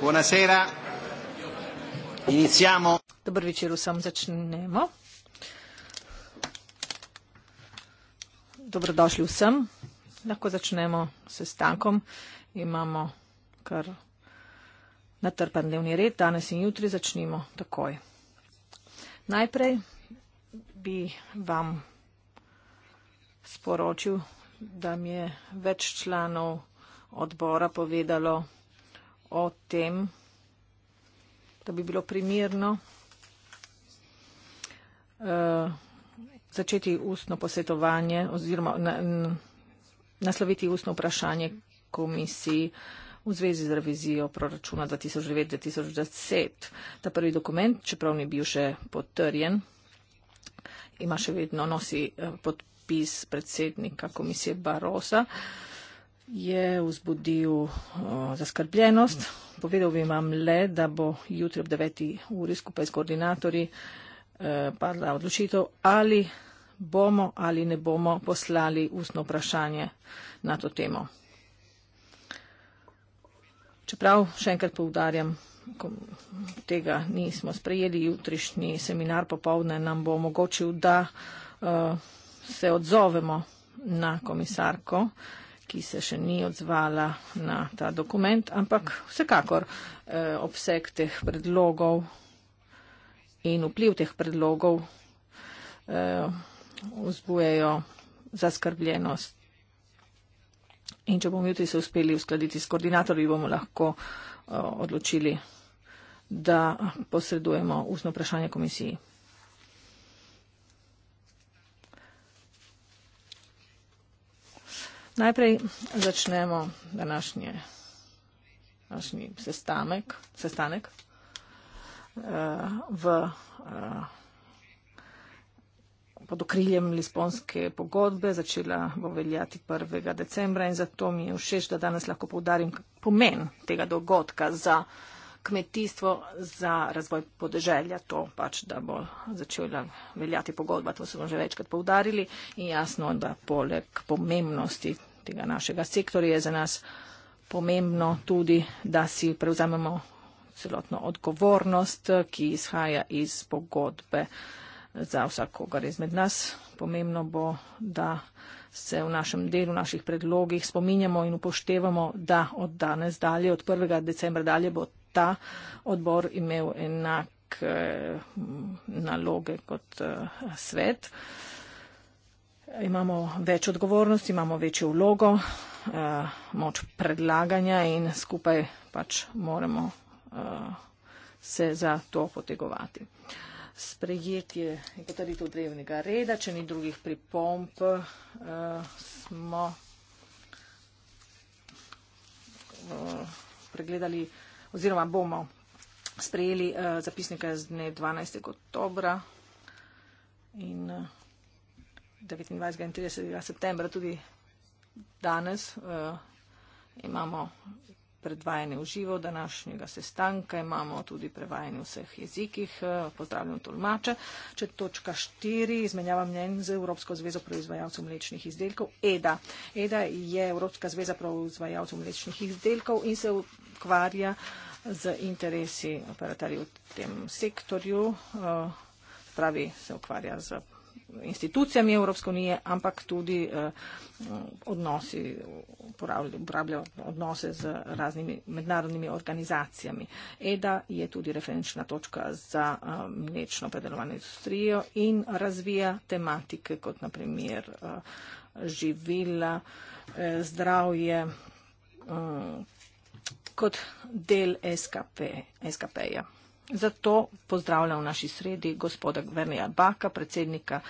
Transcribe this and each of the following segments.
Buonasera. Iniziamo. Dobro večer, vsem začnemo. Dobrodošli vsem. Lahko začnemo s stankom. Imamo kar natrpan dnevni red, danes in jutri začnimo takoj. Najprej bi vam sporočil, da mi je več članov odbora povedalo, o tem, da bi bilo primirno uh, eh, začeti ustno posvetovanje oziroma na, nasloviti ustno vprašanje komisiji v zvezi z revizijo proračuna 2009-2010. Ta prvi dokument, čeprav ni bil še potrjen, ima še vedno nosi eh, podpis predsednika komisije Barosa. Uh, je vzbudil zaskrbljenost. Povedal bi vam le, da bo jutri ob 9. uri skupaj s koordinatorji e, padla odločitev, ali bomo ali ne bomo poslali ustno vprašanje na to temo. Čeprav, še enkrat poudarjam, tega nismo sprejeli, jutrišnji seminar popovdne nam bo omogočil, da uh, se odzovemo na komisarko. Uh, ki se še ni odzvala na ta dokument, ampak vsekakor eh, obseg teh predlogov in vpliv teh predlogov eh, vzbujejo zaskrbljenost. In če bomo jutri se uspeli uskladiti s koordinatorji, bomo lahko eh, odločili, da posredujemo ustno vprašanje komisiji. Najprej začnemo današnje, današnji sestamek, sestanek uh, v, uh, pod okriljem Lisbonske pogodbe. Začela bo veljati 1. decembra in zato mi je všeč, da danes lahko povdarim pomen tega dogodka za kmetijstvo, za razvoj podeželja. To pač, da bo začela veljati pogodba, to smo že večkrat povdarili in jasno, da poleg pomembnosti tega našega sektorja je za nas pomembno tudi, da si prevzamemo celotno odgovornost, ki izhaja iz pogodbe za vsakogar izmed nas. Pomembno bo, da se v našem delu, v naših predlogih spominjamo in upoštevamo, da od danes dalje, od 1. decembra dalje bo ta odbor imel enak eh, naloge kot eh, svet. Uh, imamo več odgovornosti, imamo večjo vlogo, eh, moč predlaganja in skupaj pač moramo eh, se za to potegovati. Sprejetje in potrditev drevnega reda, če ni drugih pripomp, eh, smo pregledali oziroma bomo sprejeli zapisnike z dne 12. oktobra. In, uh... 29. in 30. septembra, tudi danes uh, imamo predvajanje v živo današnjega sestanka, imamo tudi prevajanje v vseh jezikih, eh, pozdravljam tolmače. Če točka štiri, izmenjava mnen z Evropsko zvezo proizvajalcev mlečnih izdelkov, EDA. EDA je Evropska zveza proizvajalcev mlečnih izdelkov in se ukvarja z interesi operatorjev v tem sektorju, eh, pravi se ukvarja z institucijami Evropske unije, ampak tudi eh, odnosi, uporabljajo odnose z raznimi mednarodnimi organizacijami. EDA je tudi referenčna točka za eh, mlečno predelovanje industrijo in razvija tematike kot naprimer eh, živila, zdravje kot del SKP-ja. SKP Zato pozdravljam v naši sredi gospoda Gvernija Baka, predsednika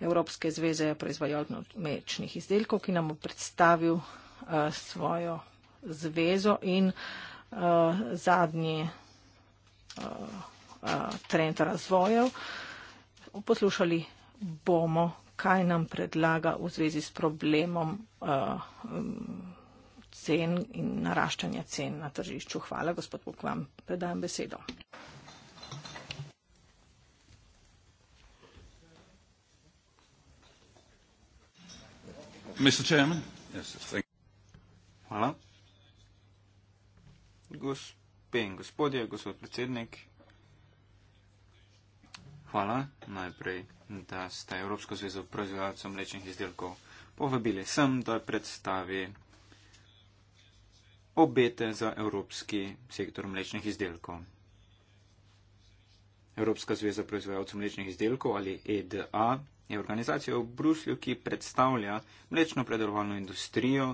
Evropske zveze proizvajalno-mečnih izdelkov, ki nam bo predstavil uh, svojo zvezo in uh, zadnji uh, uh, trend razvojev. Poslušali bomo, kaj nam predlaga v zvezi s problemom uh, cen in naraščanja cen na tržišču. Hvala, gospod Bok, vam predajam besedo. Mr. Chairman? Yes, thank Hvala. Gospe in gospodje, gospod predsednik, hvala najprej, da ste Evropsko zvezo proizvajalcev mlečnih izdelkov povabili sem, da predstavi obete za Evropski sektor mlečnih izdelkov. Evropska zveza proizvajalcev mlečnih izdelkov ali EDA je organizacija v Bruslju, ki predstavlja mlečno predelovalno industrijo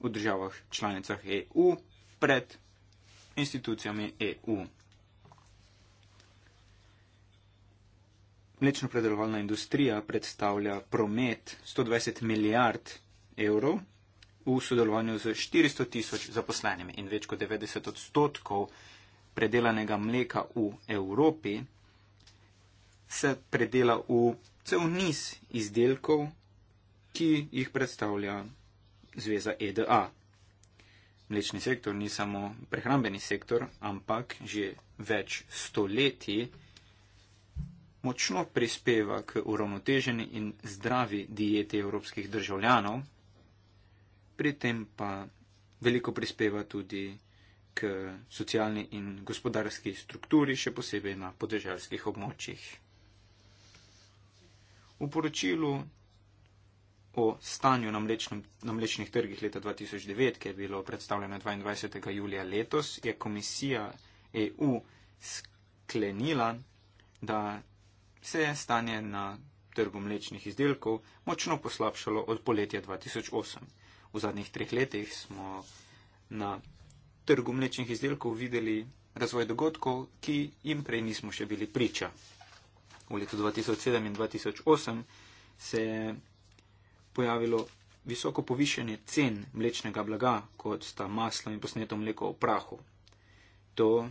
v državah članicah EU pred institucijami EU. Mlečno predelovalna industrija predstavlja promet 120 milijard evrov v sodelovanju z 400 tisoč zaposlenimi in več kot 90 odstotkov predelanega mleka v Evropi se predela v cel niz izdelkov, ki jih predstavlja zveza EDA. Mlečni sektor ni samo prehrambeni sektor, ampak že več stoletij močno prispeva k uravnoteženi in zdravi dieti evropskih državljanov, pri tem pa veliko prispeva tudi k socialni in gospodarski strukturi, še posebej na podeželskih območjih. V poročilu o stanju na, mlečnem, na mlečnih trgih leta 2009, ki je bilo predstavljeno 22. julija letos, je komisija EU sklenila, da se je stanje na trgu mlečnih izdelkov močno poslabšalo od poletja 2008. V zadnjih treh letih smo na trgu mlečnih izdelkov videli razvoj dogodkov, ki jim prej nismo še bili priča v letu 2007 in 2008 se je pojavilo visoko povišanje cen mlečnega blaga, kot sta maslo in posneto mleko v prahu. To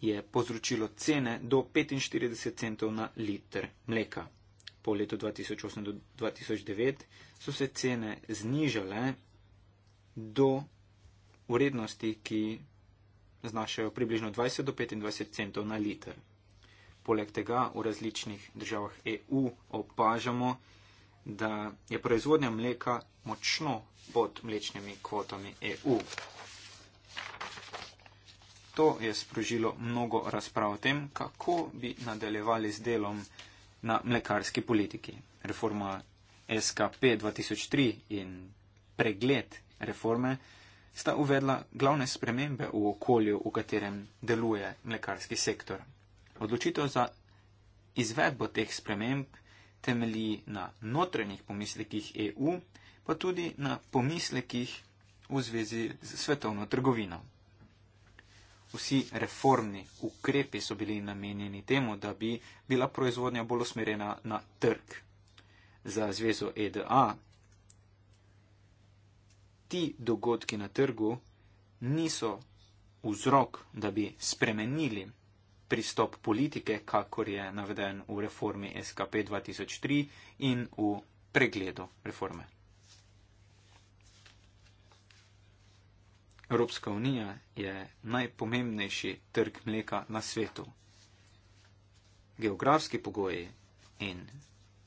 je povzročilo cene do 45 centov na liter mleka. Po letu 2008 do 2009 so se cene znižale do vrednosti, ki znašajo približno 20 do 25 centov na liter. Poleg tega v različnih državah EU opažamo, da je proizvodnja mleka močno pod mlečnimi kvotami EU. To je sprožilo mnogo razprav o tem, kako bi nadaljevali z delom na mlekarski politiki. Reforma SKP 2003 in pregled reforme sta uvedla glavne spremembe v okolju, v katerem deluje mlekarski sektor. Odločitev za izvedbo teh sprememb temelji na notranjih pomislekih EU, pa tudi na pomislekih v zvezi z svetovno trgovino. Vsi reformni ukrepi so bili namenjeni temu, da bi bila proizvodnja bolj usmerjena na trg. Za zvezo EDA ti dogodki na trgu niso vzrok, da bi spremenili pristop politike, kakor je naveden v reformi SKP 2003 in v pregledu reforme. Evropska unija je najpomembnejši trg mleka na svetu. Geografski pogoji in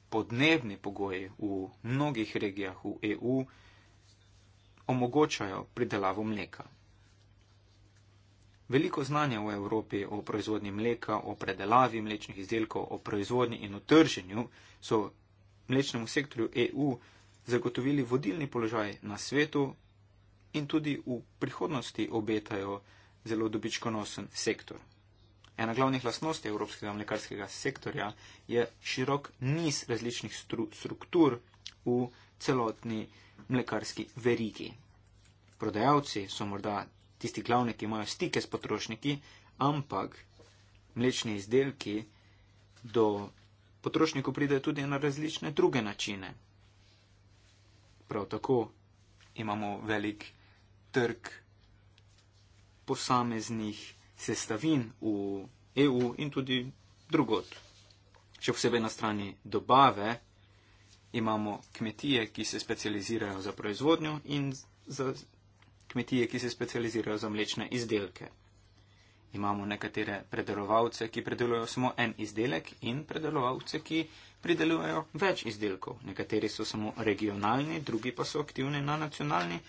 podnebni pogoji v mnogih regijah v EU omogočajo pridelavo mleka. Veliko znanja v Evropi o proizvodnji mleka, o predelavi mlečnih izdelkov, o proizvodnji in o trženju so mlečnemu sektorju EU zagotovili vodilni položaj na svetu in tudi v prihodnosti obetajo zelo dobičkonosen sektor. Ena glavnih lasnosti evropskega mlekarskega sektorja je širok niz različnih stru struktur v celotni mlekarski verigi. Prodajalci so morda tisti glavni, ki imajo stike s potrošniki, ampak mlečni izdelki do potrošnikov pridejo tudi na različne druge načine. Prav tako imamo velik trg posameznih sestavin v EU in tudi drugot. Še posebej na strani dobave imamo kmetije, ki se specializirajo za proizvodnjo in za kmetije, ki se specializirajo za mlečne izdelke. Imamo nekatere predelovalce, ki predelujejo samo en izdelek in predelovalce, ki pridelujejo več izdelkov. Nekateri so samo regionalni, drugi pa so aktivni na nacionalni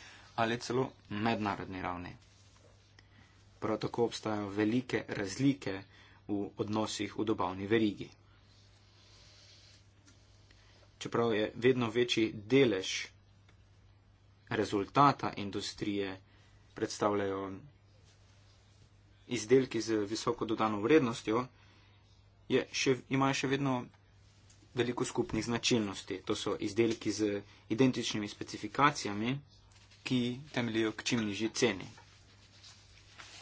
ali celo mednarodni ravni. Prav tako obstajajo velike razlike v odnosih v dobavni verigi. Čeprav je vedno večji delež rezultata industrije predstavljajo izdelki z visoko dodano vrednostjo, je, še, imajo še vedno veliko skupnih značilnosti. To so izdelki z identičnimi specifikacijami, ki temeljijo k čim nižji ceni.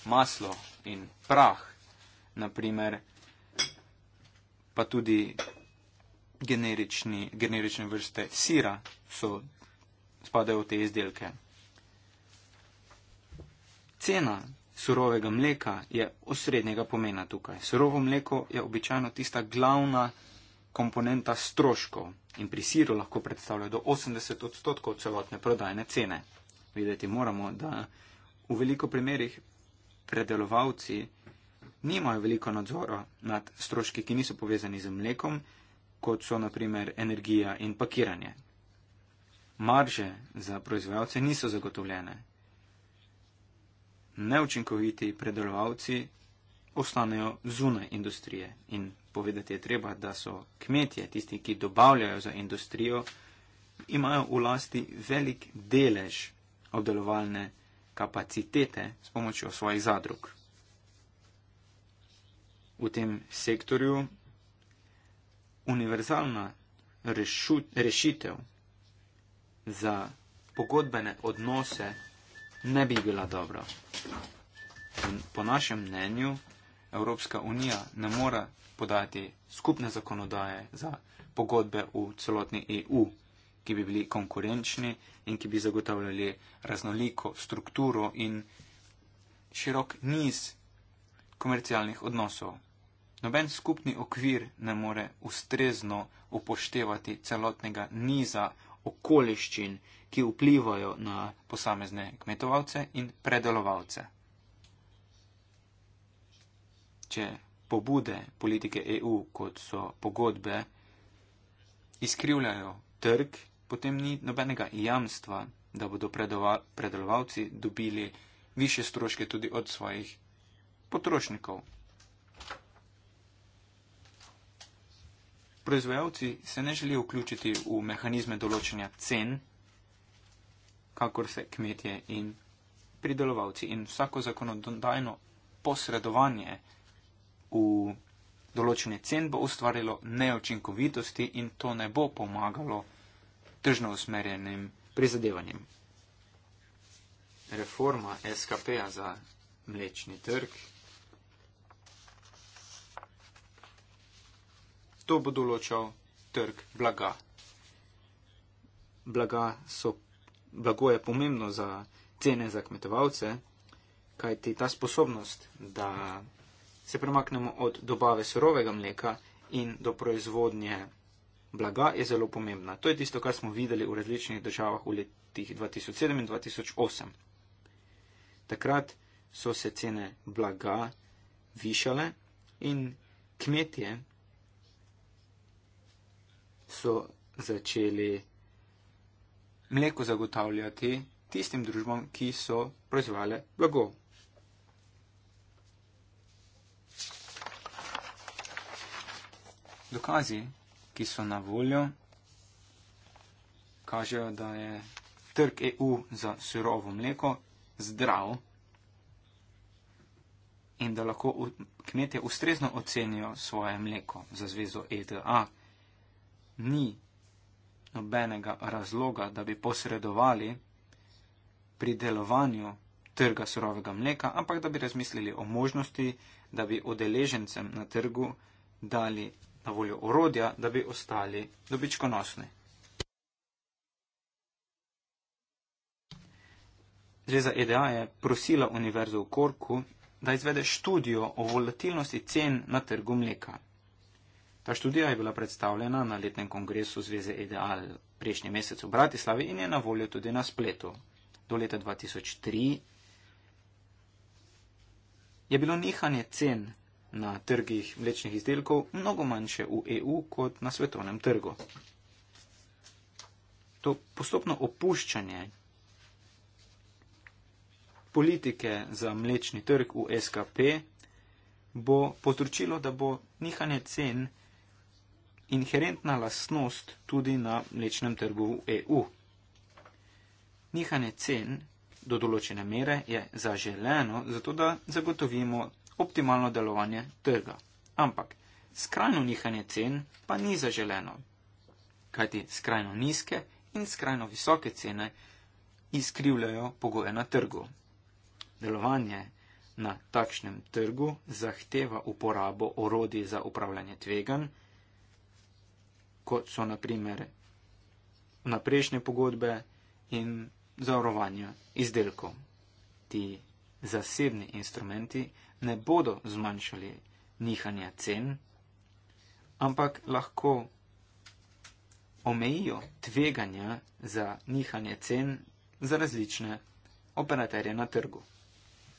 Maslo in prah, naprimer, pa tudi generične vrste sira so spadajo v te izdelke. Cena surovega mleka je osrednjega pomena tukaj. Surovo mleko je običajno tista glavna komponenta stroškov in pri siru lahko predstavlja do 80 odstotkov celotne prodajne cene. Videti moramo, da v veliko primerjih predelovalci nimajo veliko nadzora nad stroški, ki niso povezani z mlekom, kot so naprimer energija in pakiranje marže za proizvajalce niso zagotovljene. Neučinkoviti predelovalci ostanejo zunaj industrije in povedati je treba, da so kmetje, tisti, ki dobavljajo za industrijo, imajo v lasti velik delež obdelovalne kapacitete s pomočjo svojih zadrug. V tem sektorju univerzalna rešut, rešitev za pogodbene odnose ne bi bila dobra. Po našem mnenju Evropska unija ne mora podati skupne zakonodaje za pogodbe v celotni EU, ki bi bili konkurenčni in ki bi zagotavljali raznoliko strukturo in širok niz komercialnih odnosov. Noben skupni okvir ne more ustrezno upoštevati celotnega niza okoliščin, ki vplivajo na posamezne kmetovalce in predelovalce. Če pobude politike EU, kot so pogodbe, izkrivljajo trg, potem ni nobenega jamstva, da bodo predelovalci dobili više stroške tudi od svojih potrošnikov. proizvajalci se ne želijo vključiti v mehanizme določanja cen, kakor se kmetje in pridelovalci. In vsako zakonodajno posredovanje v določene cen bo ustvarilo neočinkovitosti in to ne bo pomagalo tržno usmerjenim prizadevanjem. Reforma SKP-a za mlečni trg. To bo določal trg blaga. Blaga so, blago je pomembno za cene za kmetovalce, kajti ta sposobnost, da se premaknemo od dobave surovega mleka in do proizvodnje blaga je zelo pomembna. To je tisto, kar smo videli v različnih državah v letih 2007 in 2008. Takrat so se cene blaga višale in kmetje so začeli mleko zagotavljati tistim družbam, ki so proizvale blago. Dokazi, ki so na voljo, kažejo, da je trg EU za surovo mleko zdrav in da lahko kmetje ustrezno ocenijo svoje mleko za zvezo EDA ni nobenega razloga, da bi posredovali pri delovanju trga surovega mleka, ampak da bi razmislili o možnosti, da bi udeležencem na trgu dali na voljo orodja, da bi ostali dobičkonosni. Zveza EDA je prosila Univerzo v Korku, da izvede študijo o volatilnosti cen na trgu mleka. Ta študija je bila predstavljena na letnem kongresu Zveze EDAL prejšnji mesec v Bratislavi in je na voljo tudi na spletu. Do leta 2003 je bilo nihanje cen na trgih mlečnih izdelkov mnogo manjše v EU kot na svetovnem trgu. To postopno opuščanje politike za mlečni trg v SKP bo povzročilo, da bo nihanje cen inherentna lastnost tudi na mlečnem trgu v EU. Nihanje cen do določene mere je zaželeno, zato da zagotovimo optimalno delovanje trga. Ampak skrajno nihanje cen pa ni zaželeno, kajti skrajno nizke in skrajno visoke cene izkrivljajo pogoje na trgu. Delovanje na takšnem trgu zahteva uporabo orodij za upravljanje tveganj, kot so naprimer naprejšnje pogodbe in zavarovanja izdelkov. Ti zasebni instrumenti ne bodo zmanjšali nihanja cen, ampak lahko omejijo tveganja za nihanje cen za različne operaterje na trgu.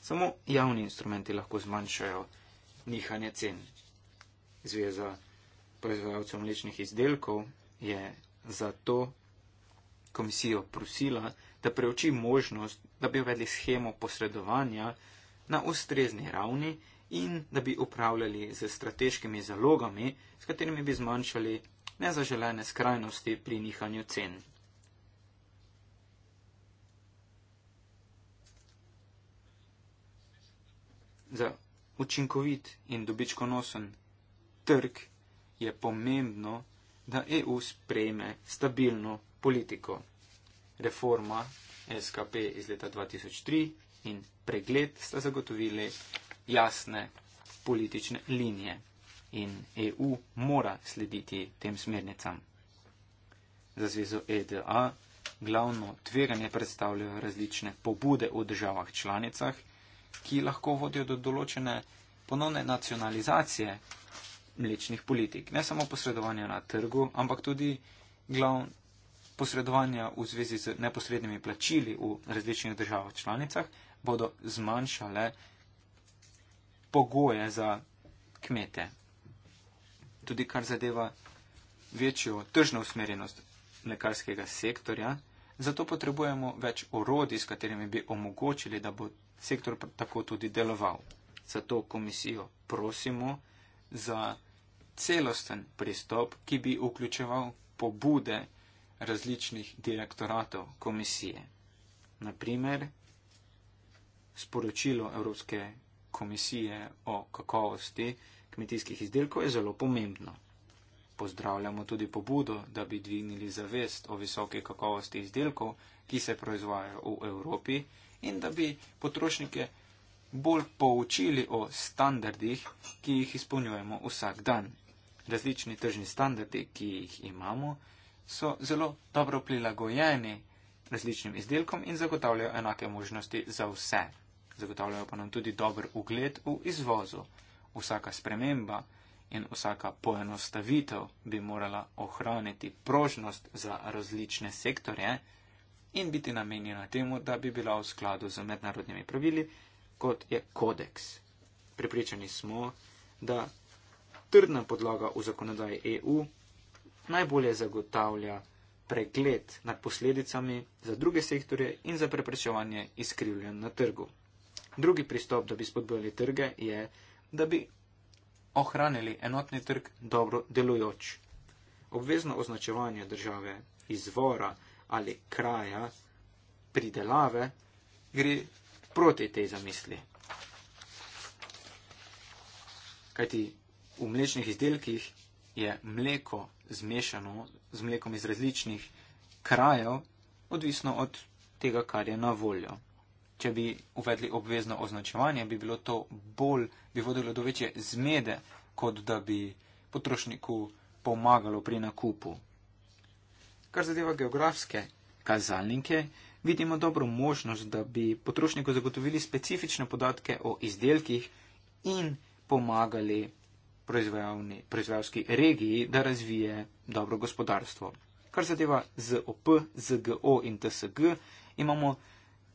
Samo javni instrumenti lahko zmanjšajo nihanje cen. Zveza proizvajalcev mlečnih izdelkov je zato komisijo prosila, da preuči možnost, da bi uvedli schemo posredovanja na ustrezni ravni in da bi upravljali z strateškimi zalogami, s katerimi bi zmanjšali nezaželene skrajnosti pri nihanju cen. Za učinkovit in dobičkonosen trg je pomembno, da EU sprejme stabilno politiko. Reforma SKP iz leta 2003 in pregled sta zagotovili jasne politične linije in EU mora slediti tem smernicam. Za zvezo EDA glavno tveganje predstavljajo različne pobude v državah članicah, ki lahko vodijo do določene ponovne nacionalizacije mlečnih politik. Ne samo posredovanja na trgu, ampak tudi glav, posredovanja v zvezi z neposrednimi plačili v različnih državah članicah bodo zmanjšale pogoje za kmete. Tudi kar zadeva večjo tržno usmerjenost mlekarskega sektorja, zato potrebujemo več orodij, s katerimi bi omogočili, da bo sektor tako tudi deloval. Zato komisijo prosimo za celosten pristop, ki bi vključeval pobude različnih direktoratov komisije. Naprimer, sporočilo Evropske komisije o kakovosti kmetijskih izdelkov je zelo pomembno. Pozdravljamo tudi pobudo, da bi dvignili zavest o visoke kakovosti izdelkov, ki se proizvajajo v Evropi in da bi potrošnike bolj poučili o standardih, ki jih izpolnjujemo vsak dan različni tržni standardi, ki jih imamo, so zelo dobro prilagojeni različnim izdelkom in zagotavljajo enake možnosti za vse. Zagotavljajo pa nam tudi dober ugled v izvozu. Vsaka sprememba in vsaka poenostavitev bi morala ohraniti prožnost za različne sektorje in biti namenjena temu, da bi bila v skladu z mednarodnimi pravili, kot je kodeks. Pripričani smo, da trdna podlaga v zakonodaji EU, najbolje zagotavlja pregled nad posledicami za druge sektorje in za preprečevanje izkrivljanj na trgu. Drugi pristop, da bi spodbojali trge, je, da bi ohranili enotni trg dobro delujoč. Obvezno označevanje države izvora ali kraja pridelave gre proti tej zamisli. Kajti v mlečnih izdelkih je mleko zmešano z mlekom iz različnih krajev, odvisno od tega, kar je na voljo. Če bi uvedli obvezno označevanje, bi bilo to bolj, bi vodilo do večje zmede, kot da bi potrošniku pomagalo pri nakupu. Kar zadeva geografske kazalnike, vidimo dobro možnost, da bi potrošniku zagotovili specifične podatke o izdelkih in pomagali proizvajalski regiji, da razvije dobro gospodarstvo. Kar zadeva ZOP, ZGO in TSG, imamo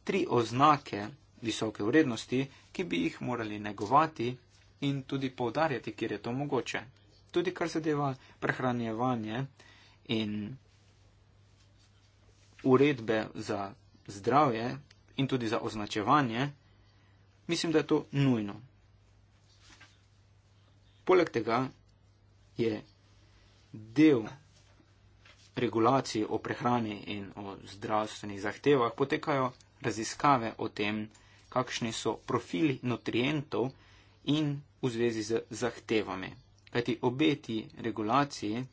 tri oznake visoke vrednosti, ki bi jih morali negovati in tudi povdarjati, kjer je to mogoče. Tudi kar zadeva prehranjevanje in uredbe za zdravje in tudi za označevanje, mislim, da je to nujno. Poleg tega je del regulacij o prehrani in o zdravstvenih zahtevah potekajo raziskave o tem, kakšni so profili nutrientov in v zvezi z zahtevami. Kajti obe ti regulaciji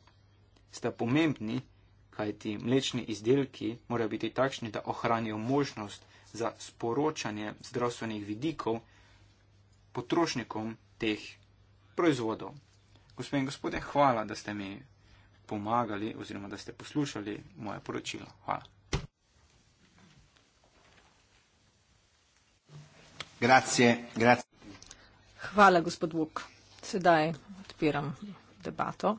sta pomembni, kajti mlečni izdelki morajo biti takšni, da ohranijo možnost za sporočanje zdravstvenih vidikov potrošnikom teh proizvodov. Gospe in gospode, hvala, da ste mi pomagali oziroma da ste poslušali moje poročilo. Hvala. Grazie, grazie. Hvala, gospod Vuk. Sedaj odpiram debato.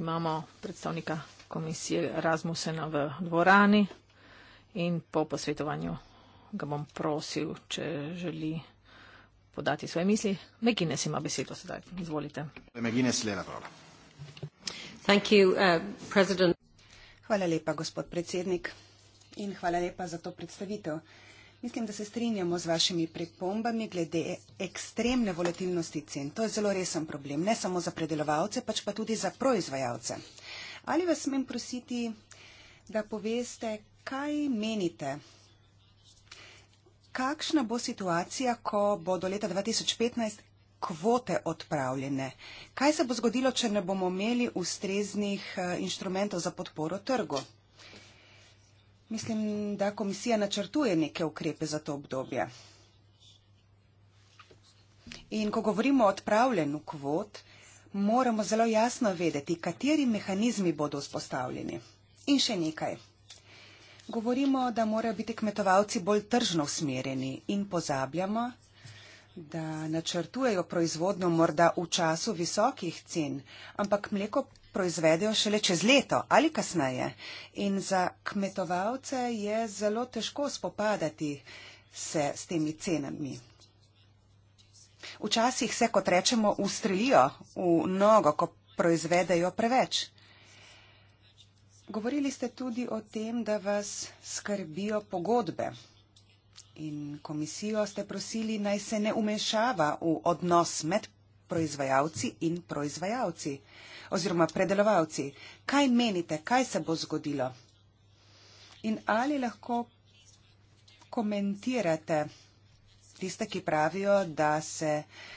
Imamo predstavnika komisije Razmusena v dvorani in po posvetovanju ga bom prosil, če želi podati svoje misli. Megines ima besedo sedaj. Izvolite. Megines Lena, prosim. Thank you, uh, President. Hvala lepa, gospod predsednik, in hvala lepa za to predstavitev. Mislim, da se strinjamo z vašimi pripombami glede ekstremne volatilnosti cen. To je zelo resen problem, ne samo za predelovalce, pač pa tudi za proizvajalce. Ali vas smem prositi, da poveste, kaj menite, kakšna bo situacija, ko bo do leta 2015 kvote odpravljene? Kaj se bo zgodilo, če ne bomo imeli ustreznih eh, inštrumentov za podporo trgu? Mislim, da komisija načrtuje neke ukrepe za to obdobje. In ko govorimo o odpravljenju kvot, moramo zelo jasno vedeti, kateri mehanizmi bodo vzpostavljeni. In še nekaj. Govorimo, da morajo biti kmetovalci bolj tržno usmerjeni in pozabljamo, da načrtujejo proizvodnjo morda v času visokih cen, ampak mleko proizvedejo šele čez leto ali kasneje. In za kmetovalce je zelo težko spopadati se s temi cenami. Včasih se, kot rečemo, ustrelijo v nogo, ko proizvedejo preveč. Govorili ste tudi o tem, da vas skrbijo pogodbe. In komisijo ste prosili, naj se ne umešava v odnos med proizvajalci in proizvajalci oziroma predelovalci. Kaj menite, kaj se bo zgodilo? In ali lahko komentirate tiste, ki pravijo, da se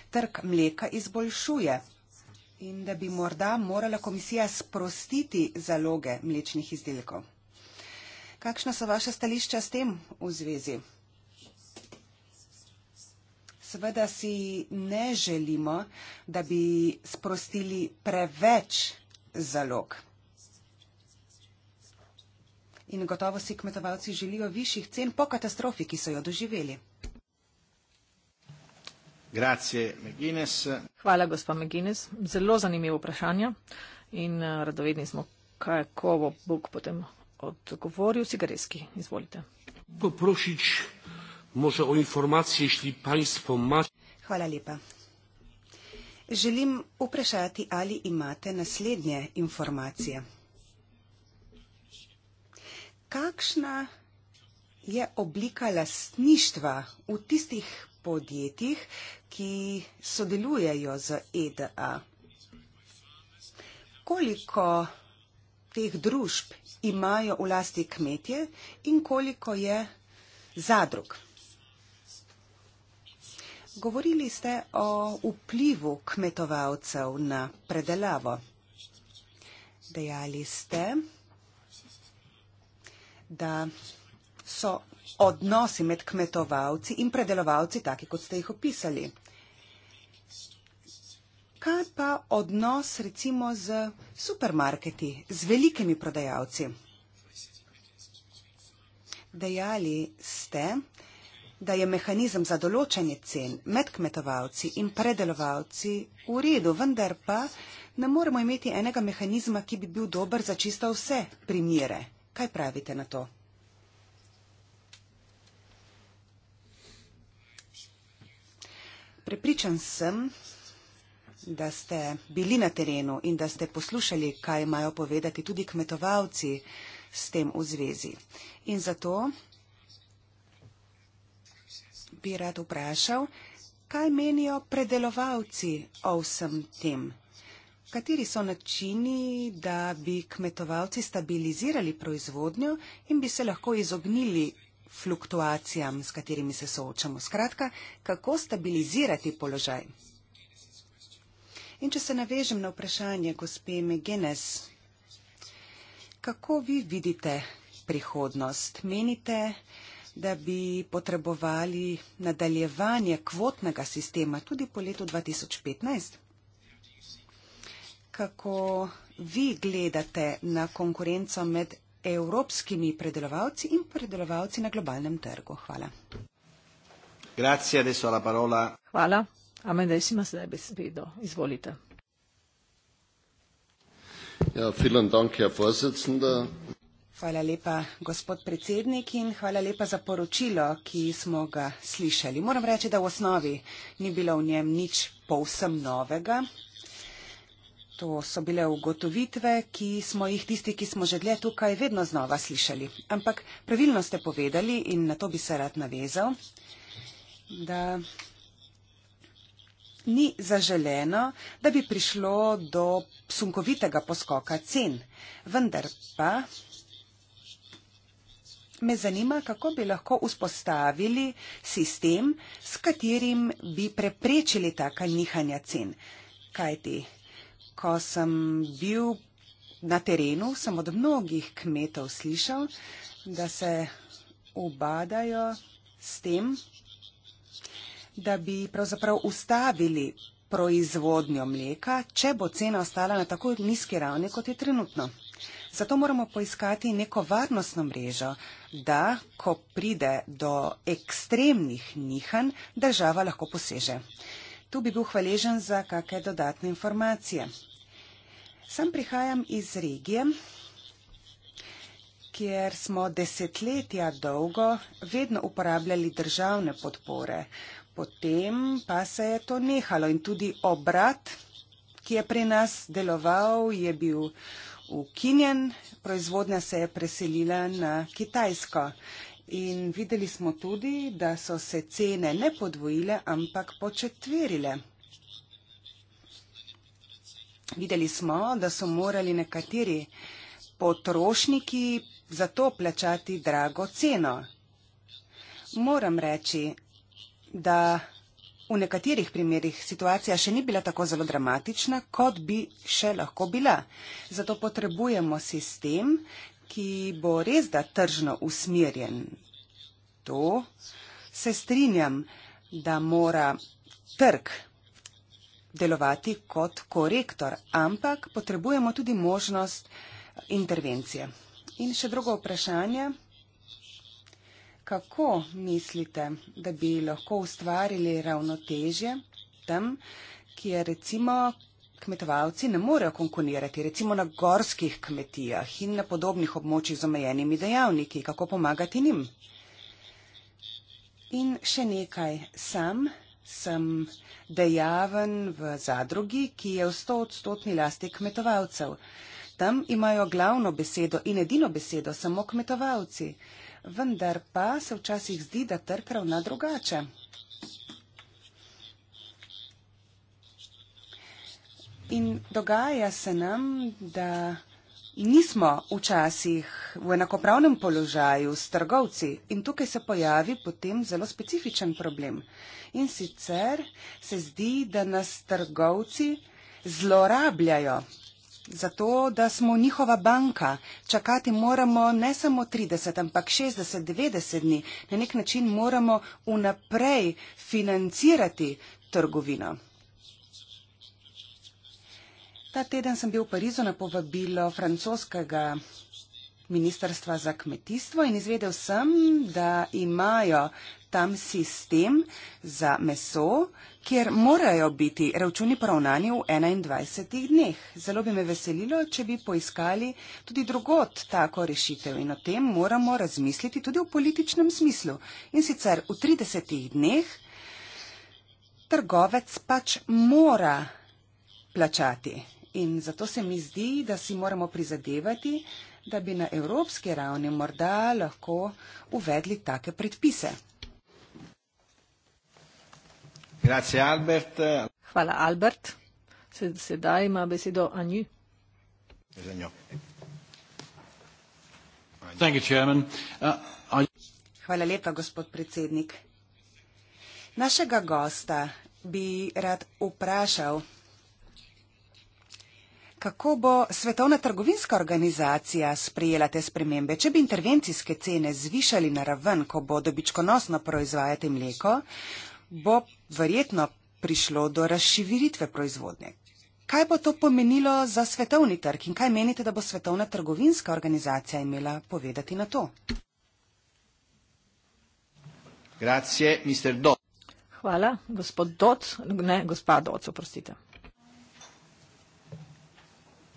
trg mleka izboljšuje? in da bi morda morala komisija sprostiti zaloge mlečnih izdelkov. Kakšna so vaše stališča s tem v zvezi? Seveda si ne želimo, da bi sprostili preveč zalog. In gotovo si kmetovalci želijo višjih cen po katastrofi, ki so jo doživeli. Grazie, McGuinness. Hvala, gospa McGuinness. Zelo zanimivo vprašanje in eh, radovedni smo, kako bo Bog potem odgovoril. Sigareski, izvolite. Poprosič, možno o informacije, šli panjstvo mač. Hvala lepa. Želim vprašati, ali imate naslednje informacije. Kakšna je oblika lastništva v tistih podjetjih, ki sodelujejo z EDA. Koliko teh družb imajo v lasti kmetje in koliko je zadrug? Govorili ste o vplivu kmetovalcev na predelavo. Dejali ste, da so odnosi med kmetovalci in predelovalci, taki kot ste jih opisali. Kaj pa odnos recimo z supermarketi, z velikimi prodajalci? Dejali ste, da je mehanizem za določanje cen med kmetovalci in predelovalci v redu, vendar pa ne moremo imeti enega mehanizma, ki bi bil dober za čisto vse primere. Kaj pravite na to? Prepričan sem, da ste bili na terenu in da ste poslušali, kaj imajo povedati tudi kmetovalci s tem v zvezi. In zato bi rad vprašal, kaj menijo predelovalci o vsem tem. Kateri so načini, da bi kmetovalci stabilizirali proizvodnjo in bi se lahko izognili fluktuacijam, s katerimi se soočamo. Skratka, kako stabilizirati položaj. In če se navežem na vprašanje gospe Megenes, kako vi vidite prihodnost? Menite, da bi potrebovali nadaljevanje kvotnega sistema tudi po letu 2015? Kako vi gledate na konkurenco med evropskimi predelovalci in predelovalci na globalnem trgu. Hvala. Grazie, Hvala. A me daj si ima zdaj besedo. Izvolite. Ja, vielen dank, Herr Vorsitzender. Hvala lepa, gospod predsednik, in hvala lepa za poročilo, ki smo ga slišali. Moram reči, da v osnovi ni bilo v njem nič povsem novega, To so bile ugotovitve, ki smo jih tisti, ki smo že dlje tukaj, vedno znova slišali. Ampak pravilno ste povedali in na to bi se rad navezal, da ni zaželeno, da bi prišlo do sunkovitega poskoka cen. Vendar pa me zanima, kako bi lahko vzpostavili sistem, s katerim bi preprečili taka nihanja cen. Kaj ti ko sem bil na terenu, sem od mnogih kmetov slišal, da se obadajo s tem, da bi pravzaprav ustavili proizvodnjo mleka, če bo cena ostala na tako nizki ravni, kot je trenutno. Zato moramo poiskati neko varnostno mrežo, da, ko pride do ekstremnih nihanj, država lahko poseže. Tu bi bil hvaležen za kakšne dodatne informacije. Sam prihajam iz regije, kjer smo desetletja dolgo vedno uporabljali državne podpore. Potem pa se je to nehalo in tudi obrat, ki je pri nas deloval, je bil ukinjen, proizvodnja se je preselila na Kitajsko. In videli smo tudi, da so se cene ne podvojile, ampak početvirile. Videli smo, da so morali nekateri potrošniki za to plačati drago ceno. Moram reči, da v nekaterih primerjih situacija še ni bila tako zelo dramatična, kot bi še lahko bila. Zato potrebujemo sistem, ki bo res da tržno usmerjen. To se strinjam, da mora trg delovati kot korektor, ampak potrebujemo tudi možnost intervencije. In še drugo vprašanje. Kako mislite, da bi lahko ustvarili ravnotežje tam, kjer recimo kmetovalci ne morejo konkurirati, recimo na gorskih kmetijah in na podobnih območjih z omejenimi dejavniki, kako pomagati njim? In še nekaj sam sem dejaven v zadrugi, ki je v 100 odstotni lasti kmetovalcev. Tam imajo glavno besedo in edino besedo samo kmetovalci, vendar pa se včasih zdi, da trg ravna drugače. In dogaja se nam, da nismo včasih v enakopravnem položaju s trgovci in tukaj se pojavi potem zelo specifičen problem. In sicer se zdi, da nas trgovci zlorabljajo. Zato, da smo njihova banka, čakati moramo ne samo 30, ampak 60, 90 dni, na nek način moramo unaprej financirati trgovino. Ta teden sem bil v Parizu na povabilo francoskega ministrstva za kmetijstvo in izvedel sem, da imajo tam sistem za meso, kjer morajo biti računi poravnani v 21 dneh. Zelo bi me veselilo, če bi poiskali tudi drugot tako rešitev in o tem moramo razmisliti tudi v političnem smislu. In sicer v 30 dneh trgovec pač mora plačati. In zato se mi zdi, da si moramo prizadevati, da bi na evropski ravni morda lahko uvedli take predpise. Grazie, Albert. Hvala, Albert. Sedaj ima besedo Anju. Uh, Hvala lepa, gospod predsednik. Našega gosta bi rad vprašal, Kako bo svetovna trgovinska organizacija sprejela te spremembe? Če bi intervencijske cene zvišali na raven, ko bo dobičkonosno proizvajati mleko, bo verjetno prišlo do razširitve proizvodnje. Kaj bo to pomenilo za svetovni trg in kaj menite, da bo svetovna trgovinska organizacija imela povedati na to? Grazie, Hvala, gospod Dot, ne, gospa Dot, oprostite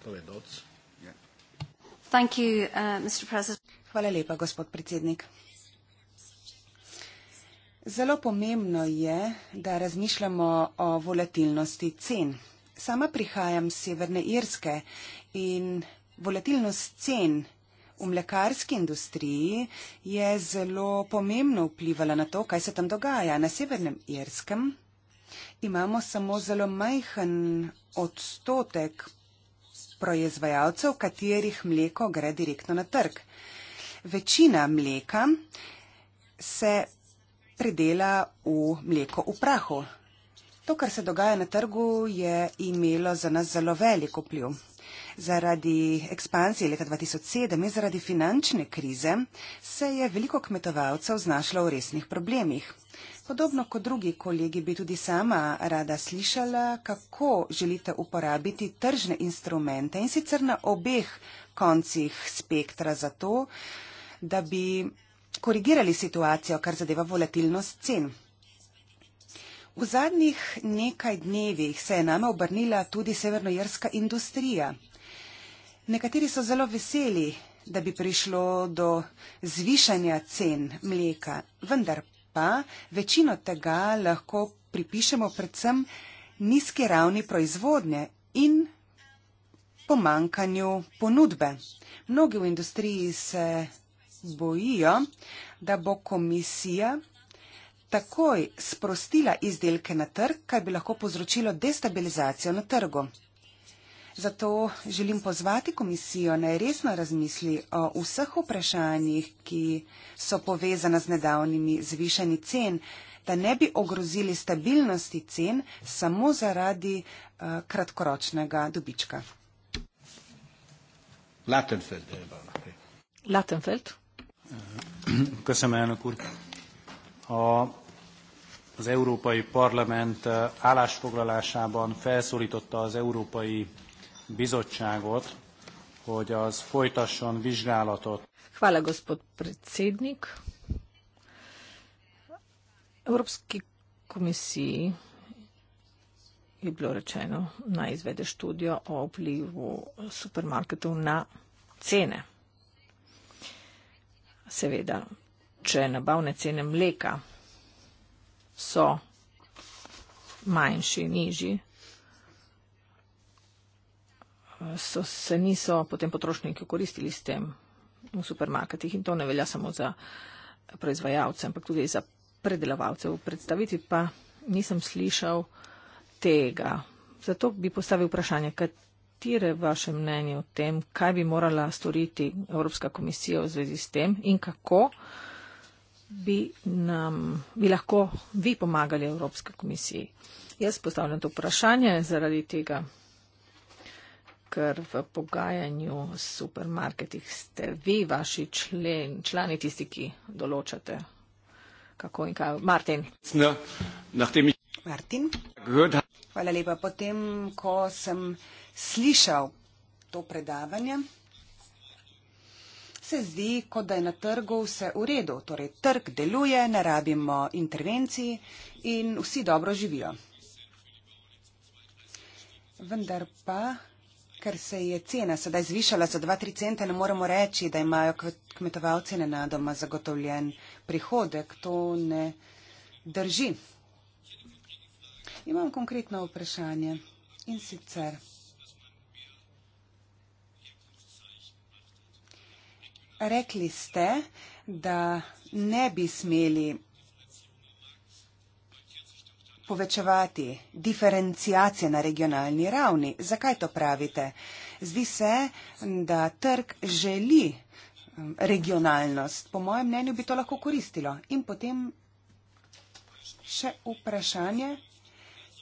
povedoc. Ja. Thank you, uh, Mr. Hvala lepa, gospod predsednik. Zelo pomembno je, da razmišljamo o volatilnosti cen. Sama prihajam z Severne Irske in volatilnost cen v mlekarski industriji je zelo pomembno vplivala na to, kaj se tam dogaja. Na Severnem Irskem imamo samo zelo majhen odstotek proizvajalcev, katerih mleko gre direktno na trg. Večina mleka se predela v mleko v prahu. To, kar se dogaja na trgu, je imelo za nas zelo veliko pliv. Zaradi ekspanzije leta 2007 in zaradi finančne krize se je veliko kmetovalcev znašlo v resnih problemih. Podobno kot drugi kolegi bi tudi sama rada slišala, kako želite uporabiti tržne instrumente in sicer na obeh koncih spektra za to, da bi korigirali situacijo, kar zadeva volatilnost cen. V zadnjih nekaj dnevih se je nama obrnila tudi severnojerska industrija. Nekateri so zelo veseli, da bi prišlo do zvišanja cen mleka, vendar pa večino tega lahko pripišemo predvsem nizki ravni proizvodnje in pomankanju ponudbe. Mnogi v industriji se bojijo, da bo komisija takoj sprostila izdelke na trg, kaj bi lahko povzročilo destabilizacijo na trgu. Zato želim pozvati komisijo naj resno razmisli o vseh vprašanjih, ki so povezana z nedavnimi zvišanji cen, da ne bi ogrozili stabilnosti cen samo zaradi uh, kratkoročnega dobička. Latenfeld. Latenfeld. Ko sem eno kur. Az Európai Parlament eh, állásfoglalásában felszólította az Európai bizottságot, hogy az folytasson vizsgálatot. Hvala, gospod predsednik. Európski komisiji je bilo rečeno na izvede študijo o vplivu supermarketov na cene. Seveda, če nabavne cene mleka so manjši, nižji, so, se niso potem potrošniki koristili s tem v supermarketih in to ne velja samo za proizvajalce, ampak tudi za predelovalce. V predstavitvi pa nisem slišal tega. Zato bi postavil vprašanje, katere vaše mnenje o tem, kaj bi morala storiti Evropska komisija v zvezi s tem in kako bi, nam, bi lahko vi pomagali Evropske komisiji. Jaz postavljam to vprašanje zaradi tega ker v pogajanju s supermarketih ste vi, vaši člen, člani, tisti, ki določate, kako in kaj. Martin. Martin. Hvala lepa. Potem, ko sem slišal to predavanje, se zdi, kot da je na trgu vse v redu. Torej, trg deluje, ne rabimo intervencij in vsi dobro živijo. Vendar pa Ker se je cena sedaj zvišala za 2-3 centa, ne moremo reči, da imajo kmetovalci nenadoma zagotovljen prihodek. To ne drži. Imam konkretno vprašanje in sicer. Rekli ste, da ne bi smeli povečevati, diferencijacije na regionalni ravni. Zakaj to pravite? Zdi se, da trg želi um, regionalnost. Po mojem mnenju bi to lahko koristilo. In potem še vprašanje,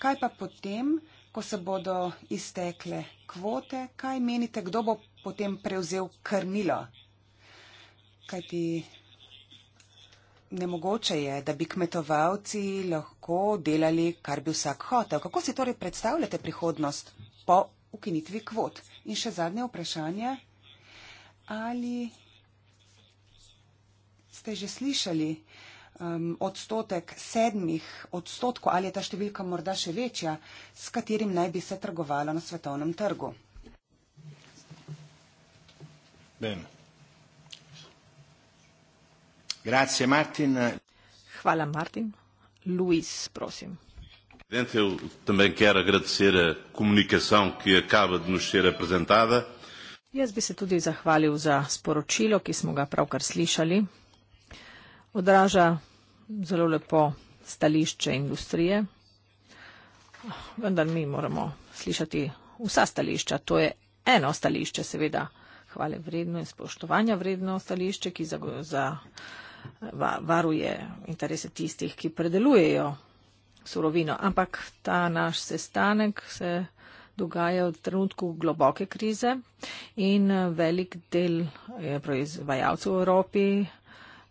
kaj pa potem, ko se bodo iztekle kvote, kaj menite, kdo bo potem prevzel krmilo? Kaj ti nemogoče je, da bi kmetovalci lahko delali, kar bi vsak hotel. Kako si torej predstavljate prihodnost po ukinitvi kvot? In še zadnje vprašanje. Ali ste že slišali um, odstotek sedmih odstotkov, ali je ta številka morda še večja, s katerim naj bi se trgovalo na svetovnem trgu? Ben. Grazie Martin. Hvala Martin. Luís, prosim. Presidente, eu também quero agradecer a comunicação que acaba de nos ser apresentada. E jaz bi se tudi zahvalil za sporočilo, ki smo ga pravkar slišali. Odraža zelo lepo stališče industrije, vendar mi moramo slišati vsa stališča. To je eno stališče, seveda, hvale vredno in spoštovanja vredno stališče, ki zagotovo varuje interese tistih, ki predelujejo surovino. Ampak ta naš sestanek se dogaja v trenutku globoke krize in eh, velik del eh, proizvajalcev v Evropi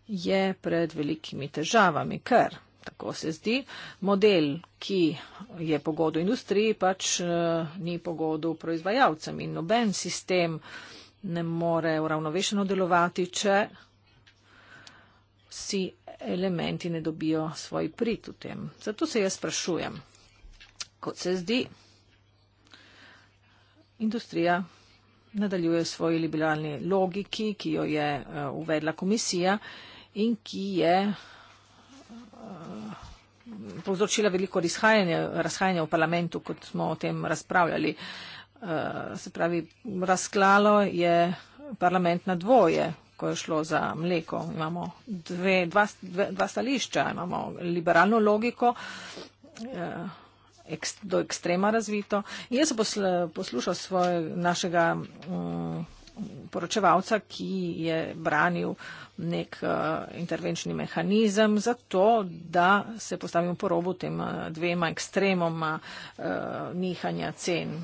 je pred velikimi težavami, ker, tako se zdi, model, ki je pogodo industriji, pač eh, ni pogodo proizvajalcem in noben sistem ne more uravnovešeno delovati, če vsi elementi ne dobijo svoj prid v tem. Zato se jaz sprašujem, kot se zdi, industrija nadaljuje svoji liberalni logiki, ki jo je eh, uvedla komisija in ki je eh, povzročila veliko razhajanja v parlamentu, kot smo o tem razpravljali. Eh, se pravi, razklalo je parlament na dvoje, ko je šlo za mleko. Imamo dve, dva, dve, dva stališča, imamo liberalno logiko, eh, ekst, do ekstrema razvito. In jaz sem poslušal svoj, našega mm, poročevalca, ki je branil nek uh, intervenčni mehanizem za to, da se postavimo po robu tem eh, dvema ekstremoma uh, nihanja cen.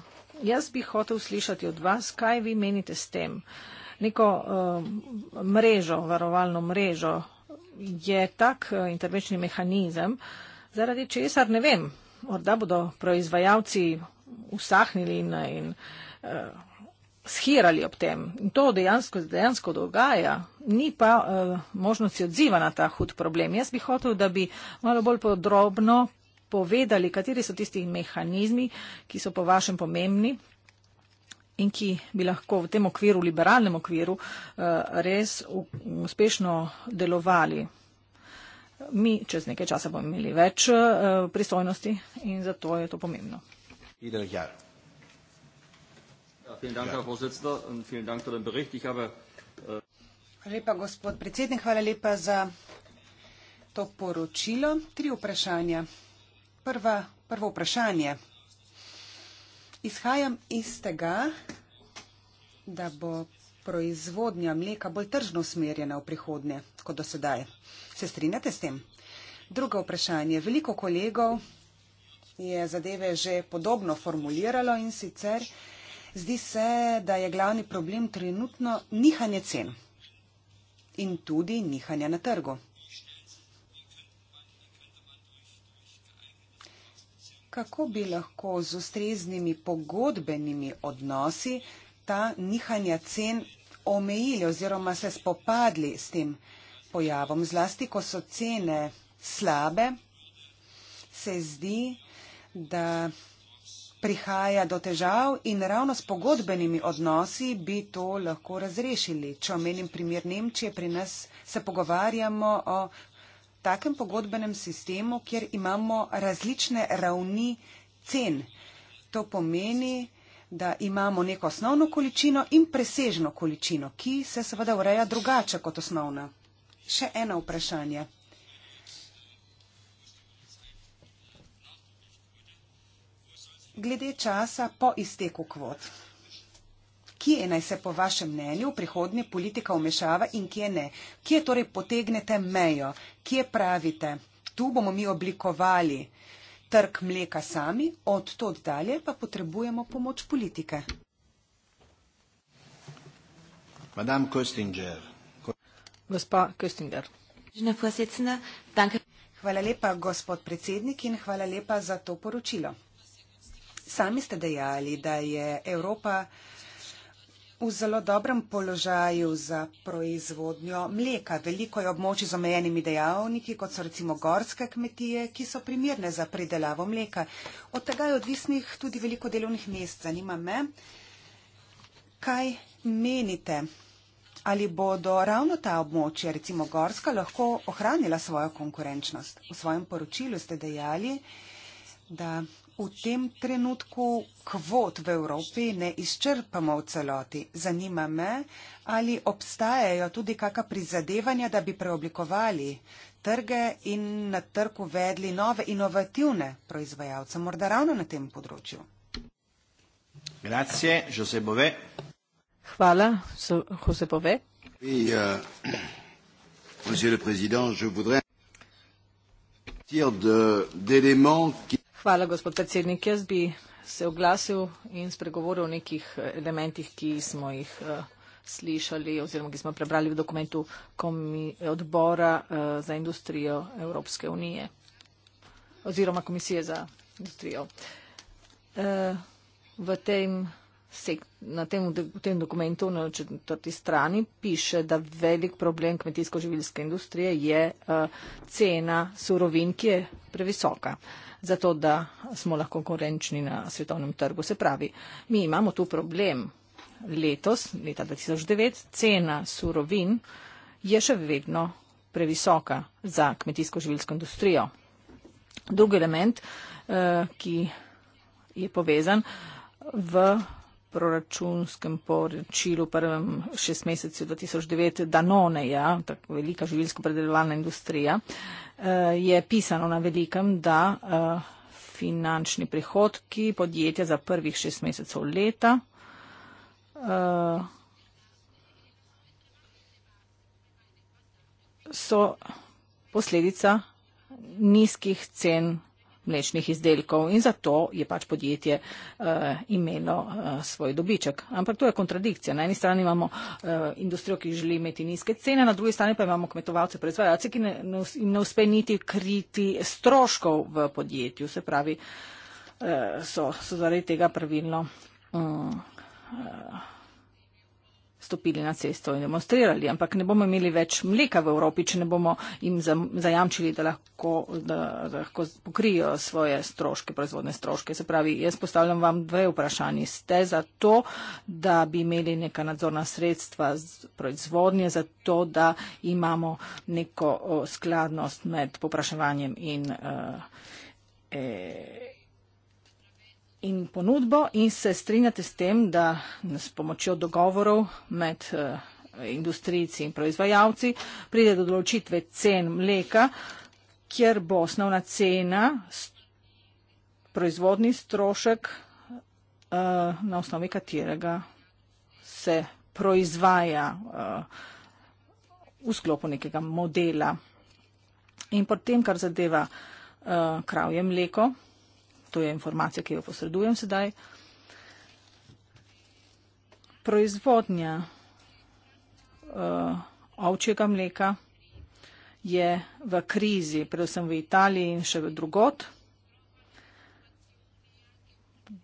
Jaz bi hotel slišati od vas, kaj vi menite s tem. Uh, neko uh, mrežo, varovalno mrežo, je tak uh, intervenčni mehanizem, zaradi česar ne vem, morda bodo proizvajalci usahnili in, in uh, shirali ob tem. In to dejansko, dejansko dogaja, ni pa uh, možnosti odziva na ta hud problem. Jaz bi hotel, da bi malo bolj podrobno povedali, kateri so tisti mehanizmi, ki so po vašem pomembni in ki bi lahko v tem okviru, liberalnem okviru, eh, res uspešno delovali. Mi čez nekaj časa bomo imeli več eh, pristojnosti in zato je to pomembno. Ja, äh, lepa, gospod predsednik, hvala lepa za to poročilo. Tri vprašanja. Prva, prvo vprašanje izhajam iz tega, da bo proizvodnja mleka bolj tržno usmerjena v prihodnje kot do sedaj. Se strinjate s tem? Drugo vprašanje. Veliko kolegov je zadeve že podobno formuliralo in sicer zdi se, da je glavni problem trenutno nihanje cen in tudi nihanja na trgu. kako bi lahko z ustreznimi pogodbenimi odnosi ta nihanja cen omejili oziroma se spopadli s tem pojavom. Zlasti, ko so cene slabe, se zdi, da prihaja do težav in ravno s pogodbenimi odnosi bi to lahko razrešili. Če omenim primer Nemčije, pri nas se pogovarjamo o takem pogodbenem sistemu, kjer imamo različne ravni cen. To pomeni, da imamo neko osnovno količino in presežno količino, ki se seveda ureja drugače kot osnovna. Še eno vprašanje. Glede časa po izteku kvot kje naj se po vašem mnenju prihodnje politika umešava in kje ne? Kje torej potegnete mejo? Kje pravite? Tu bomo mi oblikovali trg mleka sami, od to dalje pa potrebujemo pomoč politike. Gospa Köstinger. Hvala lepa, gospod predsednik, in hvala lepa za to poročilo. Sami ste dejali, da je Evropa v zelo dobrem položaju za proizvodnjo mleka. Veliko je območ z omejenimi dejavniki, kot so recimo gorske kmetije, ki so primirne za pridelavo mleka. Od tega je odvisnih tudi veliko delovnih mest. Zanima me, kaj menite, ali bodo ravno ta območja, recimo gorska, lahko ohranila svojo konkurenčnost. V svojem poročilu ste dejali, da V tem trenutku kvot v Evropi ne izčrpamo v celoti. Zanima me, ali obstajajo tudi kakšna prizadevanja, da bi preoblikovali trge in na trgu vedli nove inovativne proizvajalce, morda ravno na tem področju. Grazie, Jose Bove. Hvala, Jose Bove. Oui, uh, monsieur le Président, je voudrais partir d'éléments qui. Hvala, gospod predsednik. Jaz bi se oglasil in spregovoril o nekih elementih, ki smo jih eh, slišali oziroma ki smo prebrali v dokumentu odbora eh, za industrijo Evropske unije oziroma komisije za industrijo. Eh, v tem na tem, v tem dokumentu na četrti strani piše, da velik problem kmetijsko-življske industrije je uh, cena surovin, ki je previsoka za to, da smo lahko konkurenčni na svetovnem trgu. Se pravi, mi imamo tu problem letos, leta 2009, cena surovin je še vedno previsoka za kmetijsko-življsko industrijo. Drugi element, uh, ki je povezan v proračunskem poročilu prvem šest mesecu 2009 Danone, ja, tako velika življenjsko predelovalna industrija, eh, je pisano na velikem, da eh, finančni prihodki podjetja za prvih šest mesecev leta eh, so posledica nizkih cen mlečnih izdelkov in zato je pač podjetje uh, imelo uh, svoj dobiček. Ampak to je kontradikcija. Na eni strani imamo uh, industrijo, ki želi imeti nizke cene, na drugi strani pa imamo kmetovalce, proizvajalce, ki ne, ne, ne uspe niti kriti stroškov v podjetju. Se pravi, uh, so, so zaradi tega pravilno. Uh, uh, stopili na cesto in demonstrirali, ampak ne bomo imeli več mleka v Evropi, če ne bomo jim zajamčili, da lahko, da, da lahko pokrijo svoje stroške, proizvodne stroške. Se pravi, jaz postavljam vam dve vprašanje. Ste za to, da bi imeli neka nadzorna sredstva z proizvodnje, za to, da imamo neko skladnost med popraševanjem in. Uh, in ponudbo in se strinjate s tem, da s pomočjo dogovorov med eh, industrijci in proizvajalci pride do določitve cen mleka, kjer bo osnovna cena proizvodni strošek, eh, na osnovi katerega se proizvaja eh, v sklopu nekega modela. In potem, kar zadeva kravje mleko, to je informacija, ki jo posredujem sedaj. Proizvodnja uh, ovčjega mleka je v krizi, predvsem v Italiji in še v drugot.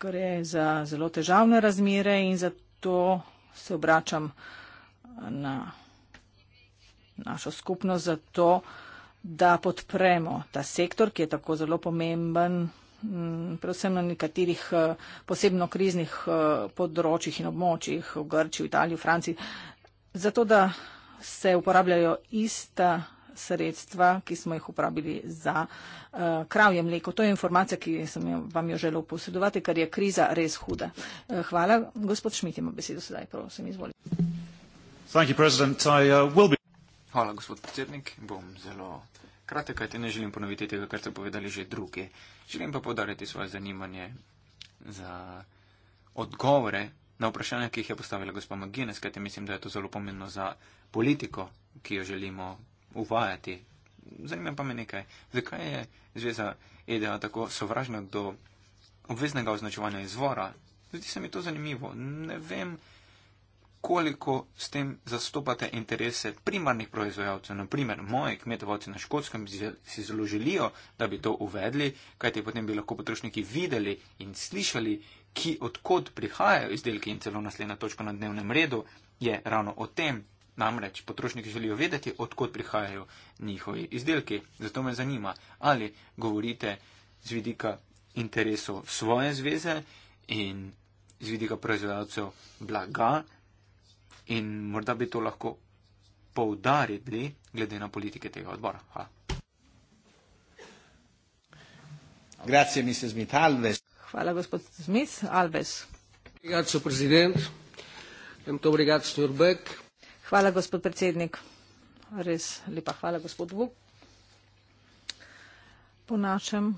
Gre za zelo težavne razmire in zato se obračam na našo skupnost, zato da podpremo ta sektor, ki je tako zelo pomemben. Mm, predvsem na nekaterih eh, posebno kriznih eh, področjih in območjih v Grčiji, v Italiji, v Franciji, zato da se uporabljajo ista sredstva, ki smo jih uporabili za uh, kravje mleko. To je informacija, ki sem jo, vam jo želel posredovati, ker je kriza res huda. Uh, hvala. Gospod Šmit ima besedo sedaj. Prosim, izvolite. Uh, hvala, gospod predsednik. Bom zelo kratek, kajte ne želim ponoviti tega, kar so povedali že druge. Želim pa podariti svoje zanimanje za odgovore na vprašanja, ki jih je postavila gospa Magines, kajte mislim, da je to zelo pomembno za politiko, ki jo želimo uvajati. Zanima pa me nekaj, zakaj je zveza EDA tako sovražna do obveznega označevanja izvora? Zdi se mi to zanimivo. Ne vem koliko s tem zastopate interese primarnih proizvajalcev. Naprimer, moji kmetovalci na škotskem si zelo želijo, da bi to uvedli, kajti potem bi lahko potrošniki videli in slišali, ki odkot prihajajo izdelki in celo naslednja točka na dnevnem redu je ravno o tem. Namreč potrošniki želijo vedeti, odkot prihajajo njihovi izdelki. Zato me zanima, ali govorite z vidika interesov svoje zveze in z vidika proizvajalcev blaga in morda bi to lahko poudarili glede na politike tega odbora. Hvala. Grazie, Mr. Smith. Alves. Hvala, gospod Smith. Alves. Grazie, predsednik. Muito obrigado, Sr. Beck. Hvala, gospod predsednik. Res lepa hvala, gospod Vuk. Po našem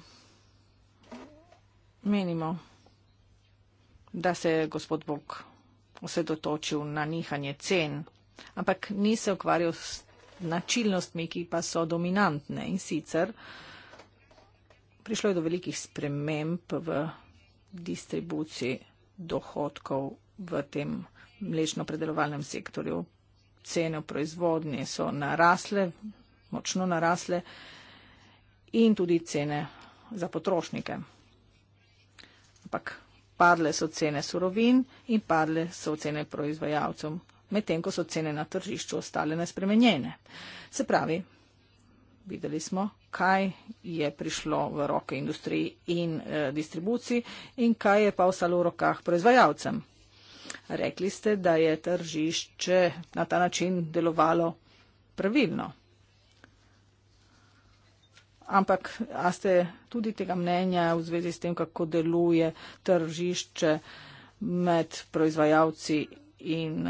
menimo, da se gospod Vuk osredotočil na nihanje cen, ampak ni se ukvarjal s načilnostmi, ki pa so dominantne in sicer prišlo je do velikih sprememb v distribuciji dohodkov v tem mlečno-predelovalnem sektorju. Cene v proizvodnji so narasle, močno narasle in tudi cene za potrošnike. Ampak padle so cene surovin in padle so cene proizvajalcev, medtem ko so cene na tržišču ostale nespremenjene. Se pravi, videli smo, kaj je prišlo v roke industriji in eh, distribuciji in kaj je pa ostalo v rokah proizvajalcem. Rekli ste, da je tržišče na ta način delovalo pravilno. Ampak, a ste tudi tega mnenja v zvezi s tem, kako deluje tržišče med proizvajalci in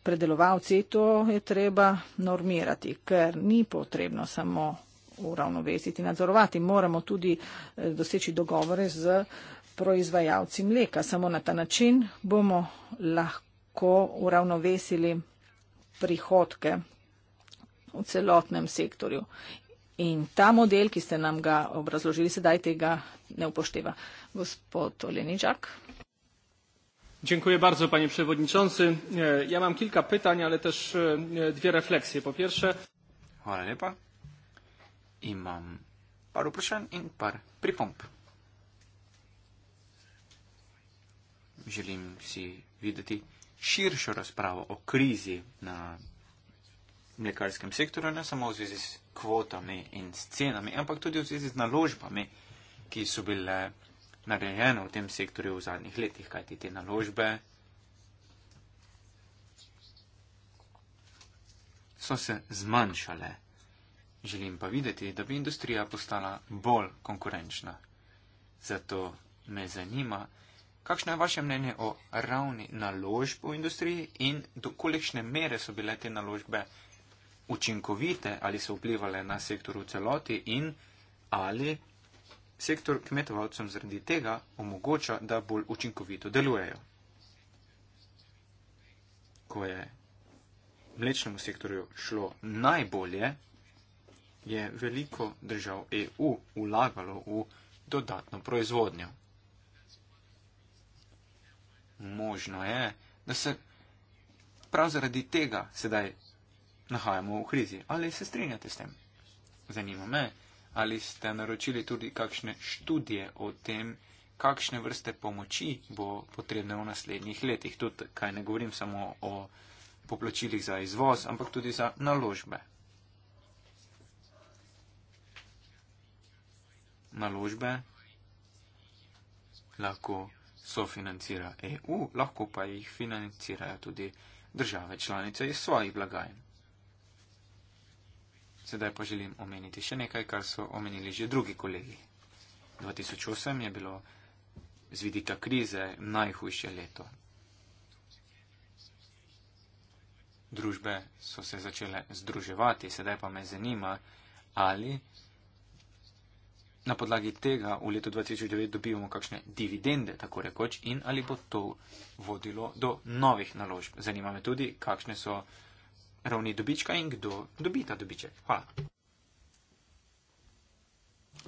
predelovalci, to je treba normirati, ker ni potrebno samo uravnovesiti, nadzorovati. Moramo tudi eh, doseči dogovore z proizvajalci mleka. Samo na ta način bomo lahko uravnovesili prihodke v celotnem sektorju. In ta model, ki ste nam ga obrazložili, sedaj tega ne upošteva. Gospod Oleničak. Dziękuję bardzo panie przewodniczący. E, ja mam kilka pytań, ale też e, dwie refleksje. Po pierwsze, Hvala lepa. Imam par vprašanj in par pripomb. Želim si videti širšo razpravo o krizi na mlekarskem sektorju, ne samo v zvezi s kvotami in s cenami, ampak tudi v zvezi z naložbami, ki so bile narejene v tem sektorju v zadnjih letih, kajti te naložbe so se zmanjšale. Želim pa videti, da bi industrija postala bolj konkurenčna. Zato me zanima, kakšno je vaše mnenje o ravni naložb v industriji in do kolikšne mere so bile te naložbe učinkovite, ali so vplivale na sektor v celoti in ali sektor kmetovalcem zaradi tega omogoča, da bolj učinkovito delujejo. Ko je mlečnemu sektorju šlo najbolje, je veliko držav EU ulagalo v dodatno proizvodnjo. Možno je, da se prav zaradi tega sedaj nahajamo v krizi. Ali se strinjate s tem? Zanima me, ali ste naročili tudi kakšne študije o tem, kakšne vrste pomoči bo potrebne v naslednjih letih. Tudi, kaj ne govorim samo o poplačilih za izvoz, ampak tudi za naložbe. Naložbe lahko sofinancira EU, lahko pa jih financirajo tudi države članice iz svojih blagajn. Sedaj pa želim omeniti še nekaj, kar so omenili že drugi kolegi. 2008 je bilo z vidika krize najhujše leto. Družbe so se začele združevati, sedaj pa me zanima, ali na podlagi tega v letu 2009 dobivamo kakšne dividende, tako rekoč, in ali bo to vodilo do novih naložb. Zanima me tudi, kakšne so ravni dobička in kdo dobi ta dobiček. Hvala.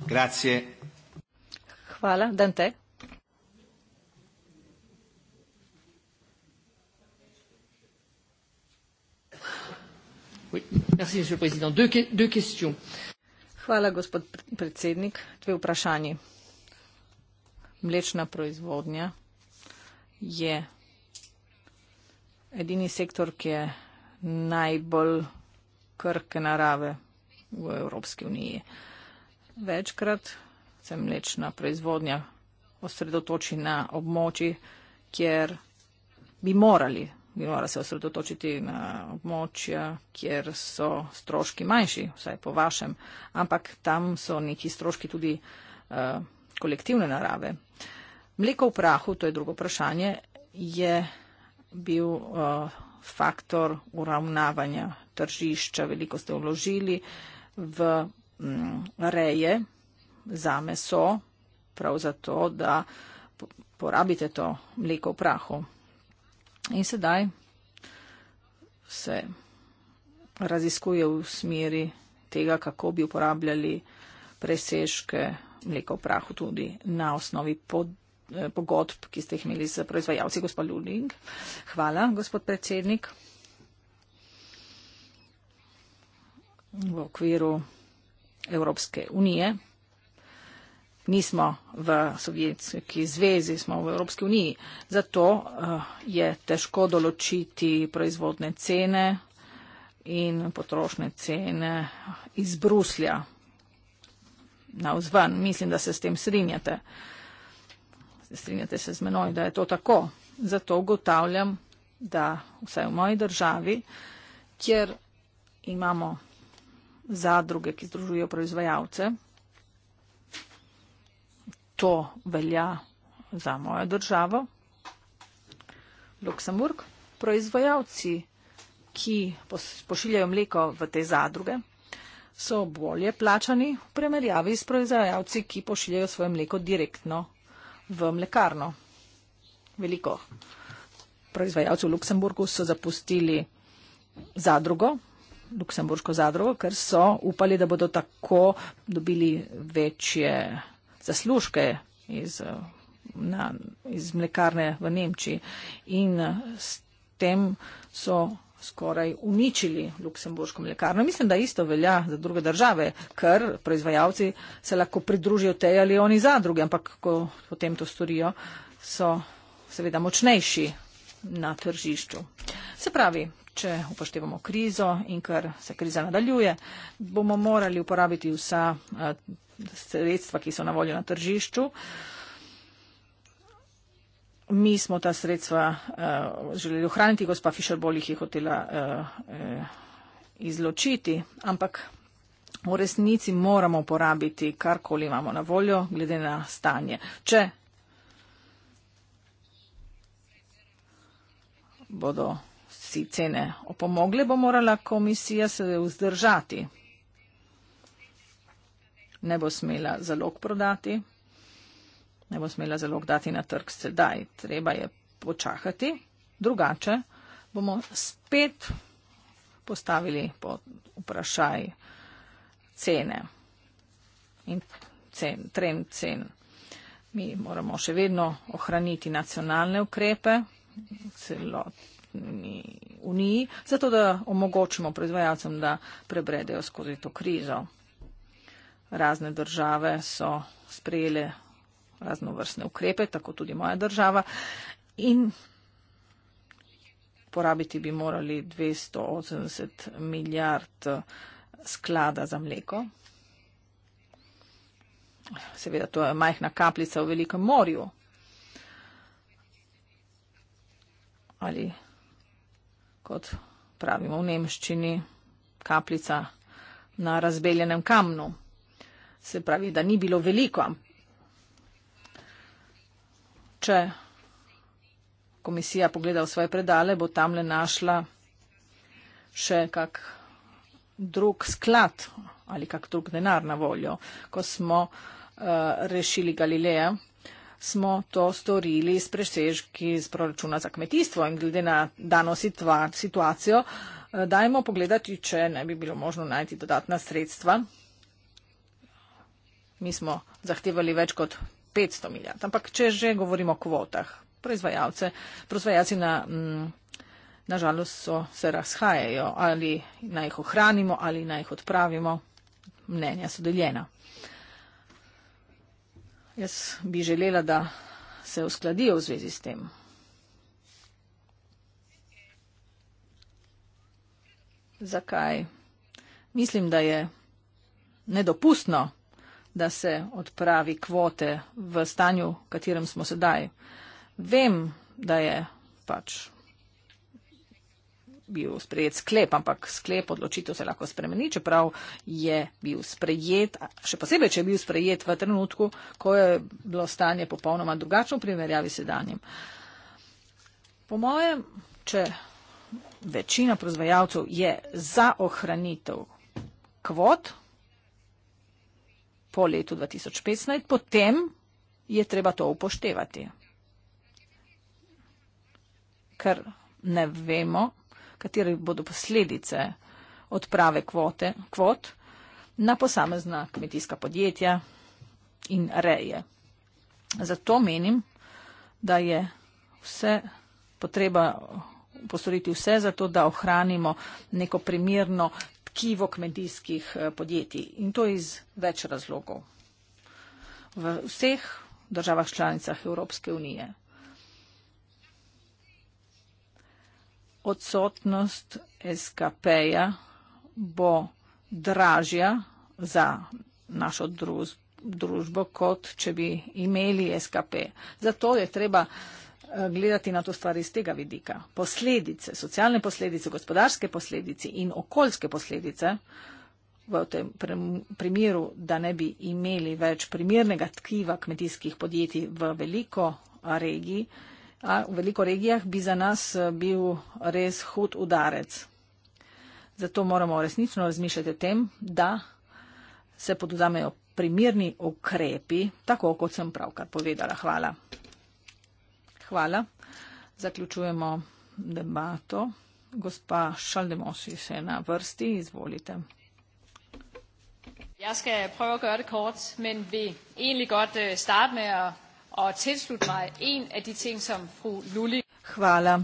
Grazie. Hvala, Dante. Oui. Merci, monsieur le président. Deux, deux questions. Hvala, gospod predsednik. Dve vprašanji. Mlečna proizvodnja je edini sektor, ki je najbolj krke narave v Evropski uniji. Večkrat se mlečna proizvodnja osredotoči na območji, kjer bi morali, bi morali se osredotočiti na območja, kjer so stroški manjši, vsaj po vašem, ampak tam so neki stroški tudi uh, kolektivne narave. Mleko v prahu, to je drugo vprašanje, je bil. Uh, faktor uravnavanja tržišča. Veliko ste vložili v mm, reje za meso, prav zato, da porabite to mleko v prahu. In sedaj se raziskuje v smeri tega, kako bi uporabljali presežke mleko v prahu tudi na osnovi podnebja. Eh, pogodb, ki ste jih imeli z proizvajalci, gospod Luling. Hvala, gospod predsednik. V okviru Evropske unije. Nismo v Sovjetski zvezi, smo v Evropski uniji. Zato eh, je težko določiti proizvodne cene in potrošne cene iz Bruslja na vzven. Mislim, da se s tem srinjate se strinjate se z menoj, da je to tako. Zato ugotavljam, da vsaj v moji državi, kjer imamo zadruge, ki združujejo proizvajalce, to velja za mojo državo. Luksemburg, proizvajalci, ki pošiljajo mleko v te zadruge, so bolje plačani v primerjavi s proizvajalci, ki pošiljajo svoje mleko direktno v mlekarno. Veliko proizvajalcev v Luksemburgu so zapustili zadrugo, luksemburško zadrugo, ker so upali, da bodo tako dobili večje zaslužke iz, na, iz mlekarne v Nemčiji. In s tem so skoraj uničili luksemburško mlekarno. Mislim, da isto velja za druge države, ker proizvajalci se lahko pridružijo tej ali oni zadruge, ampak ko potem to storijo, so seveda močnejši na tržišču. Se pravi, če upoštevamo krizo in ker se kriza nadaljuje, bomo morali uporabiti vsa eh, sredstva, ki so na voljo na tržišču. Uh, Mi smo ta sredstva uh, želeli ohraniti, gospa Fišer bolj jih je hotela uh, uh, izločiti, ampak v resnici moramo uporabiti karkoli imamo na voljo, glede na stanje. Če bodo si cene opomogle, bo morala komisija se vzdržati. Ne bo smela zalog prodati ne bo smela zelo dati na trg sedaj. Treba je počakati, drugače bomo spet postavili pod vprašaj cene in cen, trend cen. Mi moramo še vedno ohraniti nacionalne ukrepe celotni uniji, zato da omogočimo proizvajalcem, da prebredejo skozi to krizo. Razne države so sprejele razno vrstne ukrepe, tako tudi moja država. In porabiti bi morali 280 milijard sklada za mleko. Seveda, to je majhna kapljica v velikem morju. Ali kot pravimo v nemščini, kapljica na razbeljenem kamnu. Se pravi, da ni bilo veliko, če komisija pogleda v svoje predale, bo tam le našla še kak drug sklad ali kak drug denar na voljo. Ko smo uh, rešili Galileja, smo to storili s presežki z proračuna za kmetijstvo in glede na dano situa situacijo, uh, dajmo pogledati, če ne bi bilo možno najti dodatna sredstva. Mi smo zahtevali več kot 500 milijard. Ampak če že govorimo o kvotah, proizvajalce, proizvajalci na, mm, na žalost so, se razhajajo, ali naj jih ohranimo ali naj jih odpravimo, mnenja so deljena. Jaz bi želela, da se uskladijo v zvezi s tem. Zakaj? Mislim, da je nedopustno da se odpravi kvote v stanju, v katerem smo sedaj. Vem, da je pač bil sprejet sklep, ampak sklep odločitev se lahko spremeni, čeprav je bil sprejet, še posebej, če je bil sprejet v trenutku, ko je bilo stanje popolnoma drugačno v primerjavi s sedanjem. Po mojem, če večina proizvajalcev je za ohranitev kvot, po letu 2015, potem je treba to upoštevati. Ker ne vemo, katere bodo posledice odprave kvote, kvot na posamezna kmetijska podjetja in reje. Zato menim, da je vse potreba postoriti vse za to, da ohranimo neko primirno tkivo kmetijskih eh, podjetij in to iz več razlogov v vseh državah članicah Evropske unije. Odsotnost SKP-ja bo dražja za našo družbo, kot če bi imeli SKP. Zato je treba gledati na to stvar iz tega vidika. Posledice, socialne posledice, gospodarske posledice in okoljske posledice v tem primeru, da ne bi imeli več primernega tkiva kmetijskih podjetij v veliko regiji, a v veliko regijah bi za nas eh, bil res hud udarec. Zato moramo resnično razmišljati o tem, da se poduzamejo primirni ukrepi, tako kot sem pravkar povedala. Hvala hvala. Zaključujemo debato. Gospa Šaldemosi se na vrsti, izvolite. Jeg skal prøve at gøre det kort, men vil egentlig godt øh, starte med at, at tilslutte mig en af de ting, som fru Lulli... Hvala.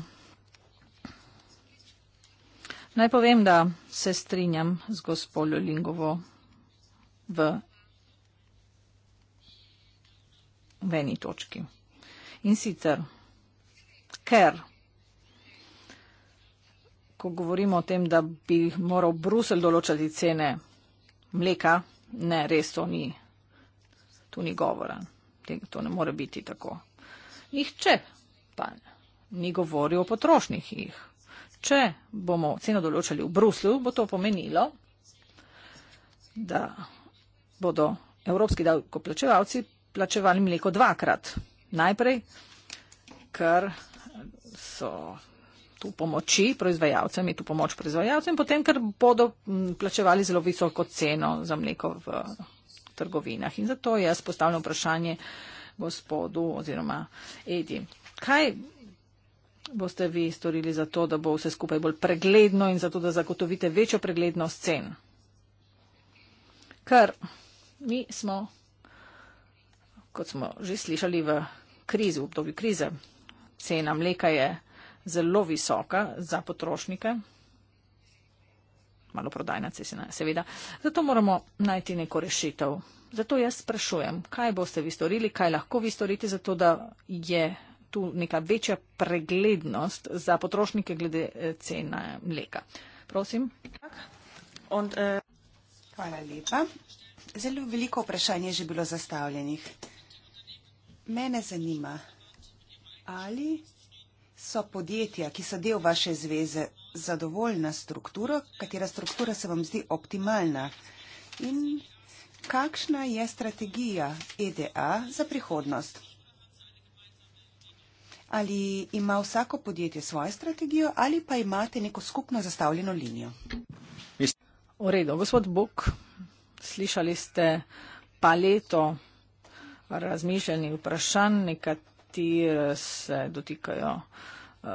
Naj povem, da se strinjam z gospodjo Lingovo v veni točki. In sicer, ker, ko govorimo o tem, da bi moral Bruselj določati cene mleka, ne, res to ni, tu ni govora, to ne more biti tako. Nihče pa ni govoril o potrošnih jih. Če bomo ceno določali v Bruslju, bo to pomenilo, da bodo evropski davkoplačevalci plačevali mleko dvakrat najprej, ker so tu pomoči proizvajalcem, je tu pomoč proizvajalcem, potem, ker bodo plačevali zelo visoko ceno za mleko v trgovinah. In zato jaz postavljam vprašanje gospodu oziroma Edi. Kaj boste vi storili za to, da bo vse skupaj bolj pregledno in zato, da zagotovite večjo preglednost cen? Ker mi smo, kot smo že slišali v krizi, v obdobju krize. Cena mleka je zelo visoka za potrošnike, malo prodajna cena, seveda. Zato moramo najti neko rešitev. Zato jaz sprašujem, kaj boste vi storili, kaj lahko vi storite, zato da je tu neka večja preglednost za potrošnike glede eh, cena mleka. Prosim. Und, uh... Hvala lepa. Zelo veliko vprašanje je že bilo zastavljenih. Mene zanima, ali so podjetja, ki so del vaše zveze, zadovoljna strukturo, katera struktura se vam zdi optimalna in kakšna je strategija EDA za prihodnost. Ali ima vsako podjetje svojo strategijo ali pa imate neko skupno zastavljeno linijo? V redu, gospod Buk, slišali ste paleto razmišljanje vprašanj, nekatere se dotikajo eh,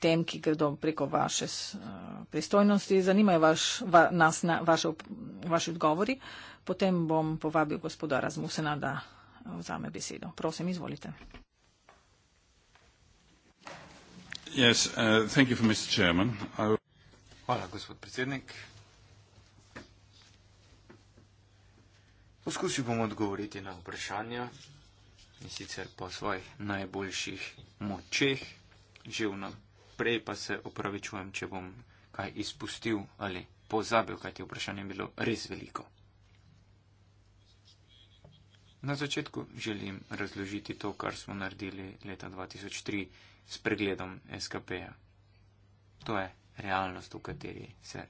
tem, ki gredo preko vaše eh, pristojnosti, zanimajo vaš, va, nas na, vaše, vaše odgovori. Potem bom povabil gospoda Razmusena, da eh, vzame besedo. Prosim, izvolite. Yes, uh, Hvala, gospod predsednik. Poskusil bom odgovoriti na vprašanja in sicer po svojih najboljših močeh. Že vnaprej pa se opravičujem, če bom kaj izpustil ali pozabil, kaj ti vprašanje je bilo res veliko. Na začetku želim razložiti to, kar smo naredili leta 2003 s pregledom SKP-ja. To je realnost, v kateri se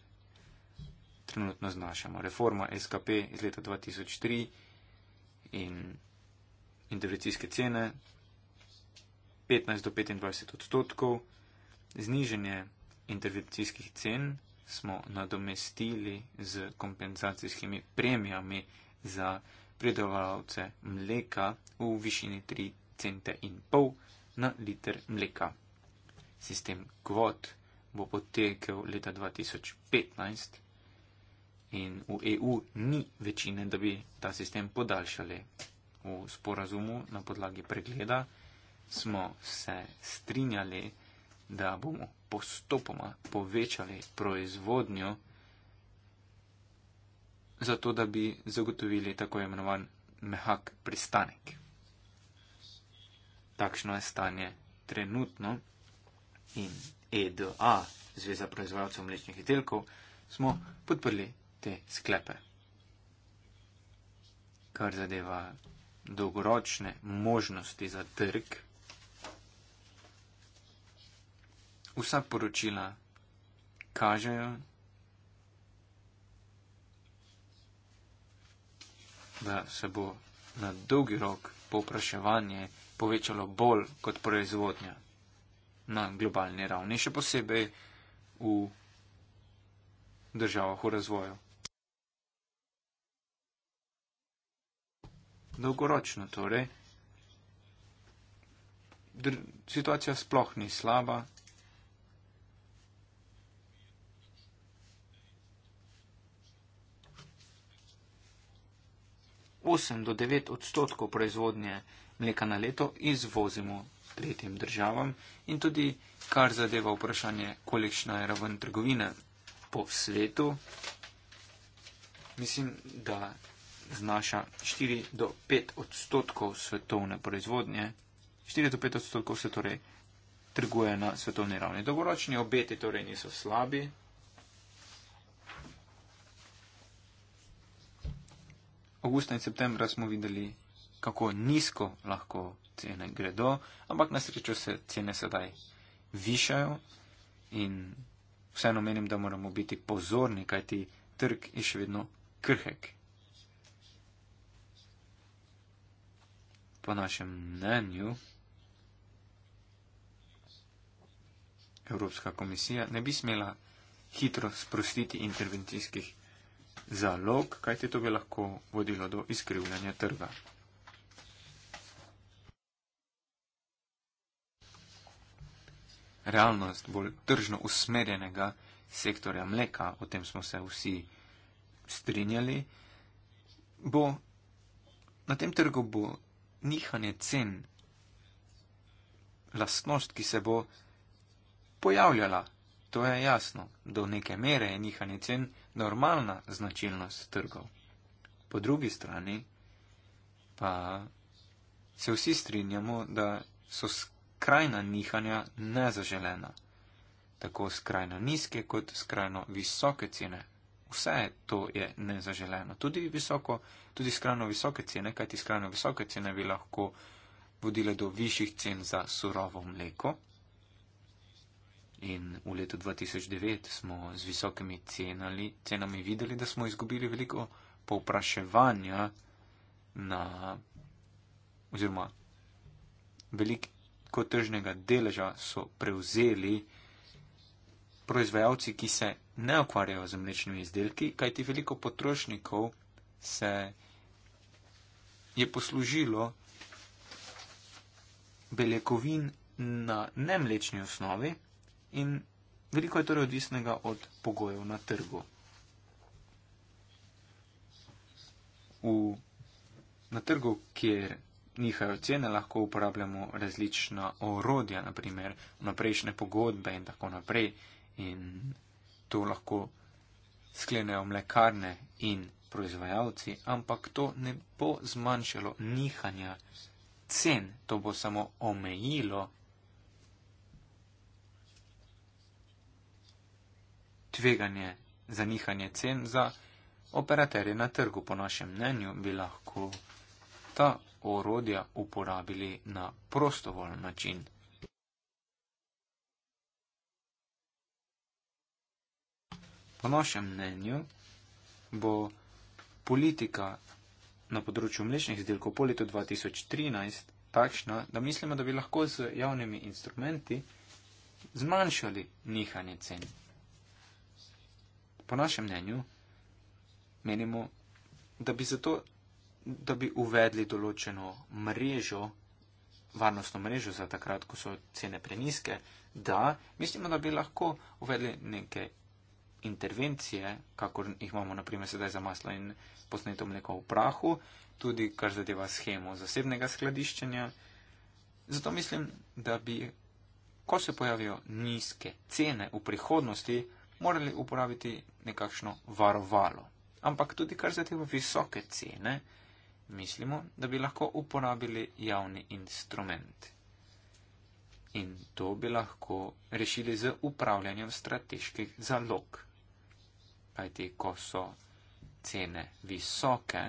trenutno znašamo. Reforma SKP iz leta 2003 in intervencijske cene 15 do 25 odstotkov. Znižanje intervencijskih cen smo nadomestili z kompenzacijskimi premijami za pridelovalce mleka v višini 3 cente in pol na liter mleka. Sistem kvot bo potekel leta 2015 in v EU ni večine, da bi ta sistem podaljšali. V sporazumu na podlagi pregleda smo se strinjali, da bomo postopoma povečali proizvodnjo, zato da bi zagotovili tako imenovan mehak pristanek. Takšno je stanje trenutno in EDA, Zveza proizvajalcev mlečnih izdelkov, smo podprli te sklepe. Kar zadeva dolgoročne možnosti za trg, vsa poročila kažejo, da se bo na dolgi rok povpraševanje povečalo bolj kot proizvodnja na globalni ravni, še posebej v državah v razvoju. dolgoročno torej. Dr situacija sploh ni slaba. Osem do devet odstotkov proizvodnje mleka na leto izvozimo tretjim državam in tudi kar zadeva vprašanje, kolikšna je raven trgovine po svetu. Mislim, da znaša 4 do 5 odstotkov svetovne proizvodnje. 4 do 5 odstotkov se torej trguje na svetovni ravni. Dolgoročni obeti torej niso slabi. Augusta in septembra smo videli, kako nizko lahko cene gredo, ampak na srečo se cene sedaj višajo in vseeno menim, da moramo biti pozorni, kajti trg je še vedno krhek. po našem mnenju Evropska komisija ne bi smela hitro sprostiti intervencijskih zalog, kajte to bi lahko vodilo do izkrivljanja trga. Realnost bolj tržno usmerjenega sektorja mleka, o tem smo se vsi strinjali, bo na tem trgu bo nihanje cen, lastnost, ki se bo pojavljala. To je jasno, do neke mere je nihanje cen normalna značilnost trgov. Po drugi strani pa se vsi strinjamo, da so skrajna nihanja nezaželena, tako skrajno nizke kot skrajno visoke cene vse to je nezaželeno. Tudi, visoko, tudi skrajno visoke cene, kajti skrajno visoke cene bi lahko vodile do višjih cen za surovo mleko. In v letu 2009 smo z visokimi cenali, cenami videli, da smo izgubili veliko povpraševanja na oziroma veliko tržnega deleža so prevzeli proizvajalci, ki se ne ukvarjajo z mlečnimi izdelki, kajti veliko potrošnikov se je poslužilo beljakovin na nemlečni osnovi in veliko je torej odvisnega od pogojev na trgu. V, na trgu, kjer nihajo cene, lahko uporabljamo različna orodja, naprimer naprejšnje pogodbe in tako naprej. In to lahko sklenejo mlekarne in proizvajalci, ampak to ne bo zmanjšalo nihanja cen, to bo samo omejilo tveganje za nihanje cen za operaterje na trgu. Po našem mnenju bi lahko ta orodja uporabili na prostovoljen način. Po našem mnenju bo politika na področju mlečnih izdelkov po letu 2013 takšna, da mislimo, da bi lahko z javnimi instrumenti zmanjšali nihanje cen. Po našem mnenju menimo, da bi zato, da bi uvedli določeno mrežo, varnostno mrežo za takrat, ko so cene preniske, da mislimo, da bi lahko uvedli neke intervencije, kakor jih imamo naprimer sedaj za maslo in posneto mleko v prahu, tudi kar zadeva schemo zasebnega skladiščenja. Zato mislim, da bi, ko se pojavijo nizke cene v prihodnosti, morali uporabiti nekakšno varovalo. Ampak tudi kar zadeva visoke cene, mislimo, da bi lahko uporabili javni instrument in to bi lahko rešili z upravljanjem strateških zalog. Kajti, ko so cene visoke,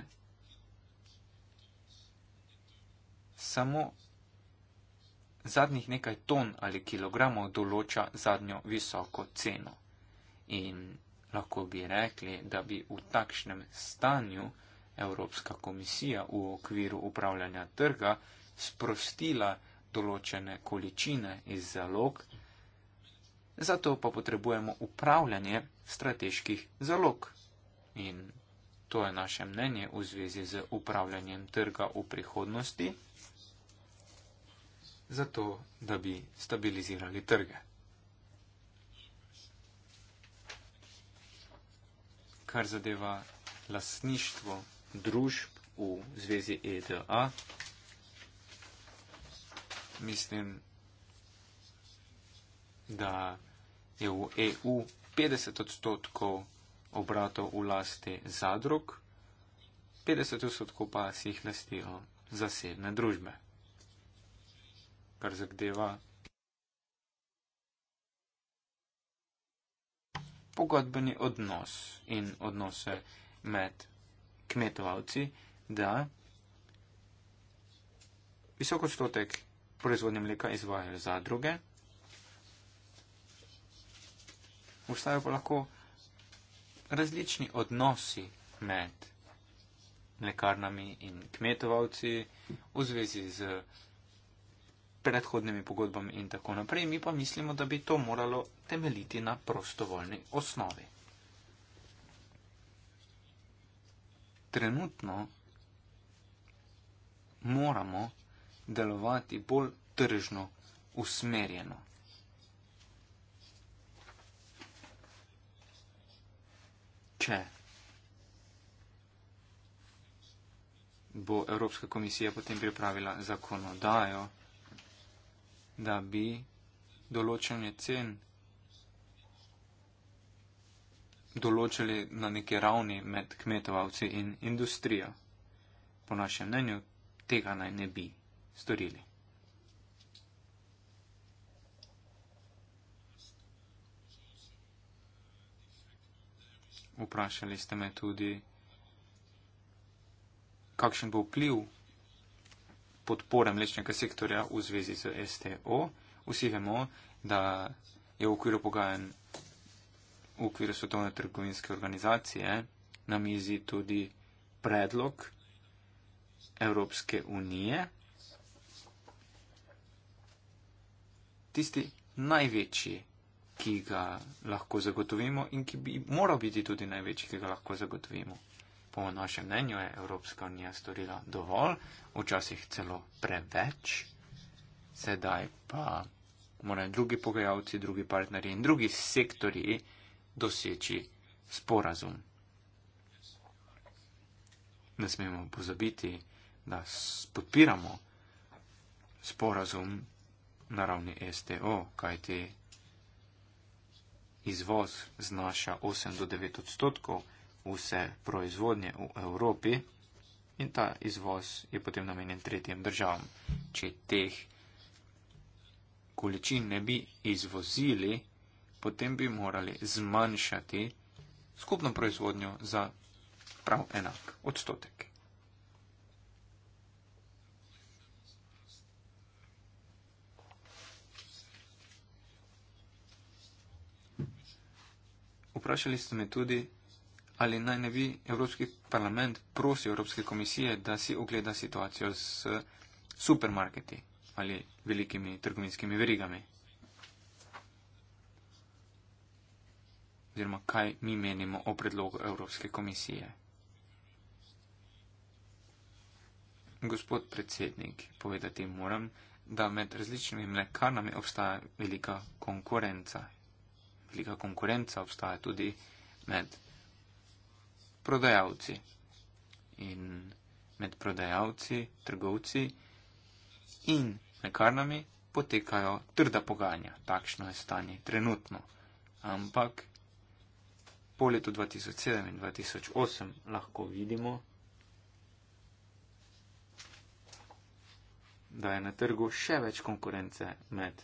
samo zadnjih nekaj ton ali kilogramov določa zadnjo visoko ceno. In lahko bi rekli, da bi v takšnem stanju Evropska komisija v okviru upravljanja trga sprostila določene količine iz zalog, zato pa potrebujemo upravljanje strateških zalog. In to je naše mnenje v zvezi z upravljanjem trga v prihodnosti, zato da bi stabilizirali trge. Kar zadeva lasništvo družb v zvezi EDA, mislim, da je v EU 50 odstotkov obratov v lasti zadrug, 50 odstotkov pa si jih lastijo zasebne družbe, kar zagdeva pogodbeni odnos in odnose med kmetovalci, da visok odstotek proizvodnje mleka izvajajo zadruge. Vstajajo pa lahko različni odnosi med mlekarnami in kmetovalci v zvezi z predhodnimi pogodbami in tako naprej. Mi pa mislimo, da bi to moralo temeljiti na prostovoljni osnovi. Trenutno moramo delovati bolj tržno usmerjeno. Če bo Evropska komisija potem pripravila zakonodajo, da bi določanje cen določili na neki ravni med kmetovalci in industrijo. Po našem mnenju tega naj ne bi storili. Vprašali ste me tudi, kakšen bo vpliv podpore mlečnega sektorja v zvezi z STO. Vsi vemo, da je v okviru pogajanj v okviru Svetovne trgovinske organizacije na mizi tudi predlog Evropske unije tisti največji, ki ga lahko zagotovimo in ki bi moral biti tudi največji, ki ga lahko zagotovimo. Po našem mnenju je Evropska unija storila dovolj, včasih celo preveč, sedaj pa morajo drugi pogajalci, drugi partnerji in drugi sektori doseči sporazum. Ne smemo pozabiti, da podpiramo sporazum na ravni STO, kajti izvoz znaša 8 do 9 odstotkov vse proizvodnje v Evropi in ta izvoz je potem namenjen tretjim državam. Če teh količin ne bi izvozili, potem bi morali zmanjšati skupno proizvodnjo za prav enak odstotek. Vprašali ste me tudi, ali naj ne bi Evropski parlament prosil Evropske komisije, da si ogleda situacijo s supermarketi ali velikimi trgovinskimi verigami. Oziroma, kaj mi menimo o predlogu Evropske komisije. Gospod predsednik, povedati moram, da med različnimi mlekarnami obstaja velika konkurenca velika konkurenca obstaja tudi med prodajalci. In med prodajalci, trgovci in lekarnami potekajo trda pogajanja. Takšno je stanje trenutno. Ampak po letu 2007 in 2008 lahko vidimo, da je na trgu še več konkurence med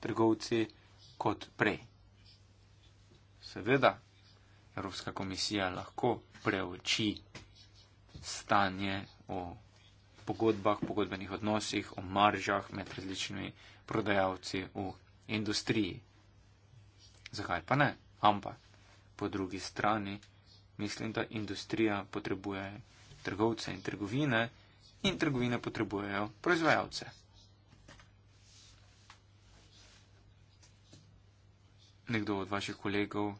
trgovci kot prej. Seveda, Evropska komisija lahko preoči stanje o pogodbah, pogodbenih odnosih, o maržah med različnimi prodajalci v industriji. Zakaj pa ne? Ampak po drugi strani mislim, da industrija potrebuje trgovce in trgovine in trgovine potrebujejo proizvajalce. nekdo od vaših kolegov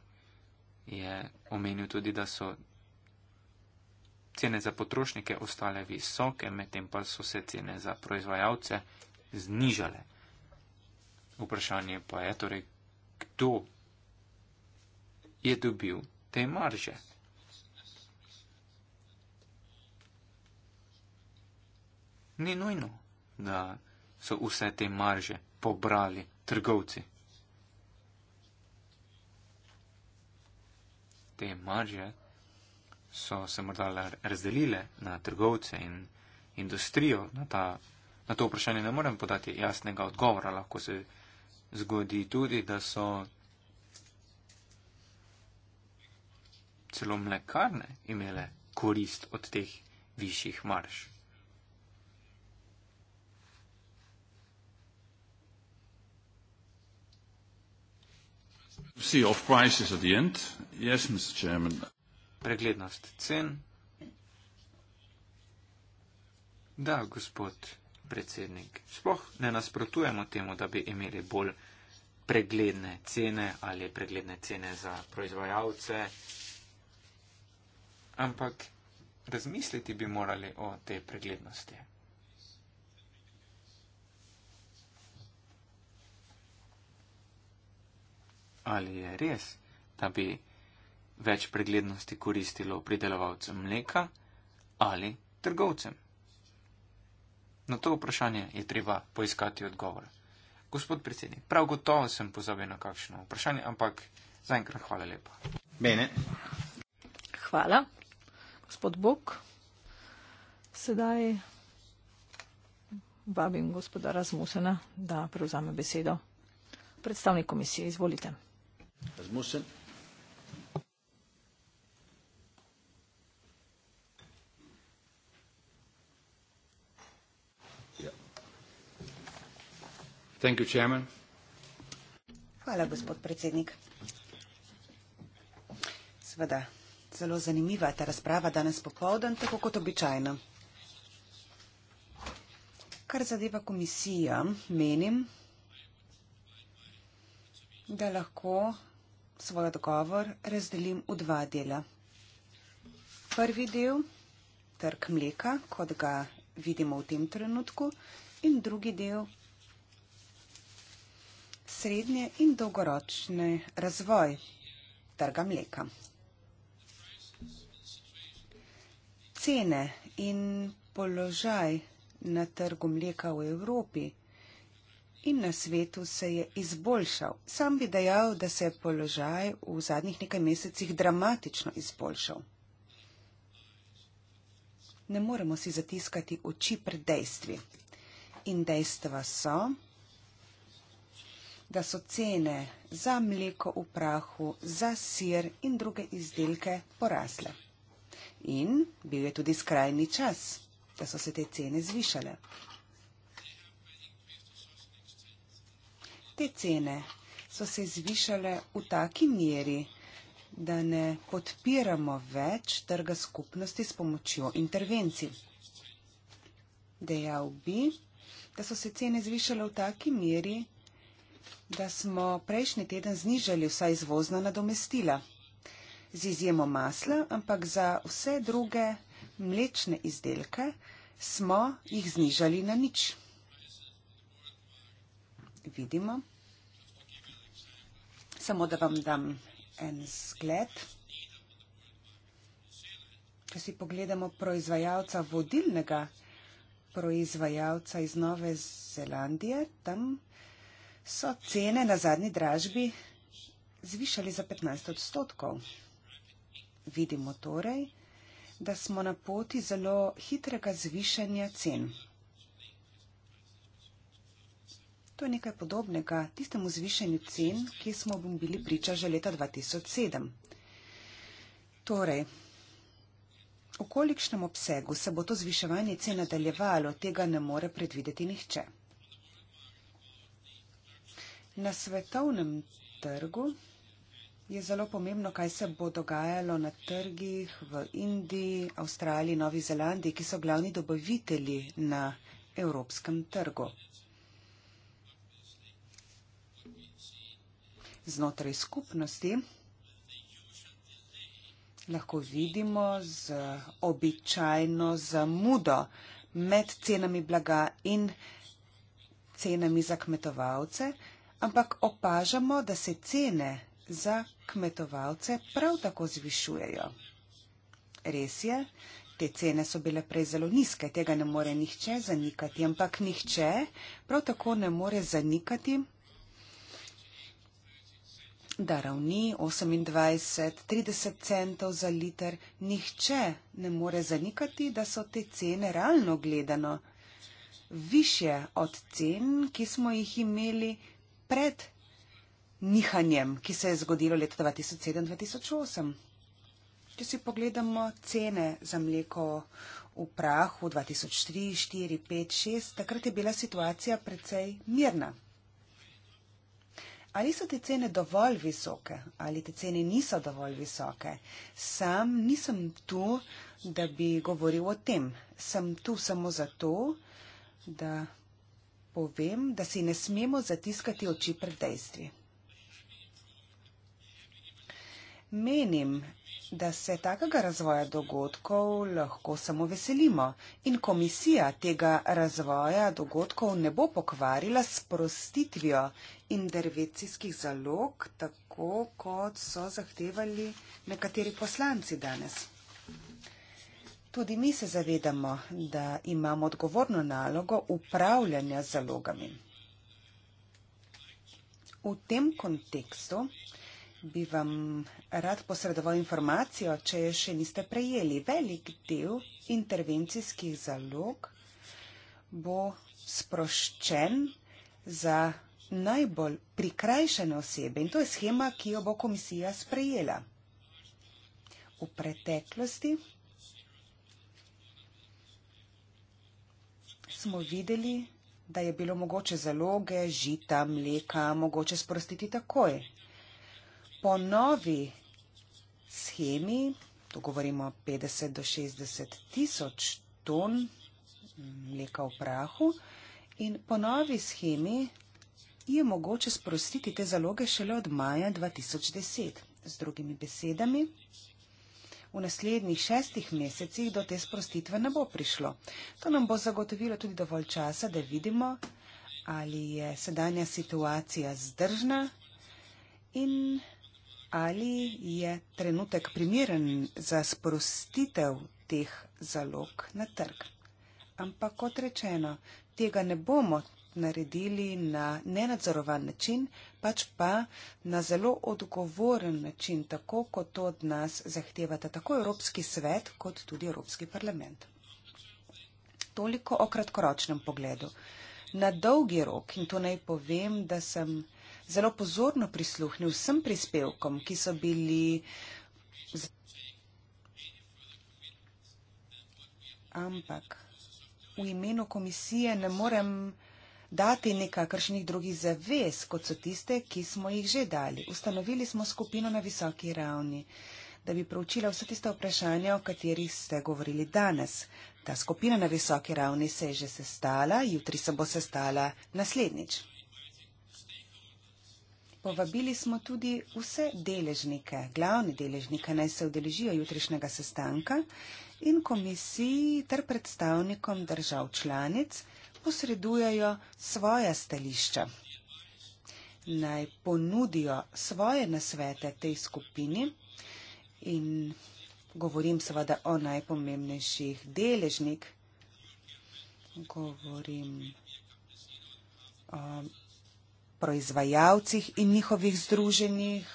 je omenil tudi, da so cene za potrošnike ostale visoke, medtem pa so se cene za proizvajalce znižale. Vprašanje pa je torej, kdo je dobil te marže. Ni nujno, da so vse te marže pobrali trgovci. te marže so se morda razdelile na trgovce in industrijo. Na, ta, na to vprašanje ne morem podati jasnega odgovora. Lahko se zgodi tudi, da so celo mlekarne imele korist od teh višjih marž. Preglednost cen. Da, gospod predsednik, sploh ne nasprotujemo temu, da bi imeli bolj pregledne cene ali pregledne cene za proizvajalce, ampak razmisliti bi morali o tej preglednosti. ali je res, da bi več preglednosti koristilo pridelovalcem mleka ali trgovcem. Na to vprašanje je treba poiskati odgovor. Gospod predsednik, prav gotovo sem pozabil na kakšno vprašanje, ampak zaenkrat hvala lepa. Bene. Hvala, gospod Bok. Sedaj vabim gospoda Razmusena, da prevzame besedo. Predstavnik komisije, izvolite. Rasmussen. Hvala, gospod predsednik. Seveda, zelo zanimiva ta razprava danes popovdan, tako kot običajno. Kar zadeva komisija, menim, da lahko svoj odgovor razdelim v dva dela. Prvi del, trg mleka, kot ga vidimo v tem trenutku, in drugi del, srednje in dolgoročni razvoj trga mleka. Cene in položaj na trgu mleka v Evropi in na svetu se je izboljšal. Sam bi dejal, da se je položaj v zadnjih nekaj mesecih dramatično izboljšal. Ne moremo si zatiskati oči pred dejstvi. In dejstva so, da so cene za mleko v prahu, za sir in druge izdelke porasle. In bil je tudi skrajni čas, da so se te cene zvišale. te cene so se zvišale v taki meri, da ne podpiramo več trga skupnosti s pomočjo intervencij. Dejal bi, da so se cene zvišale v taki meri, da smo prejšnji teden znižali vsa izvozna nadomestila. Z izjemo masla, ampak za vse druge mlečne izdelke smo jih znižali na nič. Vidimo. Samo da vam dam en zgled. Če si pogledamo proizvajalca, vodilnega proizvajalca iz Nove Zelandije, tam so cene na zadnji dražbi zvišali za 15 odstotkov. Vidimo torej, da smo na poti zelo hitrega zvišanja cen. To je nekaj podobnega tistemu zvišanju cen, ki smo bili priča že leta 2007. Torej, v kolikšnem obsegu se bo to zviševanje cen nadaljevalo, tega ne more predvideti nihče. Na svetovnem trgu je zelo pomembno, kaj se bo dogajalo na trgih v Indiji, Avstraliji, Novi Zelandiji, ki so glavni dobavitelji na evropskem trgu. znotraj skupnosti, lahko vidimo z običajno zamudo med cenami blaga in cenami za kmetovalce, ampak opažamo, da se cene za kmetovalce prav tako zvišujejo. Res je, te cene so bile prej zelo nizke, tega ne more nihče zanikati, ampak nihče prav tako ne more zanikati, da ravni 28-30 centov za liter nihče ne more zanikati, da so te cene realno gledano više od cen, ki smo jih imeli pred nihanjem, ki se je zgodilo leta 2007-2008. Če si pogledamo cene za mleko v prahu 2003, 2004, 2005, 2006, takrat je bila situacija precej mirna ali so te cene dovolj visoke ali te cene niso dovolj visoke. Sam nisem tu, da bi govoril o tem. Sem tu samo zato, da povem, da si ne smemo zatiskati oči pred dejstvi. Menim, da se takega razvoja dogodkov lahko samo veselimo in komisija tega razvoja dogodkov ne bo pokvarila s prostitvijo intervencijskih zalog, tako kot so zahtevali nekateri poslanci danes. Tudi mi se zavedamo, da imamo odgovorno nalogo upravljanja zalogami. V tem kontekstu bi vam rad posredoval informacijo, če je še niste prejeli. Velik del intervencijskih zalog bo sproščen za najbolj prikrajšene osebe in to je schema, ki jo bo komisija sprejela. V preteklosti smo videli, da je bilo mogoče zaloge, žita, mleka, mogoče sprostiti takoj, po novi schemi, to govorimo 50 do 60 tisoč ton mleka v prahu, in po novi schemi je mogoče sprostiti te zaloge šele od maja 2010. Z drugimi besedami, v naslednjih šestih mesecih do te sprostitve ne bo prišlo. To nam bo zagotovilo tudi dovolj časa, da vidimo, ali je sedanja situacija zdržna in ali je trenutek primeren za sprostitev teh zalog na trg. Ampak kot rečeno, tega ne bomo naredili na nenadzorovan način, pač pa na zelo odgovoren način, tako kot to od nas zahtevata tako Evropski svet kot tudi Evropski parlament. Toliko o kratkoročnem pogledu. Na dolgi rok, in to naj povem, da sem zelo pozorno prisluhnil vsem prispevkom, ki so bili ampak v imenu komisije ne morem dati nekakršnih drugih zavez, kot so tiste, ki smo jih že dali. Ustanovili smo skupino na visoki ravni, da bi proučila vse tiste vprašanja, o katerih ste govorili danes. Ta skupina na visoki ravni se je že sestala, jutri se bo sestala naslednjič. Povabili smo tudi vse deležnike, glavne deležnike, naj se udeležijo jutrišnjega sestanka in komisiji ter predstavnikom držav članic posredujajo svoja stališča. Naj ponudijo svoje nasvete tej skupini in govorim seveda o najpomembnejših deležnik. Govorim o. Um, proizvajalcih in njihovih združenjih,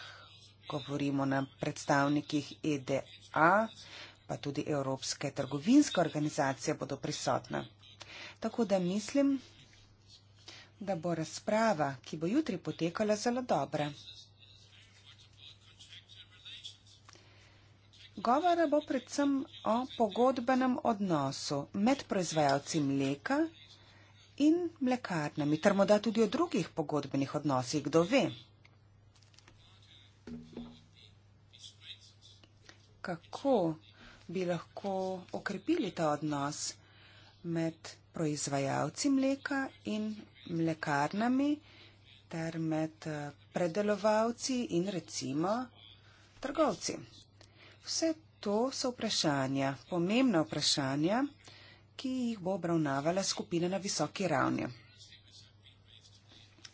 govorimo na predstavnikih EDA, pa tudi Evropske trgovinske organizacije bodo prisotna. Tako da mislim, da bo razprava, ki bo jutri potekala, zelo dobra. Govora bo predvsem o pogodbenem odnosu med proizvajalci mleka in mlekarnami, ter morda tudi o drugih pogodbenih odnosih, kdo ve. Kako bi lahko okrepili ta odnos med proizvajalci mleka in mlekarnami, ter med eh, predelovalci in recimo trgovci? Vse to so vprašanja, pomembna vprašanja ki jih bo obravnavala skupina na visoki ravni.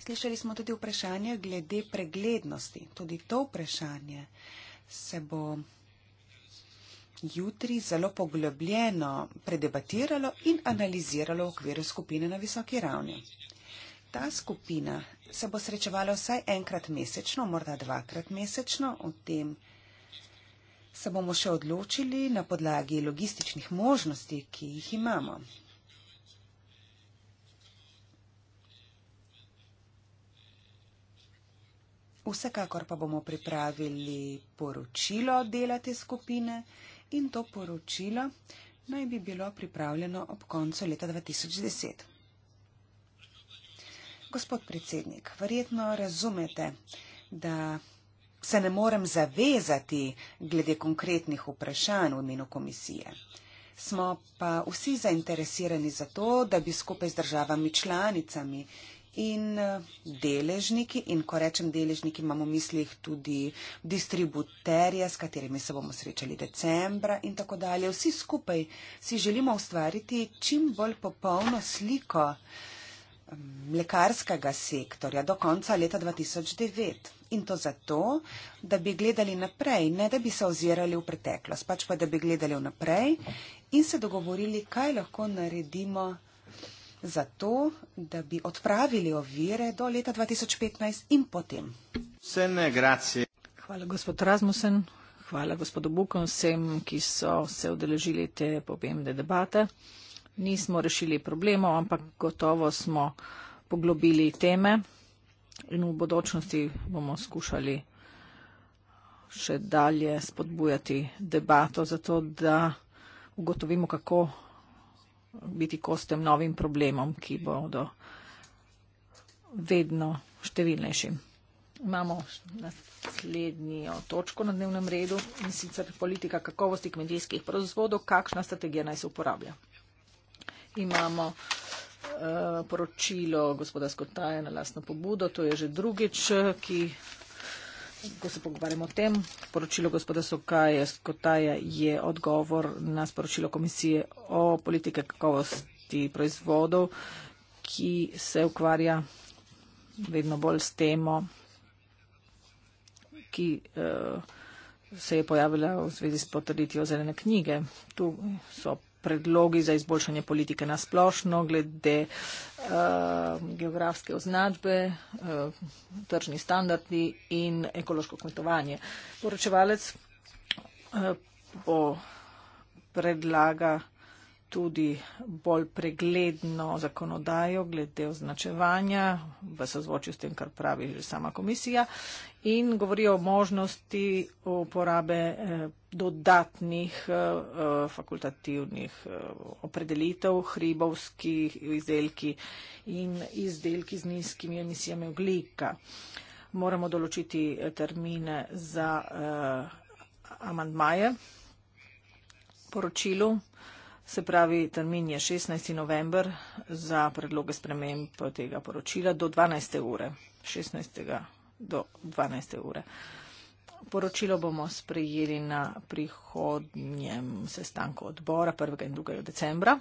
Slišali smo tudi vprašanje glede preglednosti. Tudi to vprašanje se bo jutri zelo poglobljeno predebatiralo in analiziralo v okviru skupine na visoki ravni. Ta skupina se bo srečevala vsaj enkrat mesečno, morda dvakrat mesečno, o tem se bomo še odločili na podlagi logističnih možnosti, ki jih imamo. Vsekakor pa bomo pripravili poročilo dela te skupine in to poročilo naj bi bilo pripravljeno ob koncu leta 2010. Gospod predsednik, verjetno razumete, da se ne morem zavezati glede konkretnih vprašanj v imenu komisije. Smo pa vsi zainteresirani za to, da bi skupaj z državami članicami in eh, deležniki, in ko rečem deležniki, imamo v mislih tudi distributerje, s katerimi se bomo srečali decembra in tako dalje. Vsi skupaj si želimo ustvariti čim bolj popolno sliko mlekarskega sektorja do konca leta 2009. In to zato, da bi gledali naprej, ne da bi se ozirali v preteklost, pač pa da bi gledali naprej in se dogovorili, kaj lahko naredimo za to, da bi odpravili ovire do leta 2015 in potem. Vsene, grazie. Hvala, gospod Rasmussen. Hvala gospodu Bukom, vsem, ki so se odeležili te pomembne debate nismo rešili problemov, ampak gotovo smo poglobili teme in v bodočnosti bomo skušali še dalje spodbujati debato, zato da ugotovimo, kako biti kostem novim problemom, ki bodo vedno številnejši. Imamo naslednjo točko na dnevnem redu in sicer politika kakovosti kmetijskih proizvodov, kakšna strategija naj se uporablja imamo eh, poročilo gospoda Skotaja na lastno pobudo. To je že drugič, ki, ko se pogovarjamo o tem. Poročilo gospoda Sokaja Skotaja je odgovor na sporočilo komisije o politike kakovosti proizvodov, ki se ukvarja vedno bolj s temo, ki eh, se je pojavila v zvezi s potrditijo zelene knjige. Tu so predlogi za izboljšanje politike na splošno, glede uh, geografske označbe, uh, tržni standardi in ekološko kmetovanje. Poročevalec uh, predlaga tudi bolj pregledno zakonodajo glede označevanja v sozvočju s tem, kar pravi že sama komisija in govorijo o možnosti uporabe eh, dodatnih eh, eh, fakultativnih opredelitev, hribovski izdelki in izdelki z nizkimi emisijami oglika. Moramo določiti termine za amandmaje poročilu. Se pravi, termin je 16. november za predloge sprememb tega poročila do 12. ure. 16. do 12. ure. Poročilo bomo sprejeli na prihodnjem sestanku odbora 1. in 2. decembra.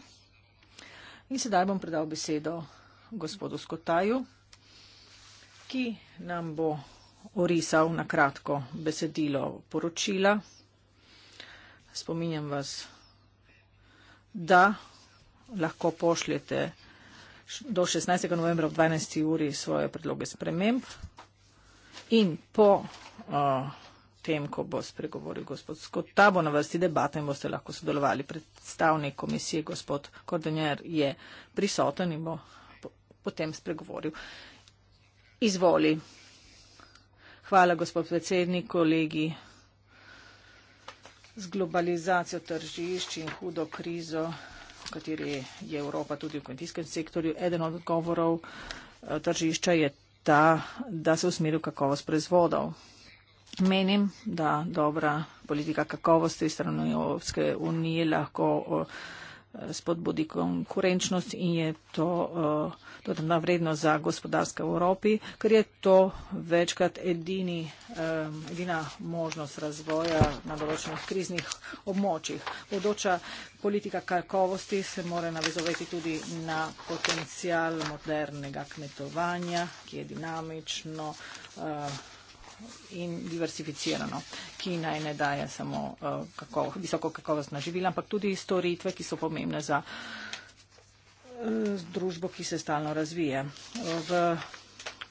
In sedaj bom predal besedo gospodu Skotaju, ki nam bo orisal na kratko besedilo poročila. Spominjam vas, da lahko pošljete do 16. novembra ob 12. uri svoje predloge sprememb in po uh, tem, ko bo spregovoril gospod Skota, bo na vrsti debata in boste lahko sodelovali. Predstavnik komisije gospod Kordonjer je prisoten in bo potem spregovoril. Izvoli. Hvala, gospod predsednik, kolegi z globalizacijo tržišč in hudo krizo, v kateri je Evropa tudi v kmetijskem sektorju. Eden od odgovorov eh, tržišča je ta, da se usmeri v kakovost proizvodov. Menim, da dobra politika kakovosti strani Evropske unije lahko uh, spodbudi konkurenčnost in je to eh, dodatna vrednost za gospodarstvo v Evropi, ker je to večkrat edini, eh, edina možnost razvoja na določenih kriznih območjih. Vodoča politika kakovosti se mora navezovati tudi na potencial modernega kmetovanja, ki je dinamično. Uh, in diversificirano, ki naj ne daje samo uh, kako, visoko kakovostna živila, ampak tudi storitve, ki so pomembne za uh, družbo, ki se stalno razvije. V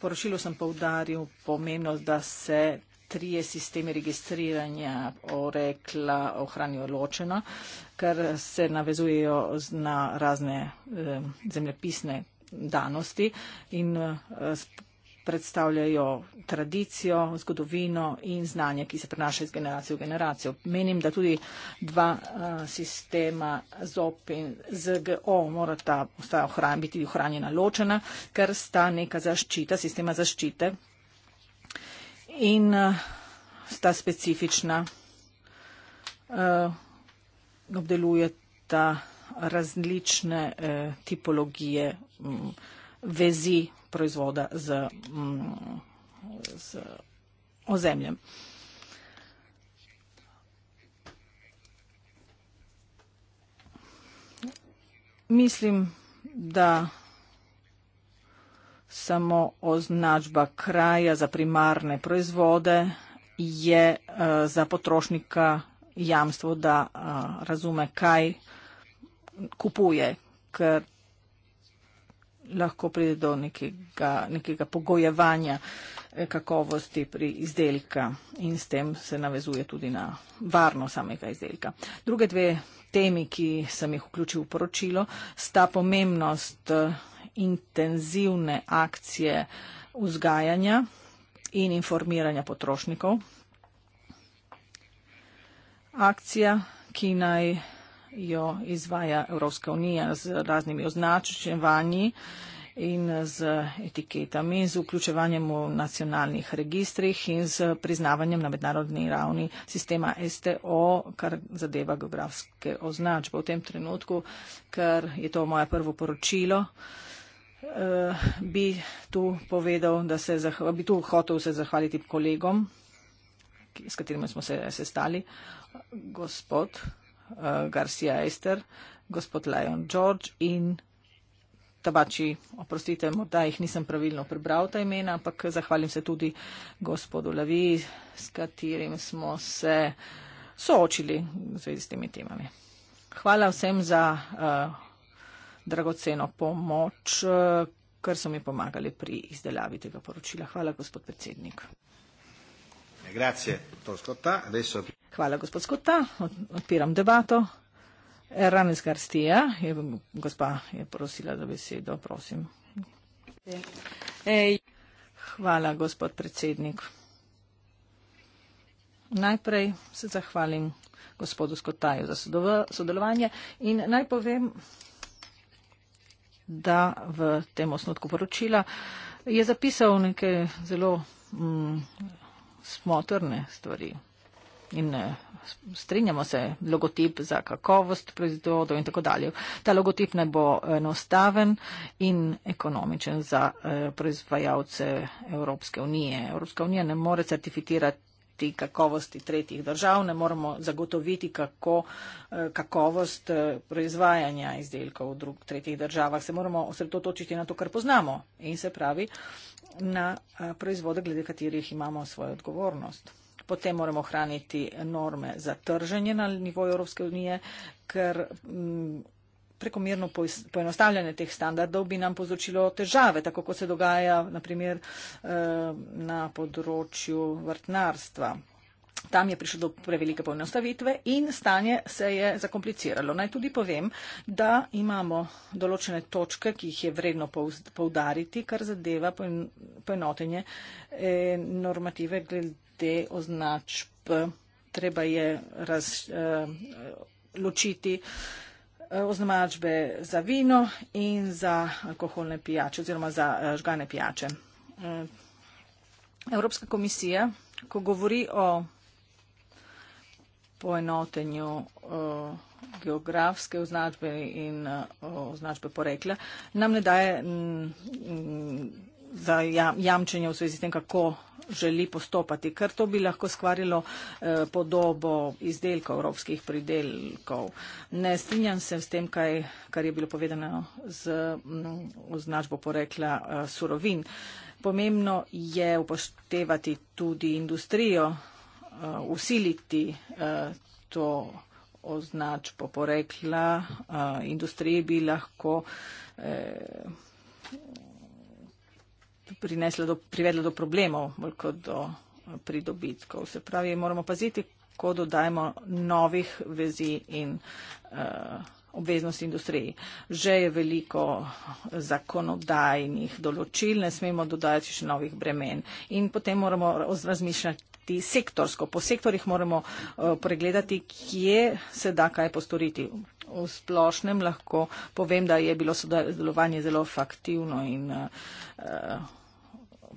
poročilu sem povdaril pomembnost, da se trije sistemi registriranja orekla ohranijo ločena, ker se navezujejo na razne uh, zemljepisne danosti in uh, predstavljajo tradicijo, zgodovino in znanje, ki se prenaša iz generacije v generacijo. Menim, da tudi dva uh, sistema ZOP in ZGO morata ohran, biti ohranjena ločena, ker sta neka zaščita, sistema zaščite in uh, sta specifična, uh, obdelujeta različne uh, tipologije um, vezi proizvoda z, mm, z ozemljem. Mislim, da samo označba kraja za primarne proizvode je eh, za potrošnika jamstvo, da eh, razume, kaj kupuje, ker lahko pride do nekega, nekega pogojevanja eh, kakovosti pri izdelka in s tem se navezuje tudi na varno samega izdelka. Druge dve temi, ki sem jih vključil v poročilo, sta pomembnost eh, intenzivne akcije vzgajanja in informiranja potrošnikov. Akcija, ki naj jo izvaja Evropska unija z raznimi označevanji in z etiketami, z vključevanjem v nacionalnih registrih in z priznavanjem na mednarodni ravni sistema STO, kar zadeva geografske označbe. V tem trenutku, ker je to moje prvo poročilo, eh, bi tu povedal, da se zahvalim, bi tu hotel se zahvaliti kolegom, s katerimi smo se sestali, gospod. Eh, Garcia Ester, gospod Lion George in Tabači, oprostite, morda jih nisem pravilno prebral ta imena, ampak zahvalim se tudi gospodu Lavi, s katerim smo se soočili v zvezi s temi temami. Hvala vsem za uh, dragoceno pomoč, uh, eh, kar so mi pomagali pri izdelavi tega poročila. Hvala, gospod predsednik. Grazie, Hvala, gospod Skuta. Odpiram debato. Ranes Garstija, je, gospa je prosila za besedo, prosim. Ej. Hvala, gospod predsednik. Najprej se zahvalim gospodu Skotaju za sodelovanje in naj povem, da v tem osnutku poročila je zapisal neke zelo mm, smotrne stvari in eh, strinjamo se, logotip za kakovost proizvodov in tako dalje. Ta logotip naj bo enostaven in ekonomičen za eh, proizvajalce Evropske unije. Evropska unija ne more certificirati kakovosti tretjih držav, ne moremo zagotoviti, kako eh, kakovost proizvajanja izdelkov v drug, tretjih državah. Se moramo osredotočiti na to, kar poznamo in se pravi na proizvode, glede katerih imamo svojo odgovornost potem moramo hraniti norme za trženje na nivoju Evropske unije, ker mm, prekomerno poenostavljanje teh standardov bi nam povzročilo težave, tako kot se dogaja naprimer eh, na področju vrtnarstva. Tam je prišlo do prevelike poenostavitve in stanje se je zakompliciralo. Naj tudi povem, da imamo določene točke, ki jih je vredno poudariti, kar zadeva poenotenje eh, normative glede te označb. Treba je raz, uh, ločiti eh, označbe za vino in za alkoholne pijače oziroma za eh, žgane pijače. Evropska komisija, ko govori o poenotenju geografske označbe in označbe porekla, nam ne daje mm, mm, za jamčenje v zvezi s tem, kako želi postopati, ker to bi lahko skvarilo eh, podobo izdelkov, evropskih pridelkov. Ne strinjam se s tem, kaj, kar je bilo povedano z mm, označbo porekla eh, surovin. Pomembno je upoštevati tudi industrijo, eh, usiliti eh, to označbo porekla. Eh, industriji bi lahko. Eh, prineslo do, privedlo do problemov, bolj kot do eh, pridobitkov. Se pravi, moramo paziti, ko dodajemo novih vezi in uh, obveznosti industriji. Že je veliko zakonodajnih določil, ne smemo dodajati še novih bremen. In potem moramo razmišljati. Sektorsko. Po sektorjih moramo uh, pregledati, kje se da kaj postoriti. V splošnem lahko povem, da je bilo sodelovanje zelo faktivno in uh,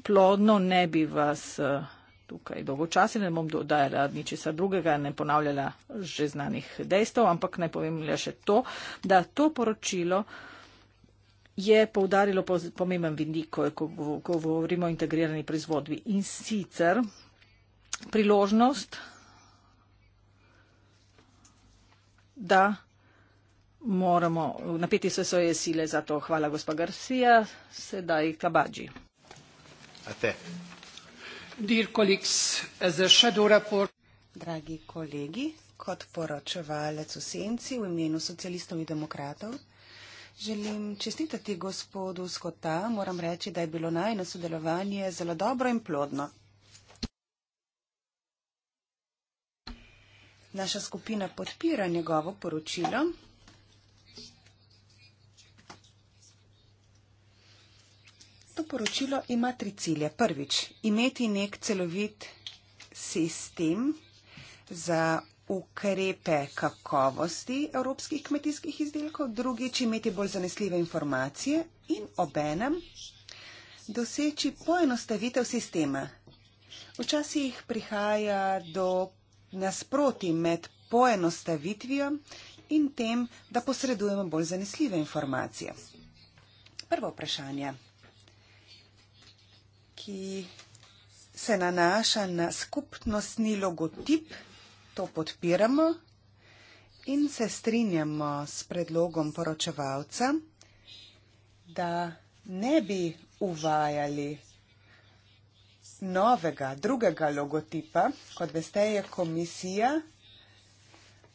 plodno, ne bi vas eh, tukaj dolgočasila, ne bom dodajala ničesa drugega, ne ponavljala že znanih dejstev, ampak naj povem le še to, da to poročilo je poudarilo pomemben vidik, ko, ko govorimo o integrirani proizvodbi in sicer priložnost, da moramo napeti vse svoje sile za to. Hvala, gospa Garcia, sedaj kabadži. Dragi kolegi, kot poročevalec v senci v imenu socialistov in demokratov, želim čestitati gospodu Skota. Moram reči, da je bilo najno sodelovanje zelo dobro in plodno. Naša skupina podpira njegovo poročilo. To poročilo ima tri cilje. Prvič, imeti nek celovit sistem za ukrepe kakovosti evropskih kmetijskih izdelkov, drugič imeti bolj zanesljive informacije in obenem doseči poenostavitev sistema. Včasih prihaja do nasproti med poenostavitvijo in tem, da posredujemo bolj zanesljive informacije. Prvo vprašanje ki se nanaša na skupnostni logotip, to podpiramo in se strinjamo s predlogom poročevalca, da ne bi uvajali novega, drugega logotipa. Kot veste, je komisija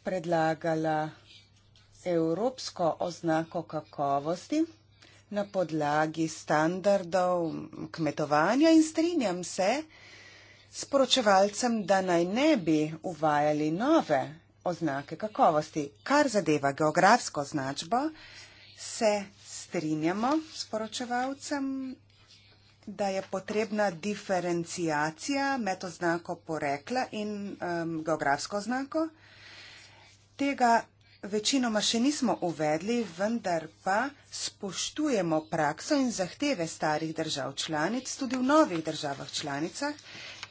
predlagala evropsko oznako kakovosti na podlagi standardov kmetovanja in strinjam se s poročevalcem, da naj ne bi uvajali nove oznake kakovosti. Kar zadeva geografsko označbo, se strinjamo s poročevalcem, da je potrebna diferencijacija med oznako porekla in um, geografsko oznako. Tega večinoma še nismo uvedli, vendar pa spoštujemo prakso in zahteve starih držav članic tudi v novih državah članicah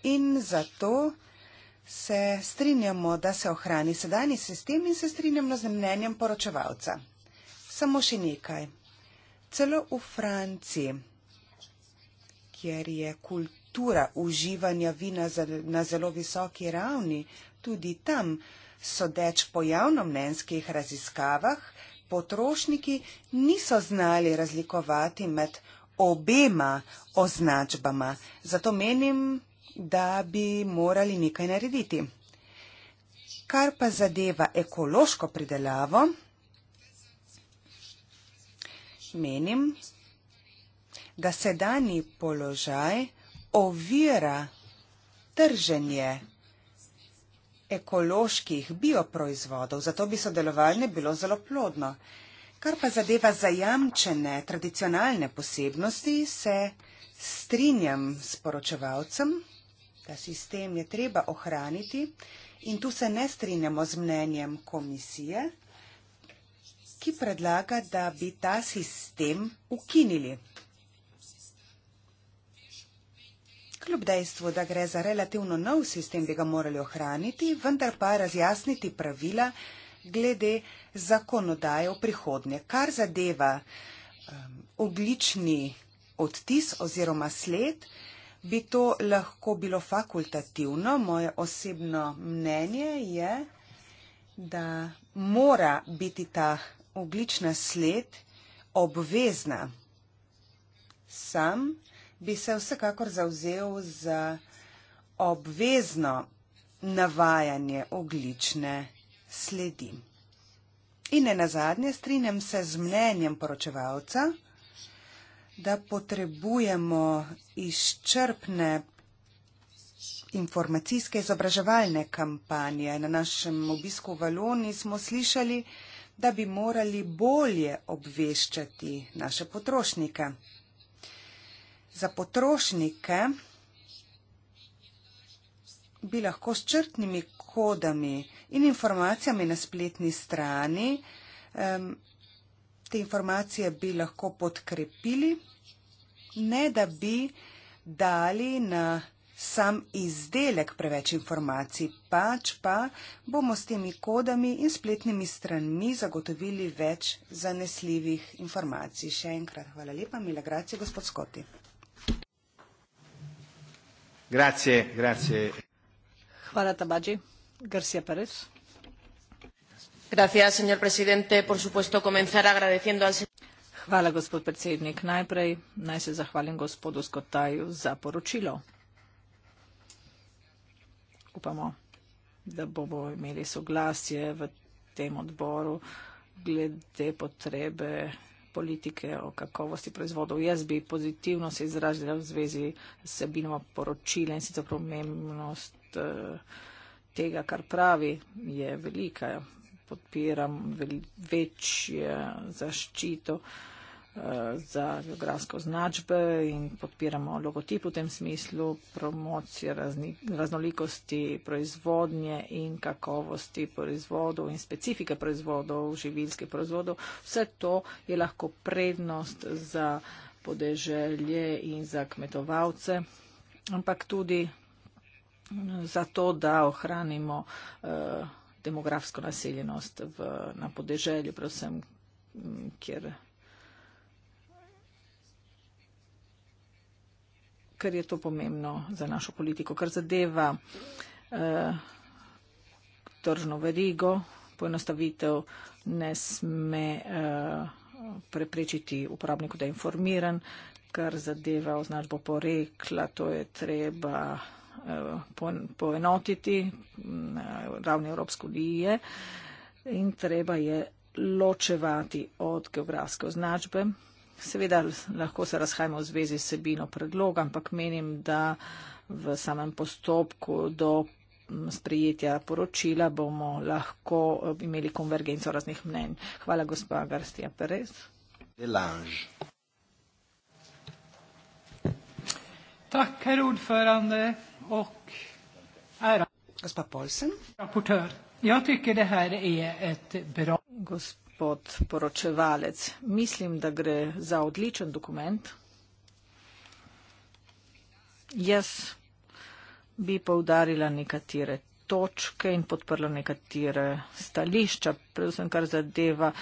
in zato se strinjamo, da se ohrani sedajni sistem in se strinjamo z mnenjem poročevalca. Samo še nekaj. Celo v Franciji, kjer je kultura uživanja vina na zelo visoki ravni, tudi tam, Sodeč po javnomnenskih raziskavah, potrošniki niso znali razlikovati med obema označbama, zato menim, da bi morali nekaj narediti. Kar pa zadeva ekološko pridelavo, menim, da sedani položaj ovira trženje ekoloških bioproizvodov, zato bi sodelovanje bilo zelo plodno. Kar pa zadeva zajamčene tradicionalne posebnosti, se strinjam s poročevalcem, da sistem je treba ohraniti in tu se ne strinjamo z mnenjem komisije, ki predlaga, da bi ta sistem ukinili. kljub dejstvu, da gre za relativno nov sistem, bi ga morali ohraniti, vendar pa razjasniti pravila glede zakonodaje v prihodnje, kar zadeva um, oblični odtis oziroma sled. Bi to lahko bilo fakultativno? Moje osebno mnenje je, da mora biti ta oglična sled obvezna. Sam bi se vsekakor zauzel za obvezno navajanje oglične sledi. In ne nazadnje strinjam se z mnenjem poročevalca, da potrebujemo izčrpne informacijske izobraževalne kampanje. Na našem obisku v Loni smo slišali, da bi morali bolje obveščati naše potrošnike za potrošnike bi lahko s črtnimi kodami in informacijami na spletni strani te informacije bi lahko podkrepili, ne da bi dali na sam izdelek preveč informacij, pač pa bomo s temi kodami in spletnimi stranmi zagotovili več zanesljivih informacij. Še enkrat hvala lepa, mila gracija, gospod Skoti. Grazie, grazie. Hvala Tabaji. García Pérez. Gracias, señor presidente. Por supuesto, comenzar agradeciendo al señor... Hvala, gospod predsednik. Najprej naj se zahvalim gospodu Skotaju za poročilo. Upamo, da bomo imeli soglasje v tem odboru glede potrebe politike o kakovosti proizvodov. Jaz bi pozitivno se izražila v zvezi s sebinom poročila in sicer pomembnost eh, tega, kar pravi, je velika. Podpiram večjo zaščito za geografsko značbe in podpiramo logotip v tem smislu, promocije raznolikosti proizvodnje in kakovosti proizvodov in specifike proizvodov, živilske proizvodov. Vse to je lahko prednost za podeželje in za kmetovalce, ampak tudi za to, da ohranimo eh, demografsko naseljenost v, na podeželju, predvsem kjer ker je to pomembno za našo politiko, kar zadeva eh, tržno verigo, poenostavitev ne sme eh, preprečiti uporabniku, da je informiran, kar zadeva označbo porekla, to je treba eh, poenotiti na ravni Evropske unije in treba je ločevati od geografske označbe. Seveda lahko se razhajamo v zvezi s sebino predloga, ampak menim, da v samem postopku do sprejetja poročila bomo lahko eh, imeli konvergenco raznih mnenj. Hvala, gospa Garstija Perez. Delange. Tak, herr ordförande, ok, ära. Gospa Polsen. Rapportör. Jag tycker det här är ett bra. Gosp podporočevalec. Mislim, da gre za odličen dokument. Jaz bi poudarila nekatere točke in podprla nekatere stališča, predvsem kar zadeva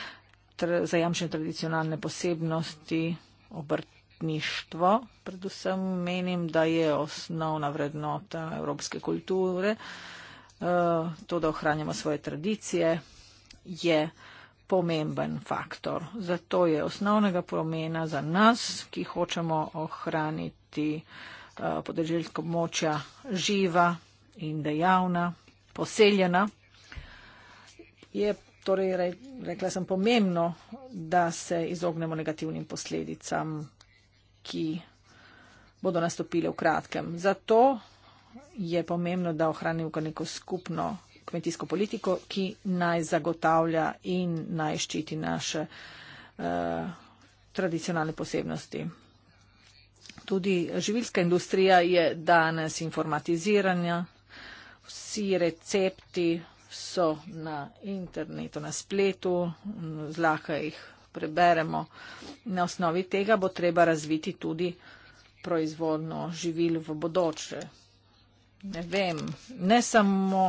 zajamčene tradicionalne posebnosti, obrtništvo. Predvsem menim, da je osnovna vrednota evropske kulture eh, to, da ohranjamo svoje tradicije, je uh, pomemben faktor. Zato je osnovnega pomena za nas, ki hočemo ohraniti eh, podeželjsko območja živa in dejavna, poseljena. Je torej, rekla sem, pomembno, da se izognemo negativnim posledicam, ki bodo nastopile v kratkem. Zato je pomembno, da ohranimo neko skupno kmetijsko politiko, ki naj zagotavlja in naj ščiti naše uh, tradicionalne posebnosti. Tudi živilska industrija je danes informatizirana, vsi recepti so na internetu, na spletu, zlahka jih preberemo. Na osnovi tega bo treba razviti tudi proizvodno živil v bodoče. Ne vem, ne samo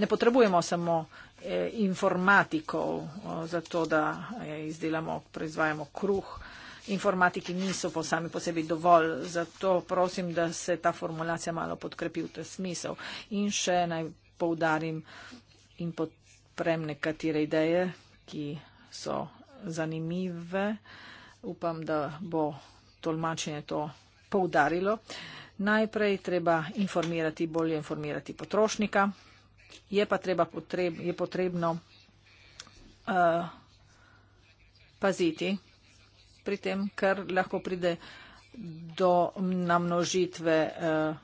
Ne potrebujemo samo eh, informatikov oh, za to, da eh, izdelamo, proizvajamo kruh. Informatiki niso po sami po sebi dovolj, zato prosim, da se ta formulacija malo podkrepi v ta smisel. In še naj poudarim in podprem nekatere ideje, ki so zanimive. Upam, da bo tolmačenje to poudarilo. Najprej treba informirati, bolje informirati potrošnika je pa treba potreb, je potrebno uh, paziti pri tem, ker lahko pride do namnožitve uh,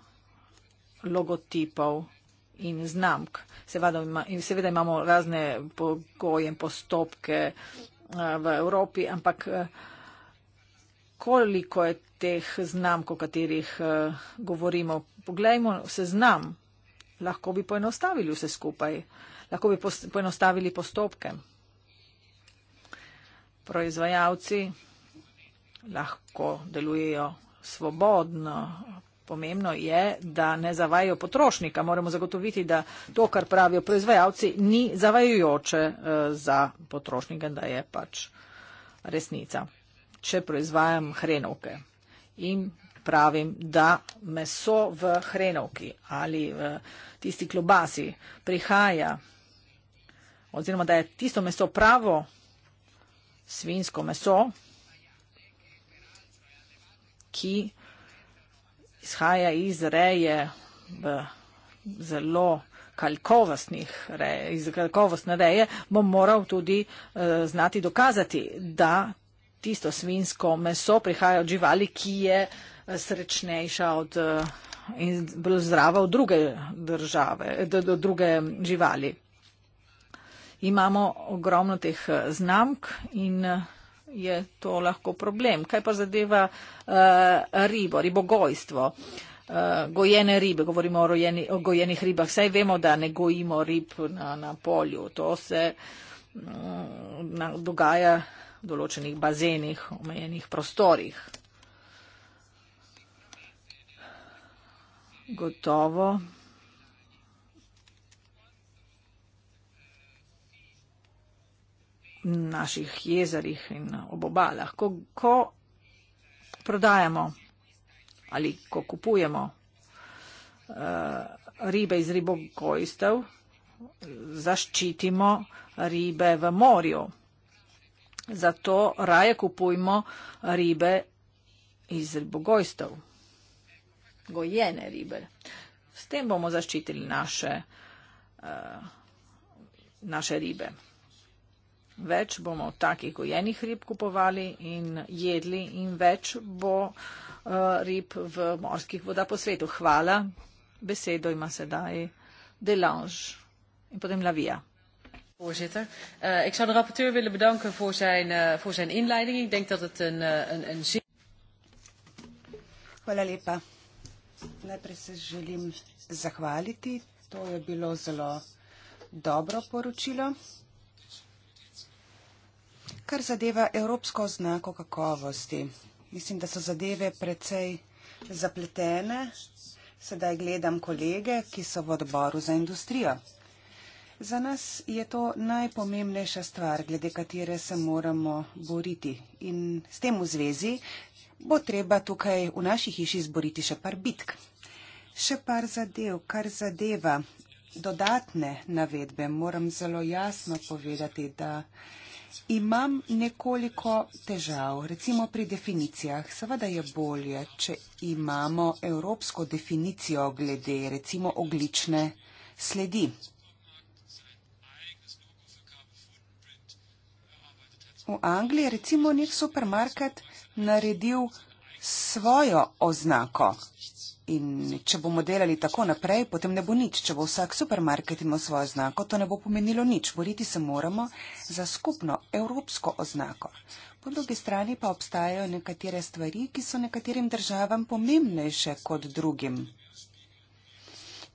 logotipov in znamk. Seveda, ima, in seveda imamo razne pogoje in postopke uh, v Evropi, ampak uh, koliko je teh znamk, o katerih uh, govorimo, poglejmo seznam lahko bi poenostavili vse skupaj, lahko bi poenostavili postopke. Proizvajalci lahko delujejo svobodno. Pomembno je, da ne zavajajo potrošnika. Moramo zagotoviti, da to, kar pravijo proizvajalci, ni zavajajoče eh, za potrošnika, da je pač resnica. Če proizvajam hrenovke in pravim, da meso v hrenovki ali v tisti klobasi prihaja, oziroma da je tisto meso pravo, svinsko meso, ki izhaja iz reje v zelo kalkovostnih reje, iz kalkovostne reje, bom moral tudi e, znati dokazati, da tisto svinsko meso prihaja od živali, ki je e, srečnejša od, eh, in bolj zdrava od druge države, do druge živali. Imamo ogromno teh eh, znamk in eh, je to lahko problem. Kaj pa zadeva ribo, ribogojstvo? Gojene ribe, govorimo o, rojeni, o gojenih ribah. Saj vemo, da ne gojimo rib na, na polju. To se mm, na, dogaja v določenih bazenih, omejenih prostorih. gotovo. naših jezerih in ob obalah. Ko, ko prodajamo ali ko kupujemo uh, ribe iz ribogojstev, zaščitimo ribe v morju. Zato raje kupujmo ribe iz ribogojstev gojene ribe. S tem bomo zaščitili naše, uh, naše ribe. Več bomo takih gojenih rib kupovali in jedli in več bo uh, rib v morskih voda po svetu. Hvala. Besedo ima sedaj Delange in potem Lavia. Voorzitter, uh, ik zou de rapporteur willen bedanken voor zijn, uh, voor zijn inleiding. Ik denk dat het een, een, een zeer. Hola, lepa. Najprej se želim zahvaliti. To je bilo zelo dobro poročilo. Kar zadeva evropsko znako kakovosti. Mislim, da so zadeve precej zapletene. Sedaj gledam kolege, ki so v odboru za industrijo. Za nas je to najpomembnejša stvar, glede katere se moramo boriti. In s tem v zvezi bo treba tukaj v naši hiši zboriti še par bitk. Še par zadev, kar zadeva dodatne navedbe, moram zelo jasno povedati, da imam nekoliko težav, recimo pri definicijah. Seveda je bolje, če imamo evropsko definicijo glede recimo oglične sledi. v Angliji recimo nek supermarket naredil svojo oznako. In če bomo delali tako naprej, potem ne bo nič. Če bo vsak supermarket imel svojo oznako, to ne bo pomenilo nič. Boriti se moramo za skupno evropsko oznako. Po drugi strani pa obstajajo nekatere stvari, ki so nekaterim državam pomembnejše kot drugim.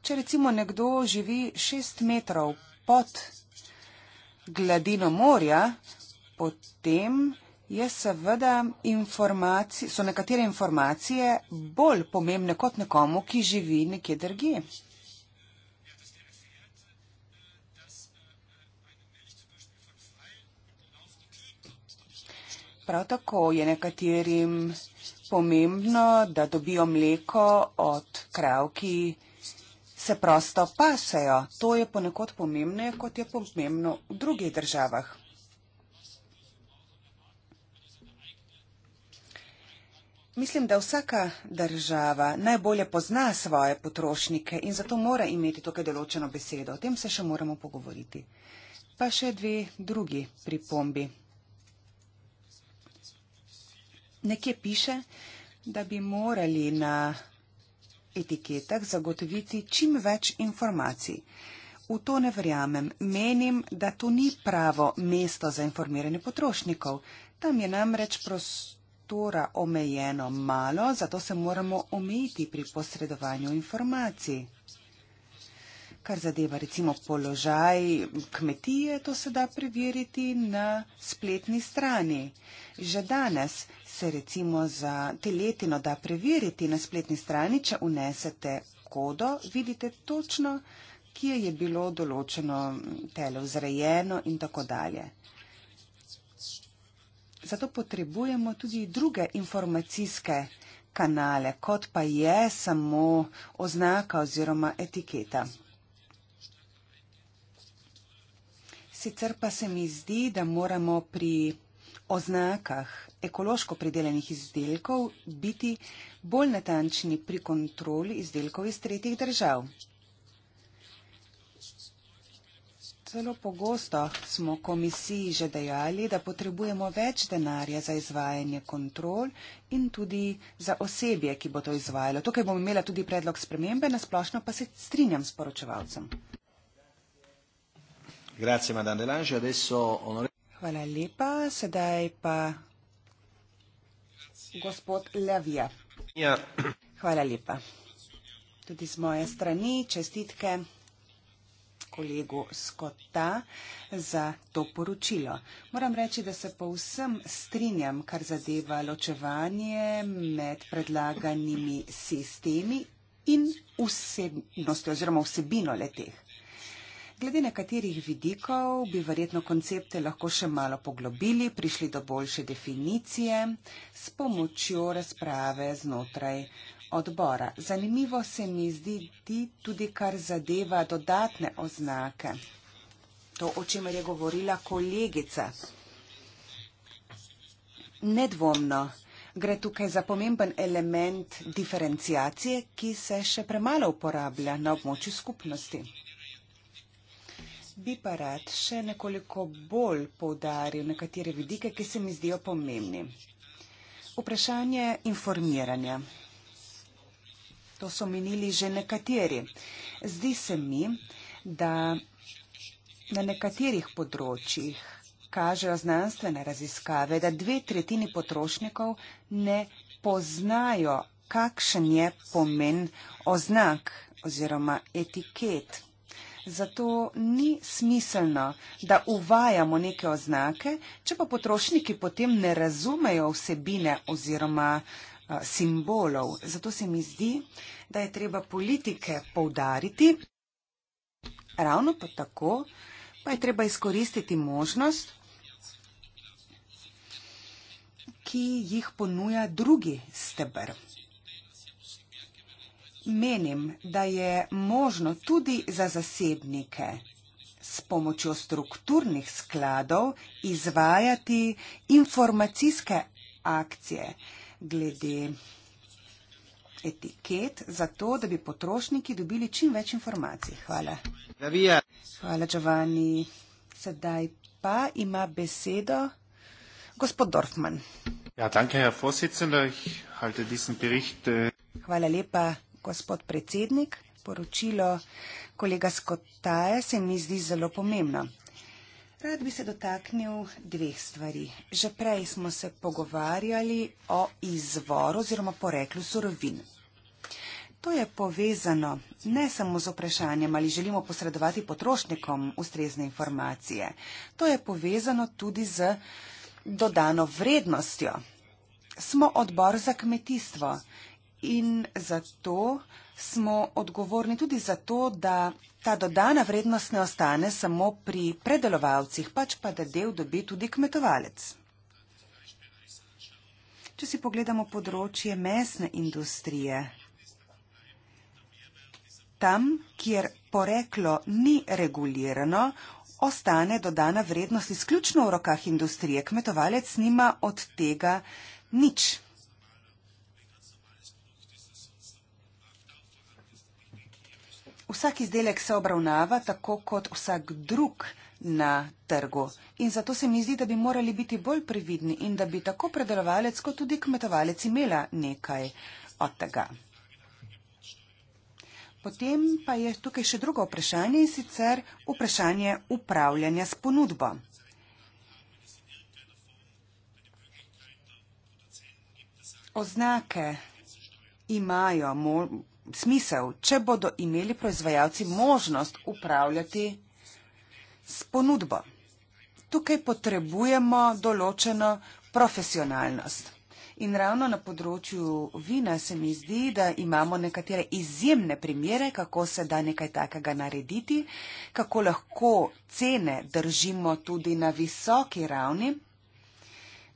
Če recimo nekdo živi šest metrov pod gladino morja, potem je seveda informacije, so nekatere informacije bolj pomembne kot nekomu, ki živi nekje drugje. Prav tako je nekaterim pomembno, da dobijo mleko od krav, ki se prosto pasejo. To je ponekod pomembne, kot je pomembno v drugih državah. Mislim, da vsaka država najbolje pozna svoje potrošnike in zato mora imeti tukaj določeno besedo. O tem se še moramo pogovoriti. Pa še dve drugi pripombi. Nekje piše, da bi morali na etiketah zagotoviti čim več informacij. V to ne verjamem. Menim, da to ni pravo mesto za informiranje potrošnikov. Tam je namreč prostor prostora omejeno malo, zato se moramo omejiti pri posredovanju informacij. Kar zadeva recimo položaj kmetije, to se da preveriti na spletni strani. Že danes se recimo za teletino da preveriti na spletni strani, če unesete kodo, vidite točno, kje je bilo določeno tele vzrejeno in tako dalje zato potrebujemo tudi druge informacijske kanale, kot pa je samo oznaka oziroma etiketa. Sicer pa se mi zdi, da moramo pri oznakah ekološko pridelanih izdelkov biti bolj natančni pri kontroli izdelkov iz tretjih držav. Zelo pogosto smo komisiji že dejali, da potrebujemo več denarja za izvajanje kontrol in tudi za osebje, ki bo to izvajalo. Tukaj bom imela tudi predlog spremembe, nasplošno pa se strinjam s poročevalcem. Grazie, Delange, adesso, onore... Hvala lepa, sedaj pa gospod Levija. Ja. Hvala lepa. Tudi z moje strani čestitke kolegu Skota za to poročilo. Moram reči, da se povsem strinjam, kar zadeva ločevanje med predlaganimi sistemi in vsebnostjo oziroma vsebino leteh. Glede nekaterih vidikov bi verjetno koncepte lahko še malo poglobili, prišli do boljše definicije s pomočjo razprave znotraj odbora. Zanimivo se mi zdi tudi, kar zadeva dodatne oznake. To, o čemer je govorila kolegica. Nedvomno gre tukaj za pomemben element diferencijacije, ki se še premalo uporablja na območju skupnosti. Bi pa rad še nekoliko bolj povdaril nekatere vidike, ki se mi zdijo pomembni. Vprašanje informiranja. To so menili že nekateri. Zdi se mi, da na nekaterih področjih kažejo znanstvene raziskave, da dve tretjini potrošnikov ne poznajo, kakšen je pomen oznak oziroma etiket. Zato ni smiselno, da uvajamo neke oznake, če pa potrošniki potem ne razumejo vsebine oziroma Eh, simbolov. Zato se mi zdi, da je treba politike povdariti, ravno pa tako pa je treba izkoristiti možnost, ki jih ponuja drugi stebr. Menim, da je možno tudi za zasebnike s pomočjo strukturnih skladov izvajati informacijske akcije, glede etiket, zato da bi potrošniki dobili čim več informacij. Hvala. Hvala, Giovanni. Sedaj pa ima besedo gospod Dorfman. Ja, danke, herr Vorsitzender. Halte diesen Bericht. Äh, Hvala lepa, gospod predsednik. Poročilo kolega Skotaje se mi zdi zelo pomembno. Rad bi se dotaknil dveh stvari. Že prej smo se pogovarjali o izvoru oziroma poreklu surovin. To je povezano ne samo z vprašanjem, ali želimo posredovati potrošnikom ustrezne informacije. To je povezano tudi z dodano vrednostjo. Smo odbor za kmetijstvo in zato smo odgovorni tudi za to, da ta dodana vrednost ne ostane samo pri predelovalcih, pač pa da del dobi tudi kmetovalec. Če si pogledamo področje mesne industrije, tam, kjer poreklo ni regulirano, ostane dodana vrednost izključno v rokah industrije. Kmetovalec nima od tega nič. Vsak izdelek se obravnava tako kot vsak drug na trgu. In zato se mi zdi, da bi morali biti bolj previdni in da bi tako predelovalec kot tudi kmetovalec imela nekaj od tega. Potem pa je tukaj še drugo vprašanje in sicer vprašanje upravljanja s ponudbo. Oznake imajo možnost smisel, če bodo imeli proizvajalci možnost upravljati s ponudbo. Tukaj potrebujemo določeno profesionalnost. In ravno na področju vina se mi zdi, da imamo nekatere izjemne primere, kako se da nekaj takega narediti, kako lahko cene držimo tudi na visoki ravni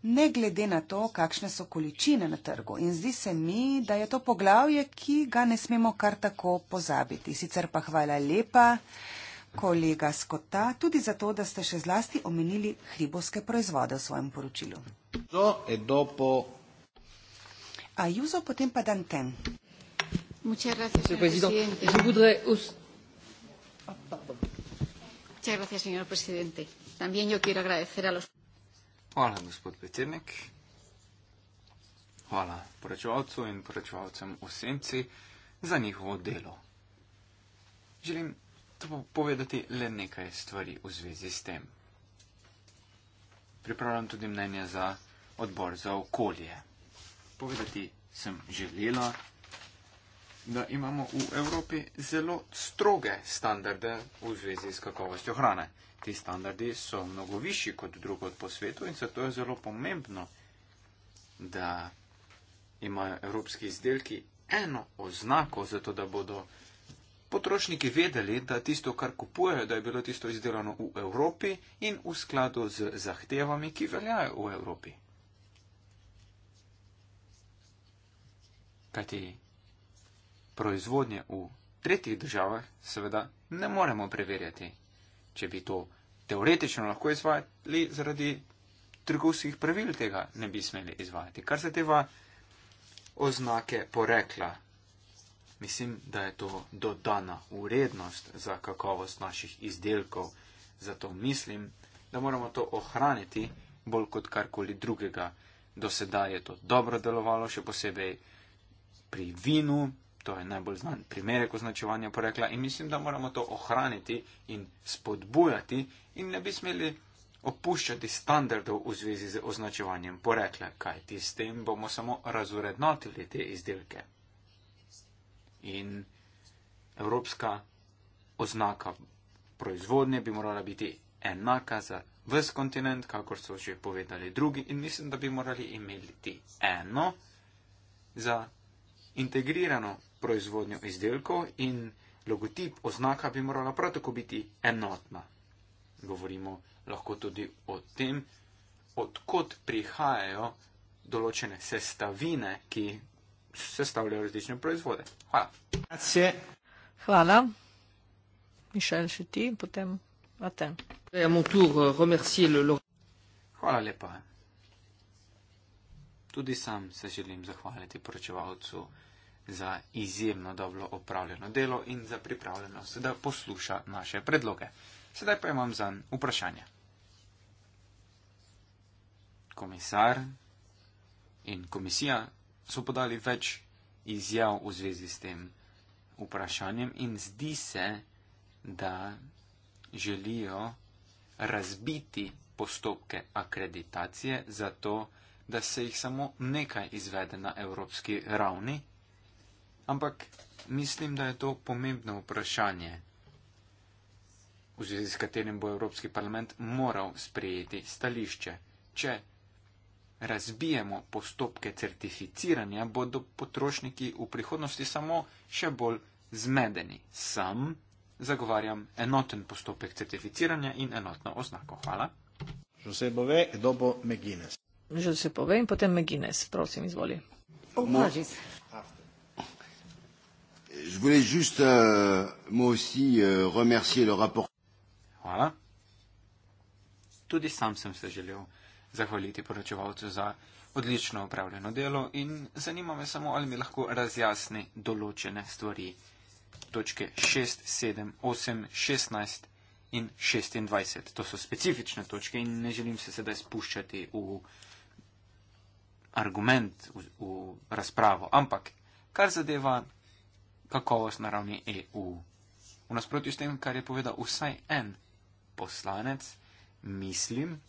ne glede na to, kakšne so količine na trgu. In zdi se mi, da je to poglavje, ki ga ne smemo kar tako pozabiti. Sicer pa hvala lepa, kolega Skota, tudi za to, da ste še zlasti omenili hribovske proizvode v svojem poročilu. E a Juzo, potem pa dan ten. Muchas gracias, señor presidente. También yo quiero agradecer a los. Hvala, gospod predsednik. Hvala poročevalcu in poročevalcem v senci za njihovo delo. Želim povedati le nekaj stvari v zvezi s tem. Pripravljam tudi mnenje za odbor za okolje. Povedati sem želela, da imamo v Evropi zelo stroge standarde v zvezi s kakovostjo hrane ti standardi so mnogo višji kot drugod po svetu in zato je zelo pomembno, da imajo evropski izdelki eno oznako, zato da bodo potrošniki vedeli, da tisto, kar kupujejo, da je bilo tisto izdelano v Evropi in v skladu z zahtevami, ki veljajo v Evropi. Kajti proizvodnje v tretjih državah seveda ne moremo preverjati če bi to teoretično lahko izvajali, zaradi trgovskih pravil tega ne bi smeli izvajati. Kar se teva oznake porekla, mislim, da je to dodana urednost za kakovost naših izdelkov, zato mislim, da moramo to ohraniti bolj kot karkoli drugega. Do sedaj je to dobro delovalo, še posebej pri vinu, To je najbolj znan primerek označevanja porekla in mislim, da moramo to ohraniti in spodbujati in ne bi smeli opuščati standardov v zvezi z označevanjem porekla, kajti s tem bomo samo razurednotili te izdelke. In evropska oznaka proizvodnje bi morala biti enaka za ves kontinent, kakor so že povedali drugi in mislim, da bi morali imeti eno za integrirano proizvodnjo izdelkov in logotip, oznaka bi morala prav tako biti enotna. Govorimo lahko tudi o tem, odkot prihajajo določene sestavine, ki sestavljajo različne proizvode. Hvala. Hvala. Hvala. Mišel še ti, potem Aten. Hvala lepa. Tudi sam se želim zahvaliti poročevalcu za izjemno dobro opravljeno delo in za pripravljenost, da posluša naše predloge. Sedaj pa imam za vprašanje. Komisar in komisija so podali več izjav v zvezi s tem vprašanjem in zdi se, da želijo razbiti postopke akreditacije zato, da se jih samo nekaj izvede na evropski ravni Ampak mislim, da je to pomembno vprašanje, v zvezi s katerim bo Evropski parlament moral sprejeti stališče. Če razbijemo postopke certificiranja, bodo potrošniki v prihodnosti samo še bolj zmedeni. Sam zagovarjam enoten postopek certificiranja in enotno oznako. Hvala. Že se bove, kdo bo Megines. Že se pove in potem Megines, prosim, izvoli. Oh, je voulais juste euh, moi aussi euh, remercier le rapport. Voilà. Tudi sam sem se želel zahvaliti poročevalcu za odlično upravljeno delo in zanima me samo, ali mi lahko razjasni določene stvari. Točke 6, 7, 8, 16 in 26. To so specifične točke in ne želim se sedaj spuščati v argument, v, v razpravo. Ampak, kar zadeva kakovost na ravni EU. V nasprotju s tem, kar je povedal vsaj en poslanec, mislim,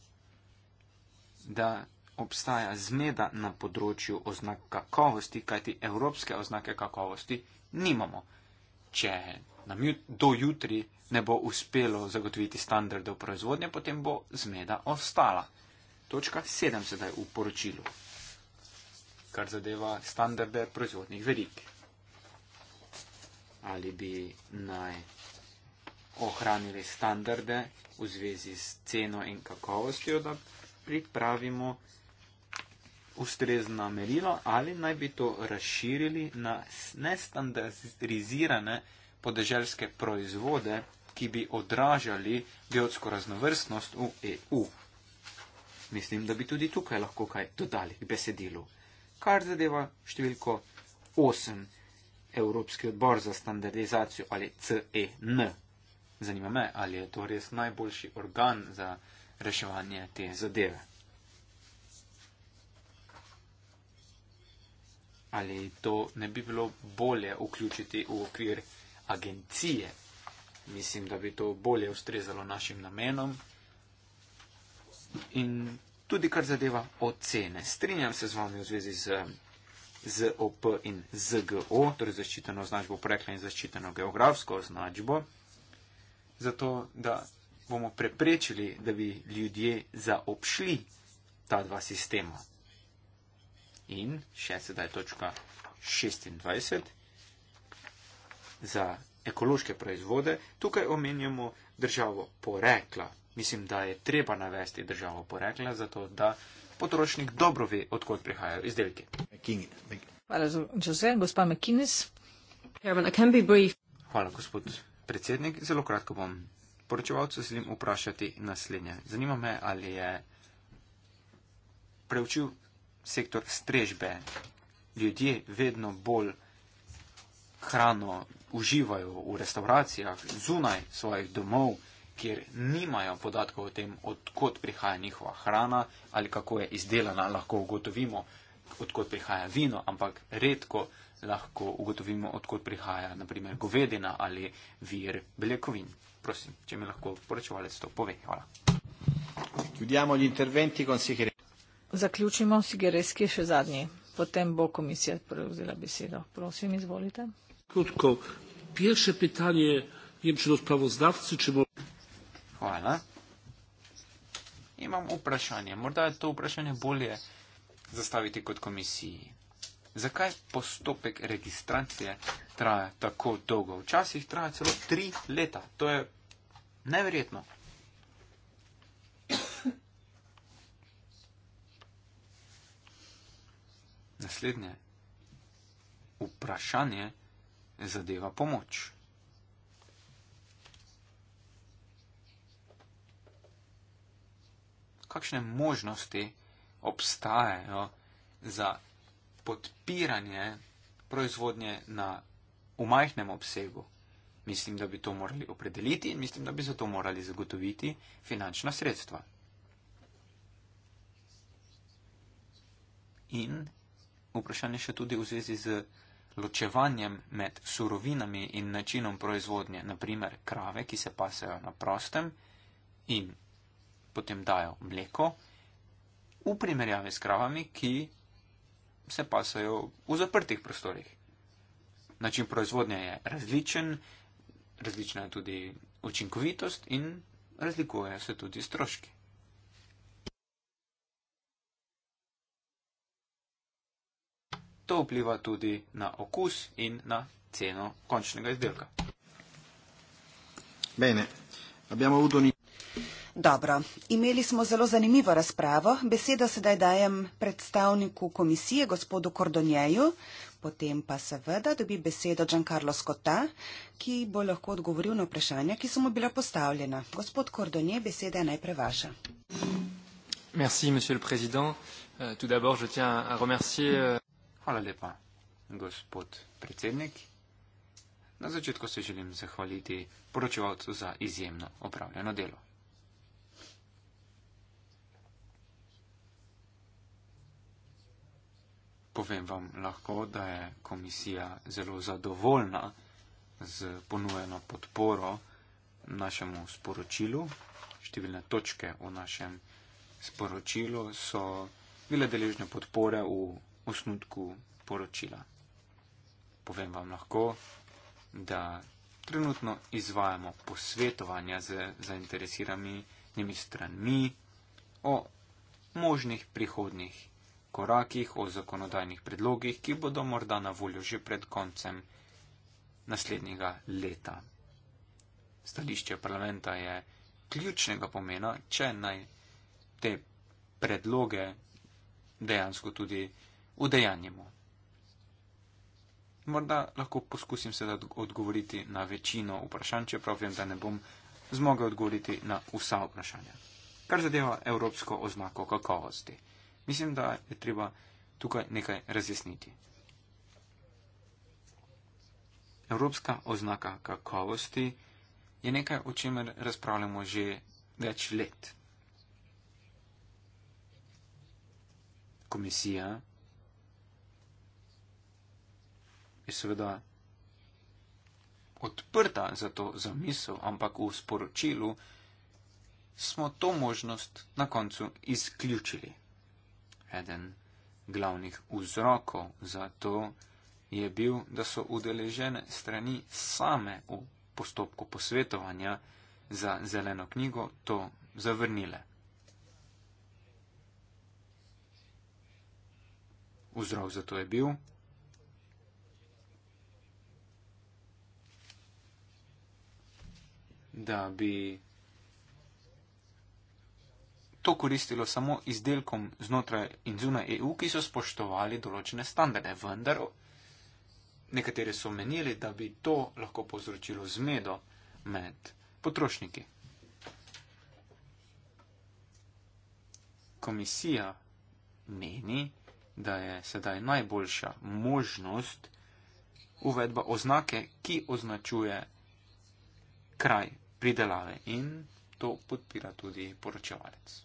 da obstaja zmeda na področju oznak kakovosti, kajti evropske oznake kakovosti nimamo. Če nam do jutri ne bo uspelo zagotoviti standardov proizvodnje, potem bo zmeda ostala. Točka 7 sedaj v poročilu, kar zadeva standarde proizvodnih verik ali bi naj ohranili standarde v zvezi s ceno in kakovostjo, da pripravimo ustrezno merilo ali naj bi to razširili na nestandardizirane podeželske proizvode, ki bi odražali biotsko raznovrstnost v EU. Mislim, da bi tudi tukaj lahko kaj dodali k besedilu. Kar zadeva številko 8. Evropski odbor za standardizacijo ali CEN. Zanima me, ali je to res najboljši organ za reševanje te zadeve. Ali to ne bi bilo bolje vključiti v okvir agencije? Mislim, da bi to bolje ustrezalo našim namenom. In tudi kar zadeva ocene. Strinjam se z vami v zvezi z ZOP in ZGO, torej zaščiteno označbo porekla in zaščiteno geografsko označbo, zato da bomo preprečili, da bi ljudje zaobšli ta dva sistema. In še sedaj točka 26 za ekološke proizvode. Tukaj omenjamo državo porekla. Mislim, da je treba navesti državo porekla, zato da potrošnik dobro ve, odkot prihajajo izdelki. Hvala, Jose. Gospa McKinnis. Hvala, gospod predsednik. Zelo kratko bom poročevalcu želim vprašati naslednje. Zanima me, ali je preučil sektor strežbe. Ljudje vedno bolj hrano uživajo v restauracijah zunaj svojih domov kjer nimajo podatkov o tem, odkot prihaja njihova hrana ali kako je izdelana, lahko ugotovimo, odkot prihaja vino, ampak redko lahko ugotovimo, odkot prihaja naprimer govedina ali vir beljakovin. Prosim, če mi lahko poročevalec to pove. Hvala. Chiudiamo gli interventi con Sigeres. Zaključimo Sigereski še zadnji, potem bo komisija prevzela besedo. Prosim, izvolite. Kratko, prvo vprašanje je, če do spravozdavci, če bo. Hvala. Imam vprašanje. Morda je to vprašanje bolje zastaviti kot komisiji. Zakaj postopek registracije traja tako dolgo? Včasih traja celo tri leta. To je neverjetno. Naslednje vprašanje zadeva pomoč. kakšne možnosti obstajajo za podpiranje proizvodnje na umajhnem obsegu. Mislim, da bi to morali opredeliti in mislim, da bi za to morali zagotoviti finančna sredstva. In vprašanje še tudi v zvezi z ločevanjem med surovinami in načinom proizvodnje, naprimer krave, ki se pasajo na prostem in potem dajo mleko, v primerjavi s kravami, ki se pasajo v zaprtih prostorih. Način proizvodnje je različen, različna je tudi učinkovitost in razlikujejo se tudi stroški. To vpliva tudi na okus in na ceno končnega izdelka. Bene, abbiamo avuto un'idea. Dobro, imeli smo zelo zanimivo razpravo. Besedo sedaj dajem predstavniku komisije, gospodu Kordonjeju, potem pa seveda dobi besedo Giancarlo Scotta, ki bo lahko odgovoril na vprašanja, ki so mu bila postavljena. Gospod Kordonje, beseda je najprej vaša. Merci, monsieur le président. Euh, tout d'abord, je tiens à remercier. Euh, Hvala lepa, gospod predsednik. Na začetku se želim zahvaliti poročevalcu za izjemno opravljeno delo. Povem vam lahko, da je komisija zelo zadovoljna z ponujeno podporo našemu sporočilu. Številne točke v našem sporočilu so bile deležne podpore v osnutku poročila. Povem vam lahko, da trenutno izvajamo posvetovanja z zainteresiranimi stranmi o možnih prihodnih korakih, o zakonodajnih predlogih, ki bodo morda na voljo že pred koncem naslednjega leta. Stališče parlamenta je ključnega pomena, če naj te predloge dejansko tudi udejanjimo. Morda lahko poskusim sedaj odgovoriti na večino vprašanj, čeprav vem, da ne bom zmogel odgovoriti na vsa vprašanja. Kar zadeva evropsko oznako kakovosti. Mislim, da je treba tukaj nekaj razjasniti. Evropska oznaka kakovosti je nekaj, o čemer razpravljamo že več let. Komisija je seveda odprta za to zamisel, ampak v sporočilu smo to možnost na koncu izključili eden glavnih vzrokov za to je bil, da so udeležene strani same v postopku posvetovanja za zeleno knjigo to zavrnile. Vzrok za to je bil, da bi to koristilo samo izdelkom znotraj in zunaj EU, ki so spoštovali določene standarde. Vendar nekateri so menili, da bi to lahko povzročilo zmedo med potrošniki. Komisija meni, da je sedaj najboljša možnost uvedba oznake, ki označuje kraj pridelave in to podpira tudi poročevalec.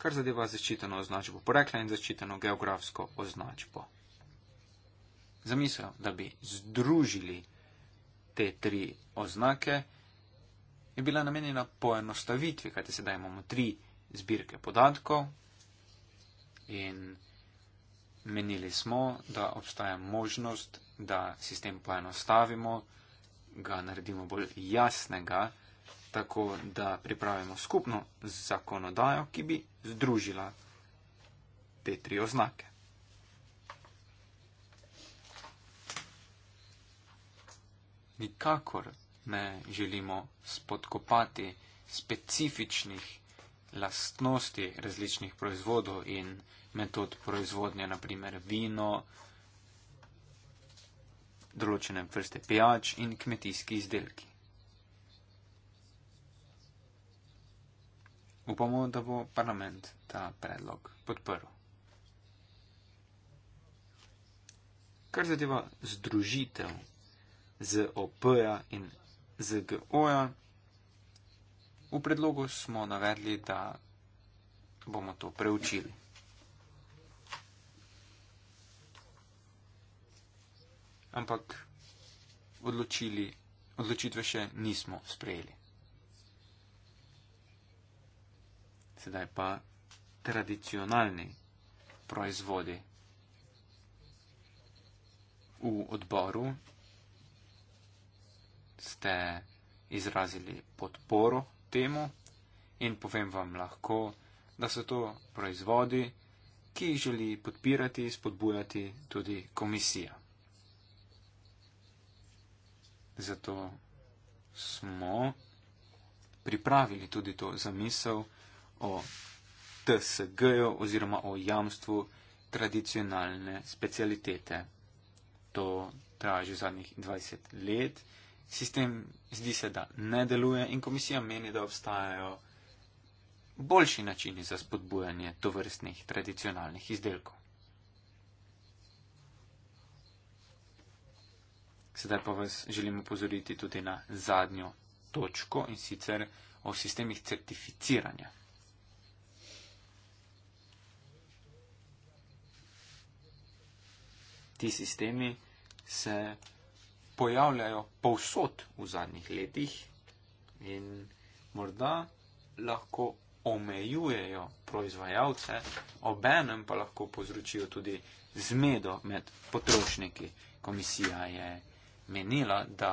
kar zadeva zaščiteno označbo porekla in zaščiteno geografsko označbo. Zamislil, da bi združili te tri oznake, je bila namenjena poenostavitvi, kajte sedaj imamo tri zbirke podatkov in menili smo, da obstaja možnost, da sistem poenostavimo, ga naredimo bolj jasnega, tako da pripravimo skupno zakonodajo, ki bi združila te tri oznake. Nikakor ne želimo spodkopati specifičnih lastnosti različnih proizvodov in metod proizvodnje, naprimer vino, določene vrste pijač in kmetijski izdelki. Upamo, da bo parlament ta predlog podprl. Kar zadeva združitev z OP-ja in z GO-ja, v predlogu smo navedli, da bomo to preučili. Ampak odločili, odločitve še nismo sprejeli. sedaj pa tradicionalni proizvodi v odboru ste izrazili podporo temu in povem vam lahko, da so to proizvodi, ki jih želi podpirati in spodbujati tudi komisija. Zato smo pripravili tudi to zamisel, o TSG-ju oziroma o jamstvu tradicionalne specialitete. To traja že zadnjih 20 let. Sistem zdi se, da ne deluje in komisija meni, da obstajajo boljši načini za spodbujanje tovrstnih tradicionalnih izdelkov. Sedaj pa vas želim upozoriti tudi na zadnjo točko in sicer o sistemih certificiranja. ti sistemi se pojavljajo povsod v zadnjih letih in morda lahko omejujejo proizvajalce, obenem pa lahko povzročijo tudi zmedo med potrošniki. Komisija je menila, da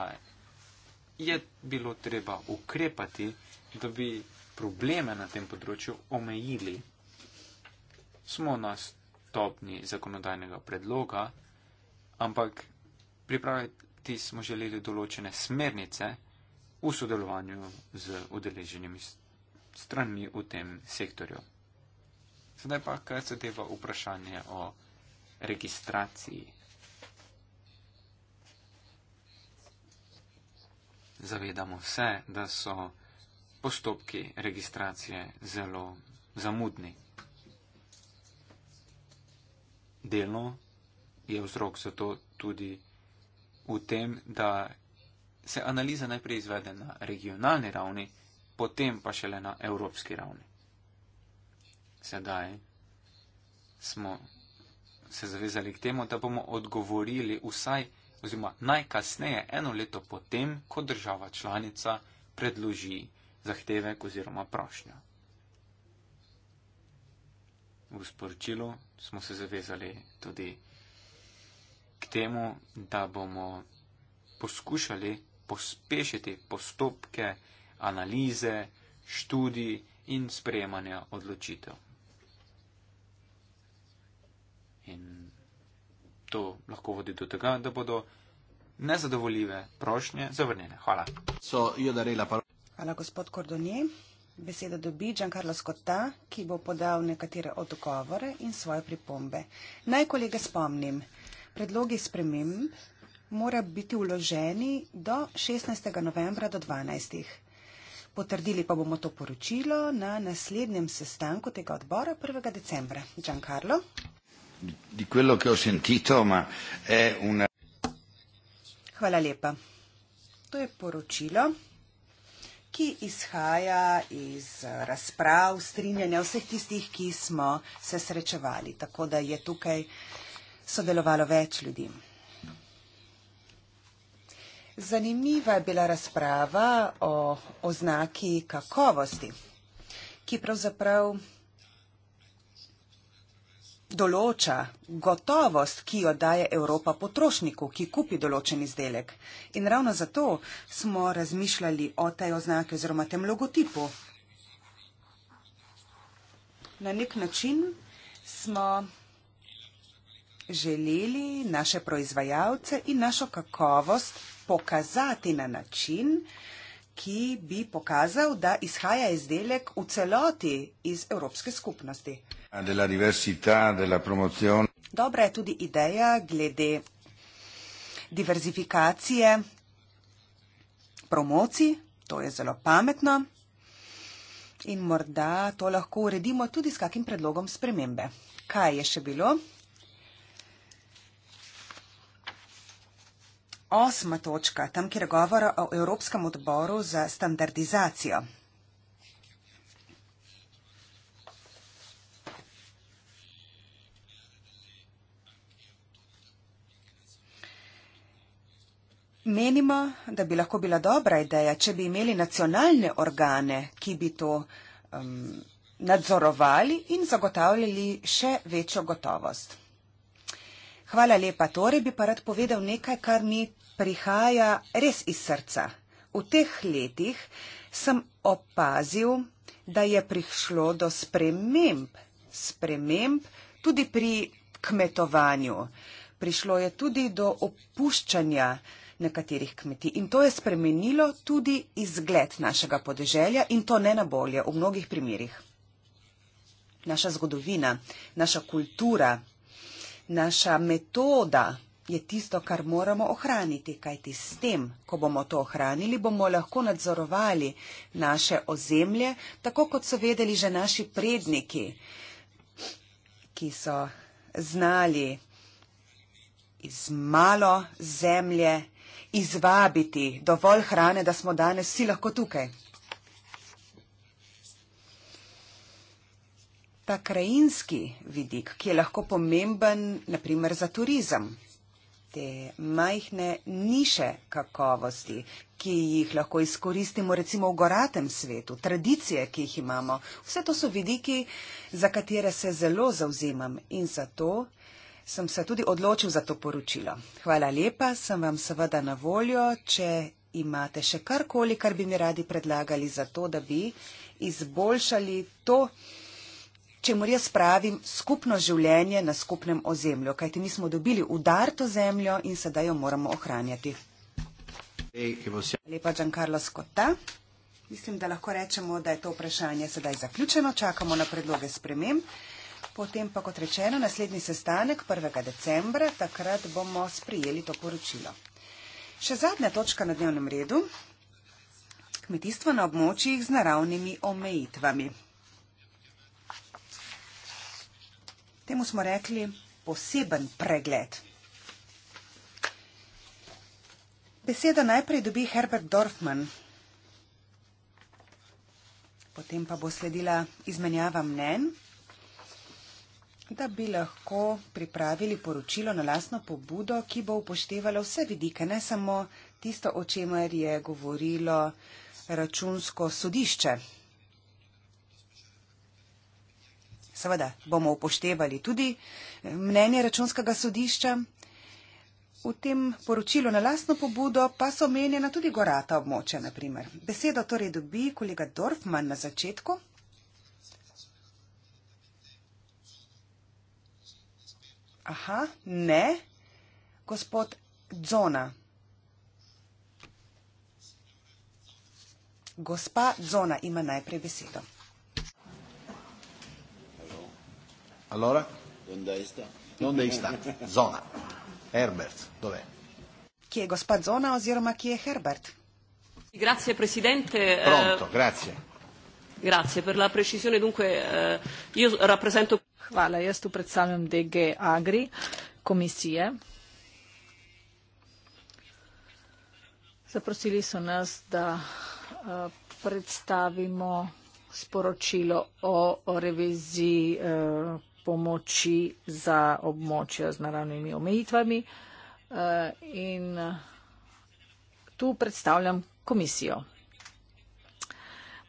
je bilo treba ukrepati, da bi probleme na tem področju omejili. Smo na stopni zakonodajnega predloga, ampak pripraviti smo želeli določene smernice v sodelovanju z udeleženimi stranmi v tem sektorju. Sedaj pa, kar se deva vprašanje o registraciji. Zavedamo se, da so postopki registracije zelo zamudni. Delno je vzrok za to tudi v tem, da se analiza najprej izvede na regionalni ravni, potem pa šele na evropski ravni. Sedaj smo se zavezali k temu, da bomo odgovorili vsaj oziroma najkasneje eno leto potem, ko država članica predloži zahtevek oziroma prošnjo. V sporočilu smo se zavezali tudi k temu, da bomo poskušali pospešiti postopke, analize, študij in sprejemanja odločitev. In to lahko vodi do tega, da bodo nezadovoljive prošnje zavrnjene. Hvala. So, Hvala, gospod Kordonje. Beseda dobi Giancarlo Scotta, ki bo podal nekatere odgovore in svoje pripombe. Naj kolege spomnim, Predlogi sprememb mora biti uloženi do 16. novembra do 12. Potrdili pa bomo to poročilo na naslednjem sestanku tega odbora 1. decembra. Giancarlo. Di quello che ho sentito, ma è una. Hvala lepa. To je poročilo, ki izhaja iz razprav, strinjanja vseh tistih, ki smo se srečevali. Tako da je tukaj sodelovalo več ljudi. Zanimiva je bila razprava o oznaki kakovosti, ki pravzaprav določa gotovost, ki jo daje Evropa potrošniku, ki kupi določen izdelek. In ravno zato smo razmišljali o tej oznaki oziroma tem logotipu. Na nek način smo želeli naše proizvajalce in našo kakovost pokazati na način, ki bi pokazal, da izhaja izdelek v celoti iz Evropske skupnosti. Dobra je tudi ideja glede diverzifikacije promocij, to je zelo pametno in morda to lahko uredimo tudi s kakim predlogom spremembe. Kaj je še bilo? Osma točka, tam, kjer je govora o Evropskem odboru za standardizacijo. Menimo, da bi lahko bila dobra ideja, če bi imeli nacionalne organe, ki bi to um, nadzorovali in zagotavljali še večjo gotovost. Hvala lepa. Torej bi pa rad povedal nekaj, kar ni prihaja res iz srca. V teh letih sem opazil, da je prišlo do sprememb, sprememb tudi pri kmetovanju. Prišlo je tudi do opuščanja nekaterih kmetij in to je spremenilo tudi izgled našega podeželja in to ne na bolje v mnogih primerjih. Naša zgodovina, naša kultura, naša metoda je tisto, kar moramo ohraniti, kajti s tem, ko bomo to ohranili, bomo lahko nadzorovali naše ozemlje, tako kot so vedeli že naši predniki, ki so znali iz malo zemlje izvabiti dovolj hrane, da smo danes vsi lahko tukaj. Ta krajinski vidik, ki je lahko pomemben, naprimer, za turizem te majhne niše kakovosti, ki jih lahko izkoristimo recimo v goratem svetu, tradicije, ki jih imamo. Vse to so vidiki, za katere se zelo zauzemam in zato sem se tudi odločil za to poročilo. Hvala lepa, sem vam seveda na voljo, če imate še karkoli, kar bi mi radi predlagali za to, da bi izboljšali to, če mora jaz pravim, skupno življenje na skupnem ozemlju, kajti mi smo dobili udarto zemljo in sedaj jo moramo ohranjati. Lepa Giancarlo Scotta. Mislim, da lahko rečemo, da je to vprašanje sedaj zaključeno, čakamo na predloge sprememb. Potem pa, kot rečeno, naslednji sestanek 1. decembra, takrat bomo sprijeli to poročilo. Še zadnja točka na dnevnem redu. Kmetijstvo na območjih z naravnimi omejitvami. Temu smo rekli poseben pregled. Besedo najprej dobi Herbert Dorfman, potem pa bo sledila izmenjava mnen, da bi lahko pripravili poročilo na lasno pobudo, ki bo upoštevalo vse vidike, ne samo tisto, o čemer je govorilo računsko sodišče. seveda bomo upoštevali tudi eh, mnenje računskega sodišča. V tem poročilu na lastno pobudo pa so omenjena tudi gorata območja, naprimer. Besedo torej dobi kolega Dorfman na začetku. Aha, ne, gospod Zona. Gospa Zona ima najprej besedo. Allora? Donde sta? Donde sta? Zona. Herbert, dov'è? Chi è Gospa Zona o Ziroma chi è Herbert? Grazie Presidente. Eh, Pronto, eh... grazie. Grazie per la precisione. Dunque, eh, io rappresento... Hvala, jaz tu predstavljam DG Agri komisije. Zaprosili so nas, da eh, predstavimo sporočilo o, o reviziji eh, pomoči za območja z naravnimi omejitvami eh, in eh, tu predstavljam komisijo.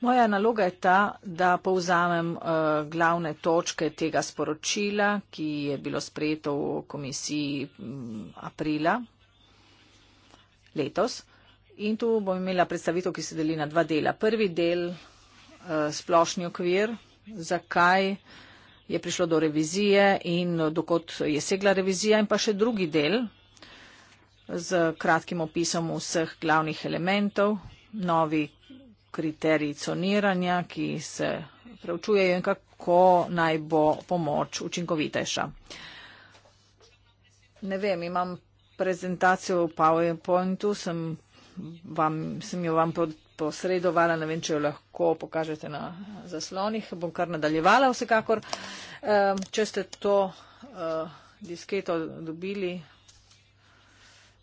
Moja naloga je ta, da povzamem eh, glavne točke tega sporočila, ki je bilo sprejeto v komisiji mm, aprila letos. In tu bom imela predstavitev, ki se deli na dva dela. Prvi del, splošni okvir, zakaj je prišlo do revizije in eh, dokot je segla revizija in pa še drugi del z kratkim opisom vseh glavnih elementov, novi kriteriji coniranja, ki se preučujejo in kako naj bo pomoč učinkovitejša. Ne vem, imam prezentacijo v PowerPointu, sem, vam, sem jo vam posredovala, ne vem, če jo lahko pokažete na zaslonih, bom kar nadaljevala vsekakor. Če ste to eh, disketo dobili,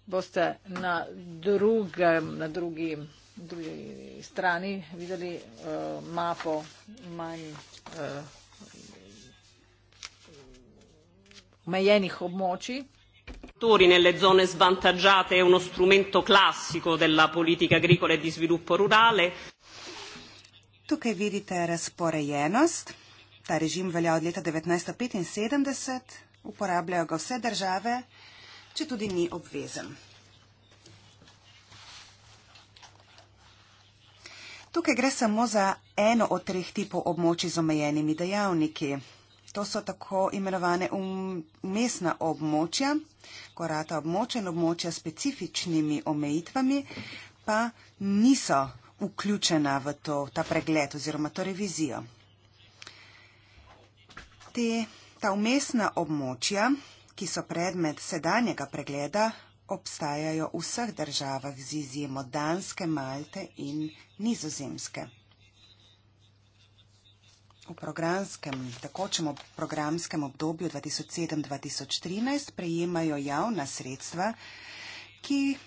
boste na, drugem, na drugi, drugi strani videli eh, mapo manj eh, omejenih območij nelle zone svantaggiate è uno strumento classico della politica agricola e di sviluppo rurale. Tukaj vidite razporejenost. Ta režim velja od leta 1975, uporabljajo ga vse države, če tudi ni obvezen. Tukaj gre samo za eno od treh tipov območij z omejenimi dejavniki. To so tako imenovane umestna območja, korata območja in območja s specifičnimi omejitvami, pa niso vključena v to, ta pregled oziroma to revizijo. Te, ta umestna območja, ki so predmet sedanjega pregleda, obstajajo v vseh državah z izjemo Danske, Malte in Nizozemske. V programskem, takočem programskem obdobju 2007-2013 prejemajo javna sredstva, ki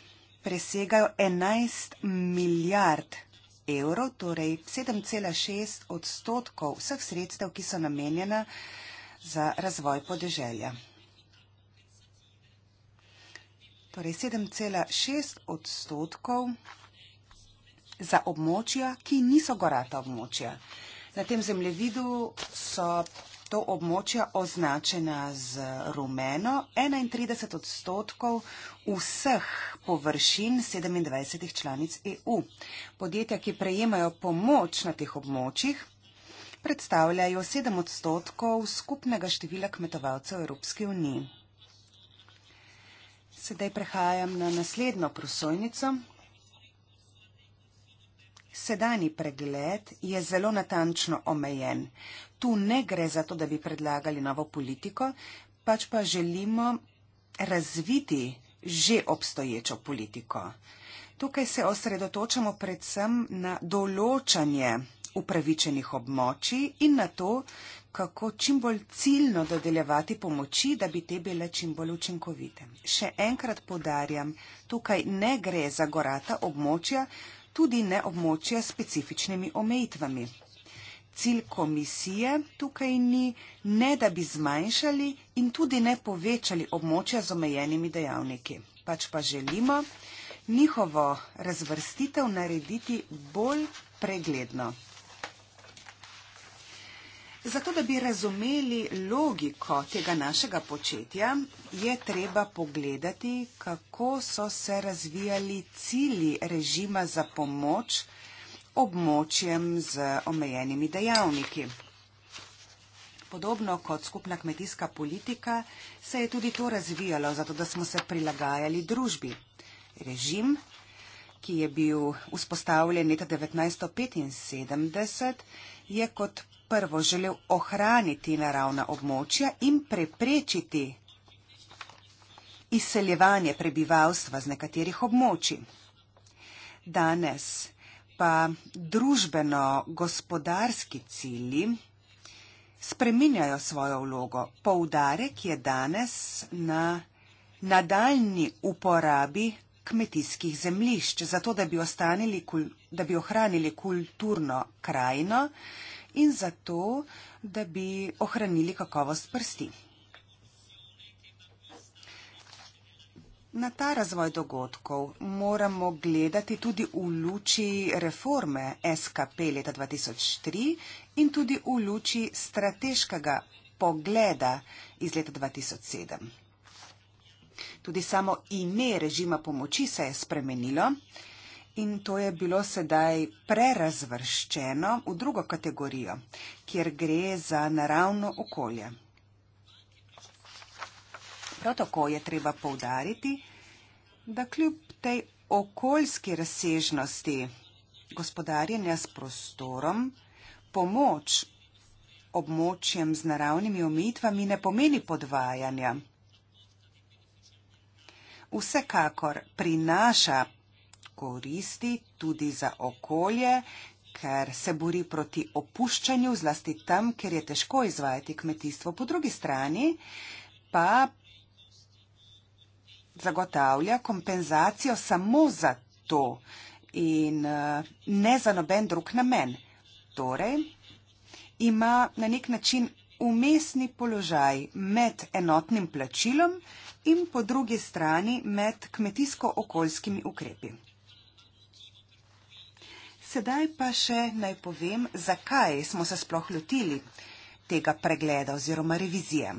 presegajo 11 milijard evrov, torej 7,6 odstotkov vseh sredstev, ki so namenjena za razvoj podeželja. Torej 7,6 odstotkov za območja, ki niso gorata območja. Na tem zemljevidu so to območja označena z rumeno, 31 odstotkov vseh površin 27 članic EU. Podjetja, ki prejemajo pomoč na teh območjih, predstavljajo 7 odstotkov skupnega števila kmetovalcev Evropske unije. Sedaj prehajam na naslednjo prosojnico. Sedajni pregled je zelo natančno omejen. Tu ne gre za to, da bi predlagali novo politiko, pač pa želimo razviti že obstoječo politiko. Tukaj se osredotočamo predvsem na določanje upravičenih območij in na to, kako čim bolj ciljno dodeljevati pomoči, da bi te bile čim bolj učinkovite. Še enkrat podarjam, tukaj ne gre za gorata območja, tudi ne območja s specifičnimi omejitvami. Cilj komisije tukaj ni ne, da bi zmanjšali in tudi ne povečali območja z omejenimi dejavniki, pač pa želimo njihovo razvrstitev narediti bolj pregledno. Zato, da bi razumeli logiko tega našega početja, je treba pogledati, kako so se razvijali cilji režima za pomoč območjem z omejenimi dejavniki. Podobno kot skupna kmetijska politika, se je tudi to razvijalo, zato da smo se prilagajali družbi. Režim ki je bil vzpostavljen leta 1975, je kot prvo želel ohraniti naravna območja in preprečiti izseljevanje prebivalstva z nekaterih območij. Danes pa družbeno-gospodarski cili spreminjajo svojo vlogo. Poudarek je danes na nadaljni uporabi kmetijskih zemlišč, zato da bi, kul, da bi ohranili kulturno krajino in zato, da bi ohranili kakovost prsti. Na ta razvoj dogodkov moramo gledati tudi v luči reforme SKP leta 2003 in tudi v luči strateškega pogleda iz leta 2007. Tudi samo ime režima pomoči se je spremenilo in to je bilo sedaj prerazvrščeno v drugo kategorijo, kjer gre za naravno okolje. Prav tako je treba povdariti, da kljub tej okoljski razsežnosti gospodarjenja s prostorom, pomoč območjem z naravnimi omejitvami ne pomeni podvajanja vsekakor prinaša koristi tudi za okolje, ker se bori proti opuščanju, zlasti tam, kjer je težko izvajati kmetijstvo. Po drugi strani pa zagotavlja kompenzacijo samo za to in eh, ne za noben drug namen. Torej, ima na nek način umestni položaj med enotnim plačilom in po drugi strani med kmetijsko-okoljskimi ukrepi. Sedaj pa še naj povem, zakaj smo se sploh lotili tega pregleda oziroma revizije.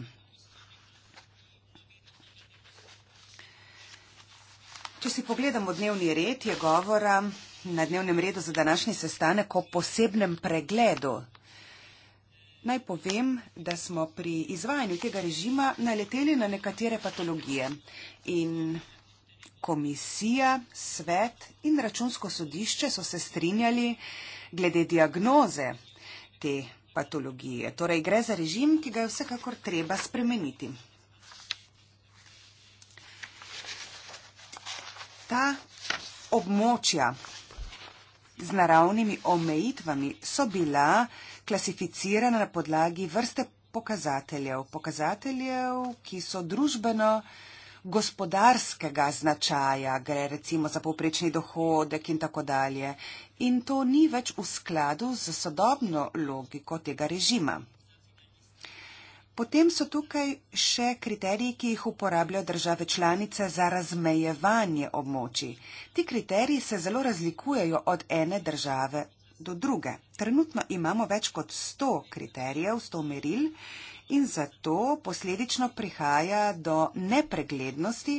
Če si pogledamo dnevni red, je govora na dnevnem redu za današnji sestanek o posebnem pregledu Naj povem, da smo pri izvajanju tega režima naleteli na nekatere patologije in komisija, svet in računsko sodišče so se strinjali glede diagnoze te patologije. Torej gre za režim, ki ga je vsekakor treba spremeniti. Ta območja z naravnimi omejitvami so bila klasificirana na podlagi vrste pokazateljev, pokazateljev, ki so družbeno gospodarskega značaja, gre recimo za povprečni dohodek in tako dalje. In to ni več v skladu z sodobno logiko tega režima. Potem so tukaj še kriteriji, ki jih uporabljajo države članice za razmejevanje območij. Ti kriteriji se zelo razlikujejo od ene države do druge. Trenutno imamo več kot 100 kriterijev, 100 meril in zato posledično prihaja do nepreglednosti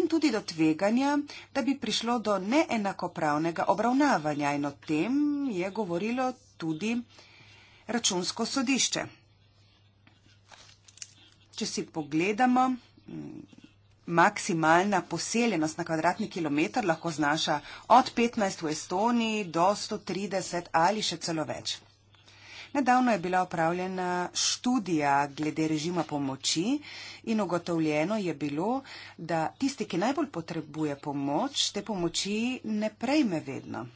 in tudi do tveganja, da bi prišlo do neenakopravnega obravnavanja in o tem je govorilo tudi računsko sodišče. Če si pogledamo maksimalna poseljenost na kvadratni kilometr lahko znaša od 15 v Estoniji do 130 ali še celo več. Nedavno je bila opravljena študija glede režima pomoči in ugotovljeno je bilo, da tisti, ki najbolj potrebuje pomoč, te pomoči ne prejme vedno.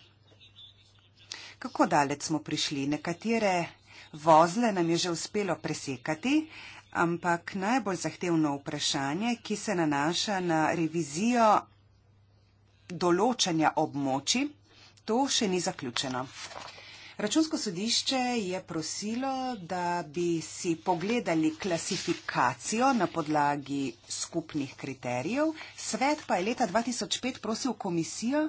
Kako daleč smo prišli? Nekatere vozle nam je že uspelo presekati, ampak najbolj zahtevno vprašanje, ki se nanaša na revizijo določanja območi, to še ni zaključeno. Računsko sodišče je prosilo, da bi si pogledali klasifikacijo na podlagi skupnih kriterijev. Svet pa je leta 2005 prosil komisijo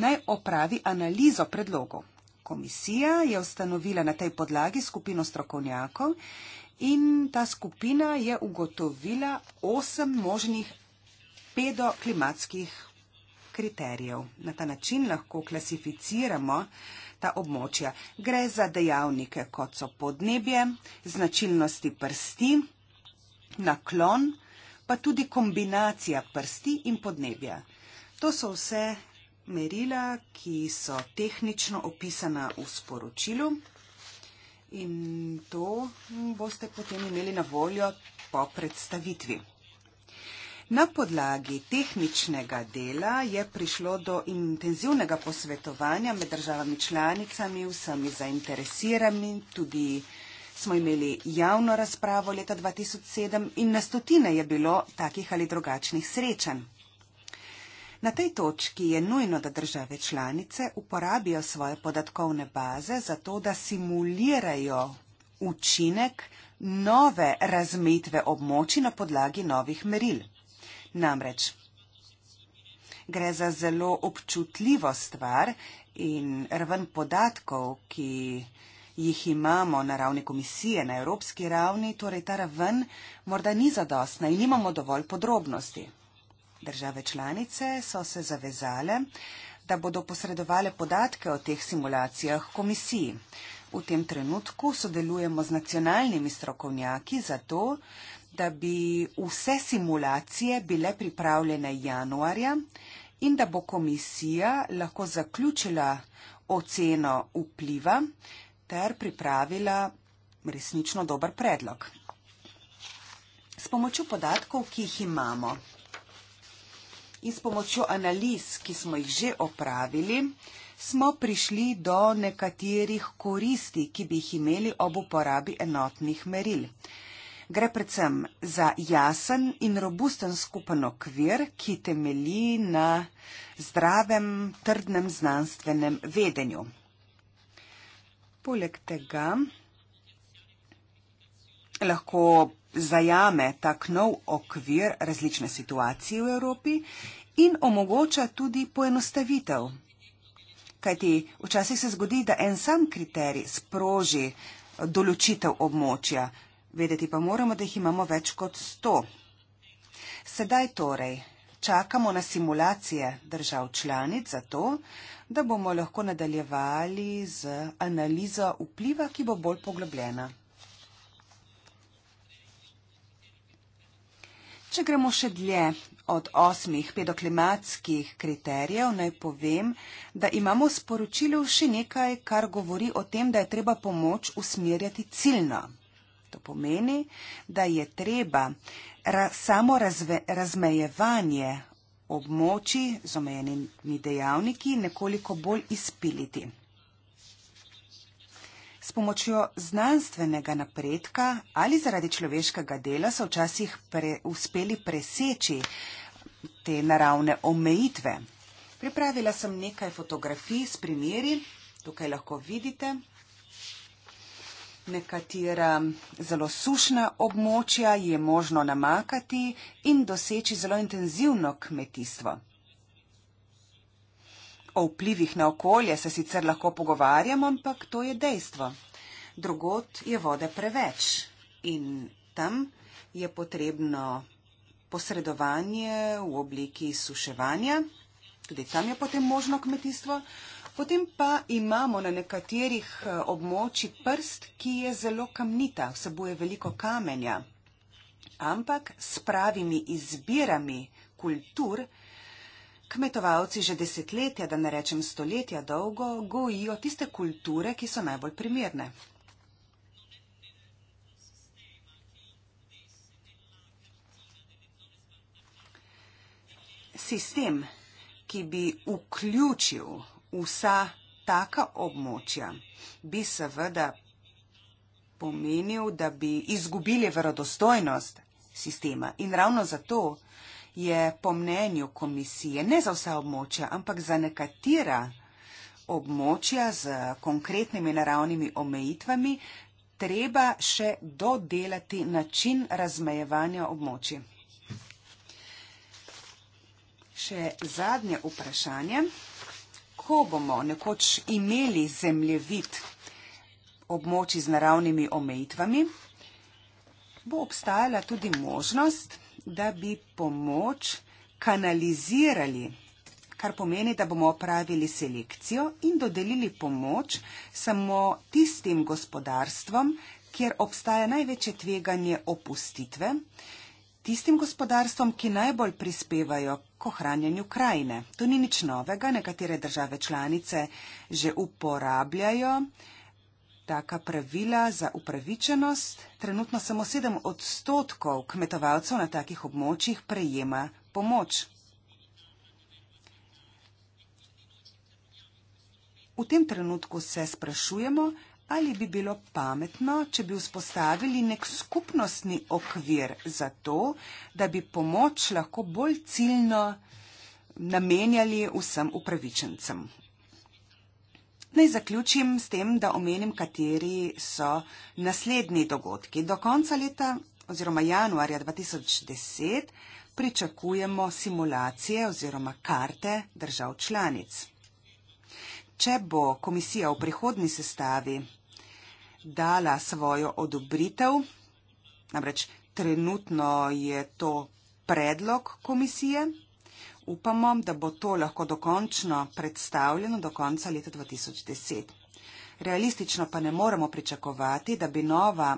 naj opravi analizo predlogov. Komisija je ustanovila na tej podlagi skupino strokovnjakov in ta skupina je ugotovila osem možnih pedoklimatskih kriterijev. Na ta način lahko klasificiramo ta območja. Gre za dejavnike, kot so podnebje, značilnosti prsti, naklon, pa tudi kombinacija prsti in podnebja. To so vse merila, ki so tehnično opisana v sporočilu in to boste potem imeli na voljo po predstavitvi. Na podlagi tehničnega dela je prišlo do intenzivnega posvetovanja med državami članicami, vsemi zainteresirani, tudi smo imeli javno razpravo leta 2007 in na stotine je bilo takih ali drugačnih srečanj. Na tej točki je nujno, da države članice uporabijo svoje podatkovne baze za to, da simulirajo učinek nove razmetve območij na podlagi novih meril. Namreč gre za zelo občutljivo stvar in raven podatkov, ki jih imamo na ravni komisije, na evropski ravni, torej ta raven morda ni zadostna in nimamo dovolj podrobnosti. Države članice so se zavezale, da bodo posredovale podatke o teh simulacijah komisiji. V tem trenutku sodelujemo z nacionalnimi strokovnjaki za to, da bi vse simulacije bile pripravljene januarja in da bo komisija lahko zaključila oceno vpliva ter pripravila resnično dober predlog. S pomočjo podatkov, ki jih imamo, in s pomočjo analiz, ki smo jih že opravili, smo prišli do nekaterih koristi, ki bi jih imeli ob uporabi enotnih meril. Gre predvsem za jasen in robusten skupen okvir, ki temelji na zdravem, trdnem znanstvenem vedenju. Poleg tega lahko zajame tak nov okvir različne situacije v Evropi in omogoča tudi poenostavitev. Kajti včasih se zgodi, da en sam kriterij sproži določitev območja, vedeti pa moramo, da jih imamo več kot sto. Sedaj torej čakamo na simulacije držav članic za to, da bomo lahko nadaljevali z analizo vpliva, ki bo bolj poglobljena. Če gremo še dlje od osmih pedoklimatskih kriterijev, naj povem, da imamo sporočilo še nekaj, kar govori o tem, da je treba pomoč usmerjati ciljno. To pomeni, da je treba ra samo razve razmejevanje območij z omejenimi dejavniki nekoliko bolj izpiliti. S pomočjo znanstvenega napredka ali zaradi človeškega dela so včasih pre, uspeli preseči te naravne omejitve. Pripravila sem nekaj fotografij s primeri, tukaj lahko vidite nekatera zelo sušna območja je možno namakati in doseči zelo intenzivno kmetijstvo o vplivih na okolje se sicer lahko pogovarjamo, ampak to je dejstvo. Drugod je vode preveč in tam je potrebno posredovanje v obliki suševanja, tudi tam je potem možno kmetijstvo. Potem pa imamo na nekaterih eh, območjih prst, ki je zelo kamnita, vsebuje veliko kamenja. Ampak s pravimi izbirami kultur, Kmetovalci že desetletja, da ne rečem stoletja dolgo, gojijo tiste kulture, ki so najbolj primerne. Sistem, ki bi vključil vsa taka območja, bi seveda pomenil, da bi izgubili verodostojnost sistema. In ravno zato je po mnenju komisije, ne za vsa območja, ampak za nekatera območja z konkretnimi naravnimi omejitvami, treba še dodelati način razmejevanja območij. Še zadnje vprašanje. Ko bomo nekoč imeli zemljevid območij z naravnimi omejitvami, bo obstajala tudi možnost, da bi pomoč kanalizirali, kar pomeni, da bomo opravili selekcijo in dodelili pomoč samo tistim gospodarstvom, kjer obstaja največje tveganje opustitve, tistim gospodarstvom, ki najbolj prispevajo k ohranjanju krajine. To ni nič novega, nekatere države članice že uporabljajo taka pravila za upravičenost. Trenutno samo sedem odstotkov kmetovalcev na takih območjih prejema pomoč. V tem trenutku se sprašujemo, ali bi bilo pametno, če bi vzpostavili nek skupnostni okvir za to, da bi pomoč lahko bolj ciljno namenjali vsem upravičencem Naj zaključim s tem, da omenim, kateri so naslednji dogodki. Do konca leta oziroma januarja 2010 pričakujemo simulacije oziroma karte držav članic. Če bo komisija v prihodni sestavi dala svojo odobritev, namreč trenutno je to predlog komisije, Upamo, da bo to lahko dokončno predstavljeno do konca leta 2010. Realistično pa ne moremo pričakovati, da bi nova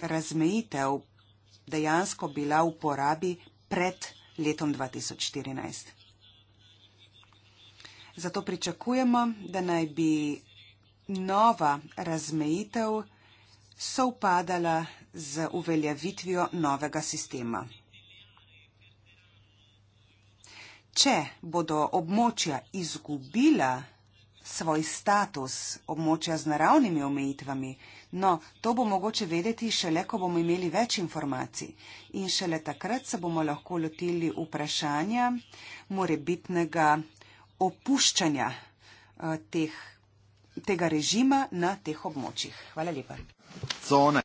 razmejitev dejansko bila v uporabi pred letom 2014. Zato pričakujemo, da naj bi nova razmejitev sovpadala z uveljavitvijo novega sistema. če bodo območja izgubila svoj status območja z naravnimi omejitvami, no, to bo mogoče vedeti šele, ko bomo imeli več informacij in šele takrat se bomo lahko lotili vprašanja morebitnega opuščanja eh, teh, tega režima na teh območjih. Hvala lepa. Zona.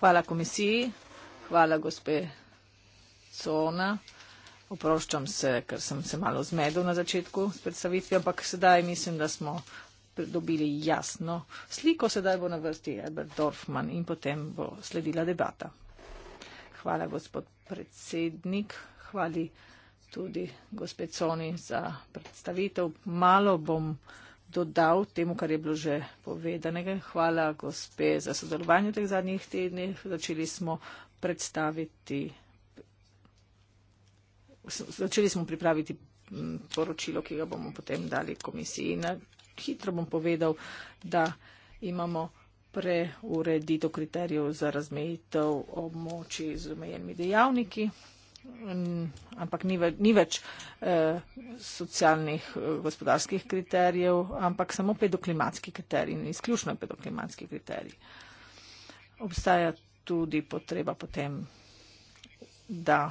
Hvala komisiji, hvala gospe Cona. Oproščam se, ker sem se malo zmedel na začetku s predstavitvijo, ampak sedaj mislim, da smo dobili jasno sliko. Sedaj bo na vrsti Albert Dorfman in potem bo sledila debata. Hvala, gospod predsednik. Hvala tudi gospod Coni za predstavitev. Malo bom dodal temu, kar je bilo že povedanega. Hvala, gospe, za sodelovanje v teh zadnjih tednih. Začeli smo predstaviti začeli smo pripraviti mm, poročilo, ki ga bomo potem dali komisiji. Na hitro bom povedal, da imamo preureditev kriterijev za razmejitev območji z omejenimi dejavniki, mm, ampak ni več, ni več eh, socialnih eh, gospodarskih kriterijev, ampak samo pedoklimatski kriterij in izključno pedoklimatski kriterij. Obstaja tudi potreba potem, da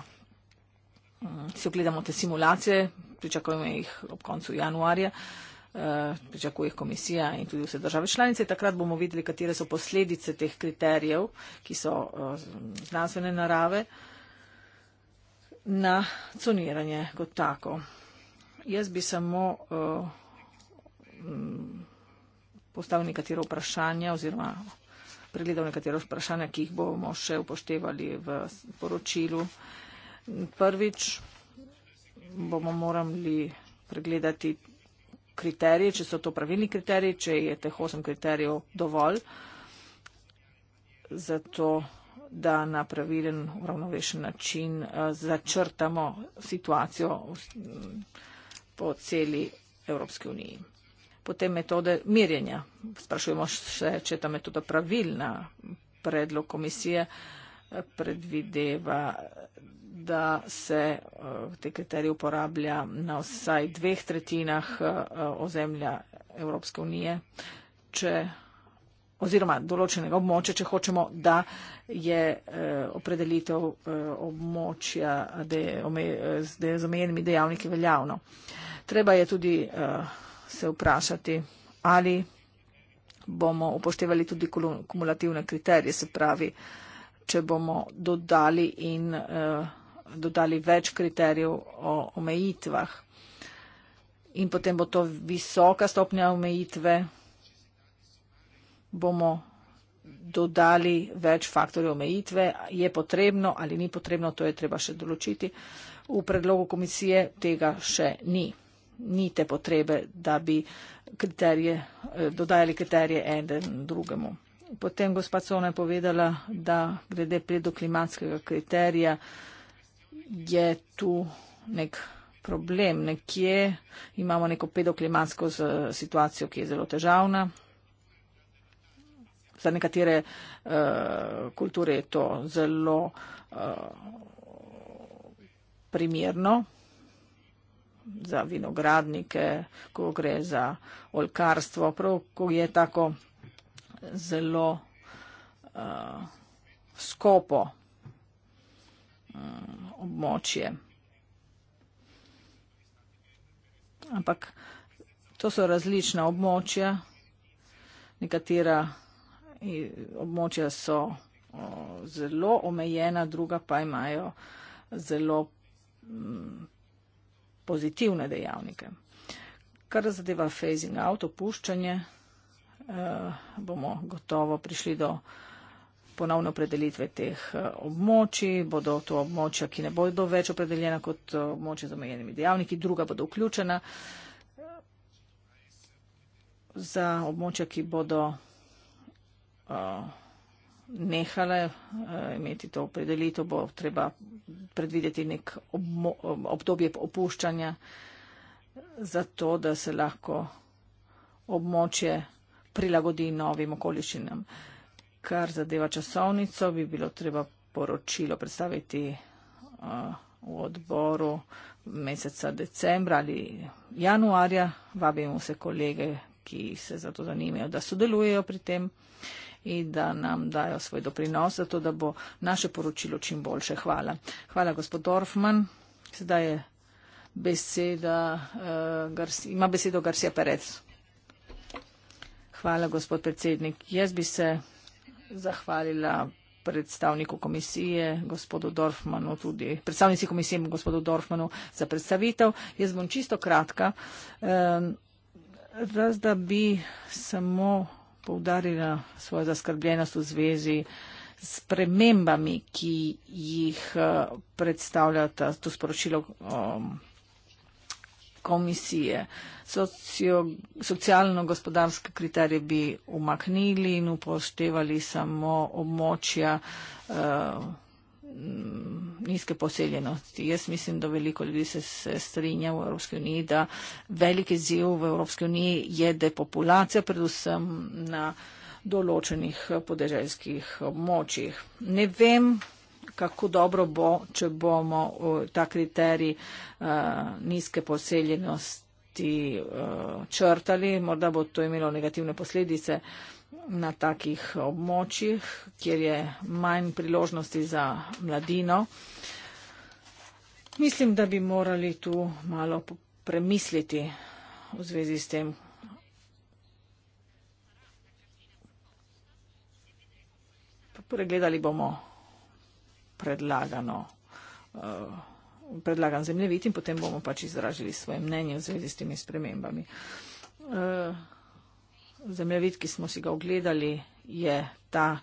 Si ogledamo te simulacije, pričakujemo jih ob koncu januarja, eh, pričakuje jih komisija in tudi vse države članice. Takrat bomo videli, katere so posledice teh kriterijev, ki so eh, znanstvene narave, na coniranje kot tako. Jaz bi samo eh, postavil nekatero vprašanje oziroma pregledal nekatero vprašanje, ki jih bomo še upoštevali v poročilu. Prvič bomo morali pregledati kriterije, če so to pravilni kriteriji, če je teh osem kriterijev dovolj za to, da na pravilen uravnovešen način eh, začrtamo situacijo po celi Evropske unije. Potem metode mirjenja. Sprašujemo se, če je ta metoda pravilna. Predlog komisije eh, predvideva da se eh, te kriterije uporablja na vsaj dveh tretjinah eh, ozemlja Evropske unije, če, oziroma določenega območja, če hočemo, da je eh, opredelitev območja de, ome, z omejenimi dejavniki veljavno. Treba je tudi se vprašati, ali bomo upoštevali tudi kumulativne kriterije, se pravi, če bomo dodali in uh, dodali več kriterijev o omejitvah. In potem bo to visoka stopnja omejitve, bomo dodali več faktorjev omejitve, je potrebno ali ni potrebno, to je treba še določiti. V predlogu komisije tega še ni. Ni te potrebe, da bi kriterije, eh, dodajali kriterije enem drugemu. Potem gospod Sona je povedala, da glede predoklimatskega kriterija je tu nek problem. Nekje imamo neko pedoklimansko situacijo, ki je zelo težavna. Za nekatere uh, kulture je to zelo uh, primerno, za vinogradnike, ko gre za olkarstvo, prav, ko je tako zelo uh, skopo Eh, območje. Ampak to so različna območja. Nekatera območja so zelo omejena, druga pa imajo zelo mm, pozitivne dejavnike. Kar zadeva phasing out, opuščanje, eh, bomo gotovo prišli do ponovne opredelitve teh eh, območij, bodo to območja, ki ne bodo več opredeljena kot eh, območje z omejenimi dejavniki, druga bodo vključena eh, za območja, ki bodo nehale imeti to opredelitev, bo treba predvideti nek obdobje opuščanja za to, da se lahko območje prilagodi novim okoliščinam. Kar zadeva časovnico, bi bilo treba poročilo predstaviti uh, v odboru meseca decembra ali januarja. Vabim vse kolege, ki se za to zanimajo, da sodelujejo pri tem in da nam dajo svoj doprinos, zato da bo naše poročilo čim boljše. Hvala. Hvala, gospod Dorfman. Sedaj je beseda, uh, ima besedo Garcia Perez. Hvala, gospod predsednik. Jaz bi se zahvalila predstavniku komisije, gospodu Dorfmanu, tudi predstavnici komisije, gospodu Dorfmanu za predstavitev. Jaz bom čisto kratka. Raz, da bi samo povdarila svojo zaskrbljenost v zvezi s premembami, ki jih eh, predstavlja to sporočilo. Um, komisije. Socio, socialno-gospodarske kriterije bi umaknili in upoštevali samo območja uh, nizke poseljenosti. Jaz mislim, da veliko ljudi se, se strinja v Evropski uniji, da veliki ziv v Evropski uniji je depopulacija, predvsem na določenih podeželjskih območjih. Ne vem, kako dobro bo, če bomo ta kriterij uh, nizke poseljenosti uh, črtali. Morda bo to imelo negativne posledice na takih območjih, kjer je manj priložnosti za mladino. Mislim, da bi morali tu malo premisliti v zvezi s tem. Pregledali bomo predlagano, uh, predlagan zemljevid in potem bomo pač izražili svoje mnenje v zvezi s temi spremembami. Uh, zemljevid, ki smo si ga ogledali, je ta,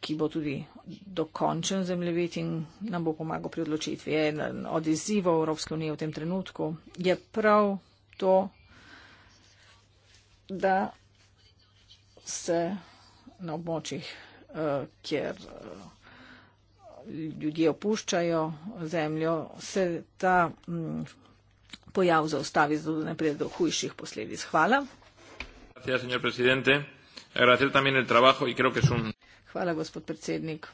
ki bo tudi dokončen zemljevid in nam bo pomagal pri odločitvi. Je eden od izzivov Evropske unije v tem trenutku. Je prav to, da se na območjih, eh, kjer ljudje opuščajo zemljo, se ta mm, pojav zaustavi, zato da ne pride do hujših posledic. Hvala. Hvala, gospod predsednik.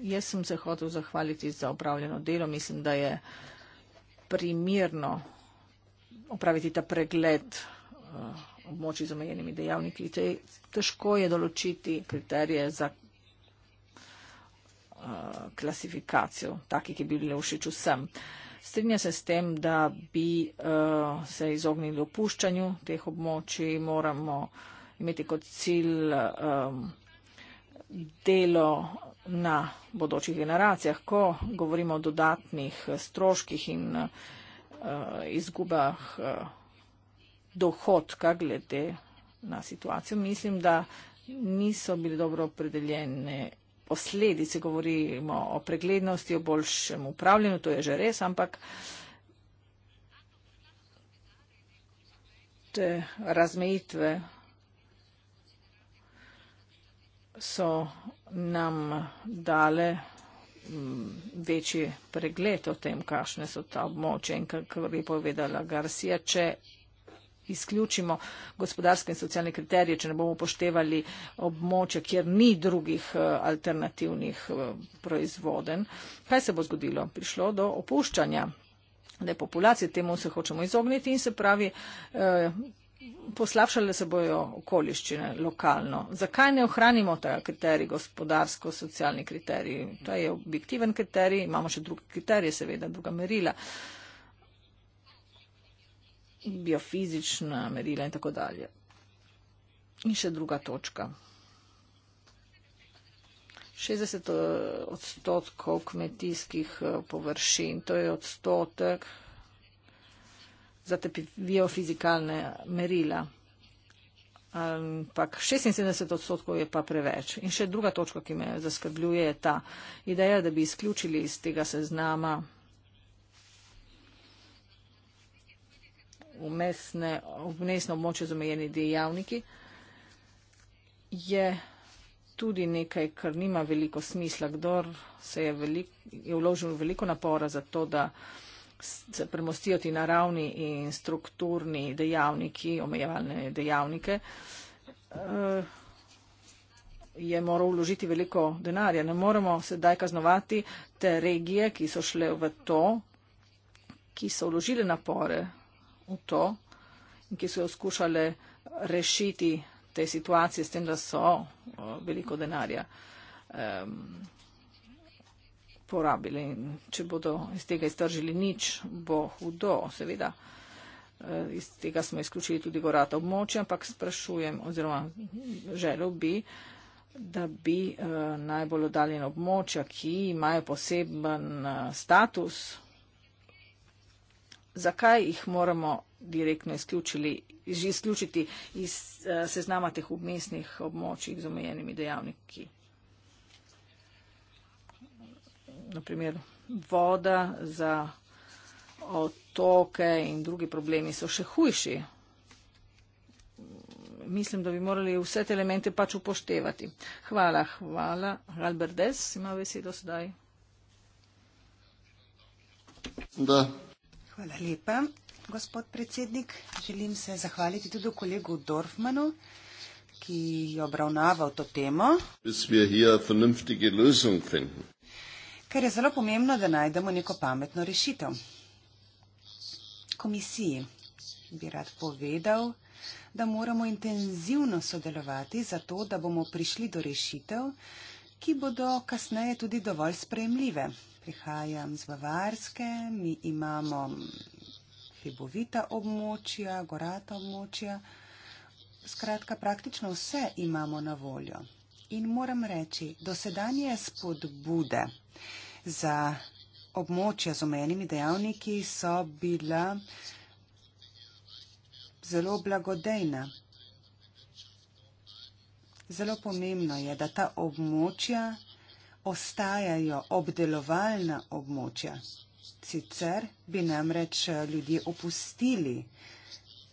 Jaz sem se hotel zahvaliti za opravljeno delo. Mislim, da je primirno opraviti ta pregled eh, območij z omejenimi dejavniki. Težko je določiti kriterije za Eh, klasifikacijo, taki, ki bi bili všeč vsem. Strinja se s tem, da bi uh, se izognili opuščanju teh območij, moramo imeti kot cilj um, delo na bodočih generacijah. Ko govorimo o dodatnih stroških in uh, izgubah uh, dohodka glede na situacijo, mislim, da niso bili dobro opredeljene posledice, govorimo o preglednosti, o boljšem upravljanju, to je že res, ampak te razmejitve so nam dale mm, večji pregled o tem, kakšne so ta območja in kako je povedala Garcia, če izključimo gospodarske in socialne kriterije, če ne bomo upoštevali območja, kjer ni drugih eh, alternativnih eh, proizvoden. Kaj se bo zgodilo? Prišlo do opuščanja depopulacije, temu se hočemo izogniti in se pravi, eh, poslabšale se bojo okoliščine lokalno. Zakaj ne ohranimo ta kriterij, gospodarsko-socialni kriterij? To je objektiven kriterij, imamo še druge kriterije, seveda druga merila biofizična merila in tako dalje. In še druga točka. 60 eh, odstotkov kmetijskih eh, površin, to je odstotek za te biofizikalne merila. Ampak 76 odstotkov je pa preveč. In še druga točka, ki me zaskrbljuje, je ta ideja, da bi izključili iz tega seznama vmesno območje z omejeni dejavniki, je tudi nekaj, kar nima veliko smisla. Kdor se je, velik, je vložil veliko napora za to, da se premostijo ti naravni in strukturni dejavniki, omejevalne dejavnike, eh, je moral vložiti veliko denarja. Ne moremo sedaj kaznovati te regije, ki so šle v to, ki so vložile napore v to in ki so jo skušale rešiti te situacije s tem, da so veliko denarja um, porabili. Če bodo iz tega iztržili nič, bo hudo, seveda. E, iz tega smo izključili tudi gorata območja, ampak sprašujem oziroma želel bi, da bi e, najbolj oddaljena območja, ki imajo poseben e, status, zakaj jih moramo direktno izključiti iz eh, seznama teh obmestnih območij z omejenimi dejavniki. Naprimer, voda za otoke in drugi problemi so še hujši. Mislim, da bi morali vse te elemente pač upoštevati. Hvala, hvala. Albert Des ima besedo sedaj. Da. Hvala lepa, gospod predsednik. Želim se zahvaliti tudi kolegu Dorfmanu, ki je obravnaval to temo. Ker je zelo pomembno, da najdemo neko pametno rešitev. Komisiji bi rad povedal, da moramo intenzivno sodelovati za to, da bomo prišli do rešitev, ki bodo kasneje tudi dovolj sprejemljive prihajam z Bavarske, mi imamo hribovita območja, gorata območja. Skratka, praktično vse imamo na voljo. In moram reči, dosedanje spodbude za območja z omenjenimi dejavniki so bila zelo blagodejna. Zelo pomembno je, da ta območja ostajajo obdelovalna območja. Sicer bi namreč eh, ljudje opustili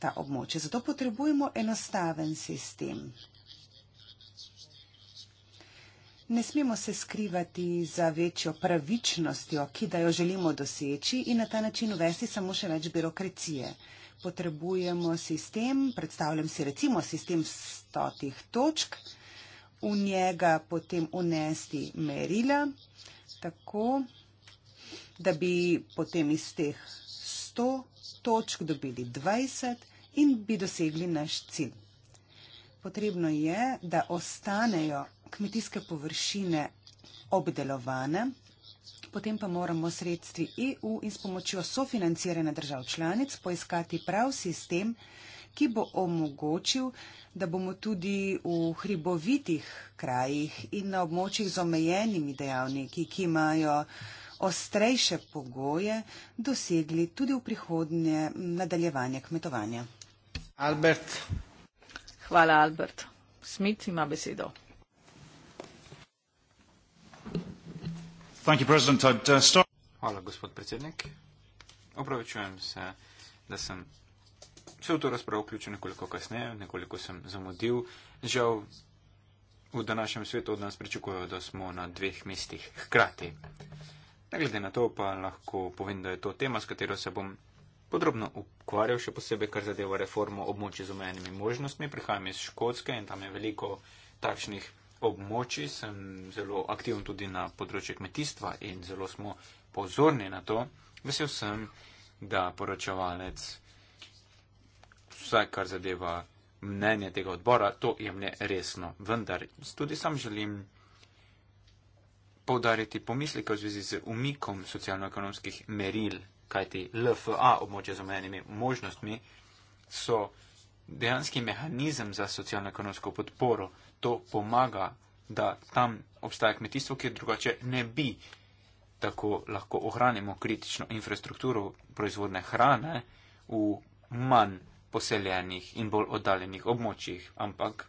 ta območja. Zato potrebujemo enostaven sistem. Ne smemo se skrivati za večjo pravičnostjo, ki da jo želimo doseči in na ta način uvesti samo še več birokracije. Potrebujemo sistem, predstavljam si recimo sistem stotih točk, v njega potem unesti merila, tako da bi potem iz teh 100 točk dobili 20 in bi dosegli naš cilj. Potrebno je, da ostanejo kmetijske površine obdelovane, potem pa moramo sredstvi EU in s pomočjo sofinanciranja držav članic poiskati prav sistem, ki bo omogočil, da bomo tudi v hribovitih krajih in na območjih z omejenimi dejavniki, ki imajo ostrejše pogoje, dosegli tudi v prihodnje nadaljevanje kmetovanja. Albert. Hvala, Albert. Smit ima besedo. Uh, Hvala, gospod predsednik. Opravičujem se, da sem se v to razpravo vključil nekoliko kasneje, nekoliko sem zamudil. Žal, v današnjem svetu od nas pričakujejo, da smo na dveh mestih hkrati. Ne glede na to, pa lahko povem, da je to tema, s katero se bom podrobno ukvarjal, še posebej, kar zadeva reformo območij z omejenimi možnostmi. Prihajam iz Škotske in tam je veliko takšnih območij. Sem zelo aktiven tudi na področju kmetijstva in zelo smo pozorni na to. Vesel sem, da poročevalec vse, kar zadeva mnenje tega odbora, to je mne resno. Vendar tudi sam želim povdariti pomislike v zvezi z umikom socialno-ekonomskih meril, kajti LFA, območje z omenjenimi možnostmi, so dejanski mehanizem za socialno-ekonomsko podporo. To pomaga, da tam obstaja kmetijstvo, ki drugače ne bi tako lahko ohranimo kritično infrastrukturo proizvodne hrane v manj poseljenih in bolj oddaljenih območjih, ampak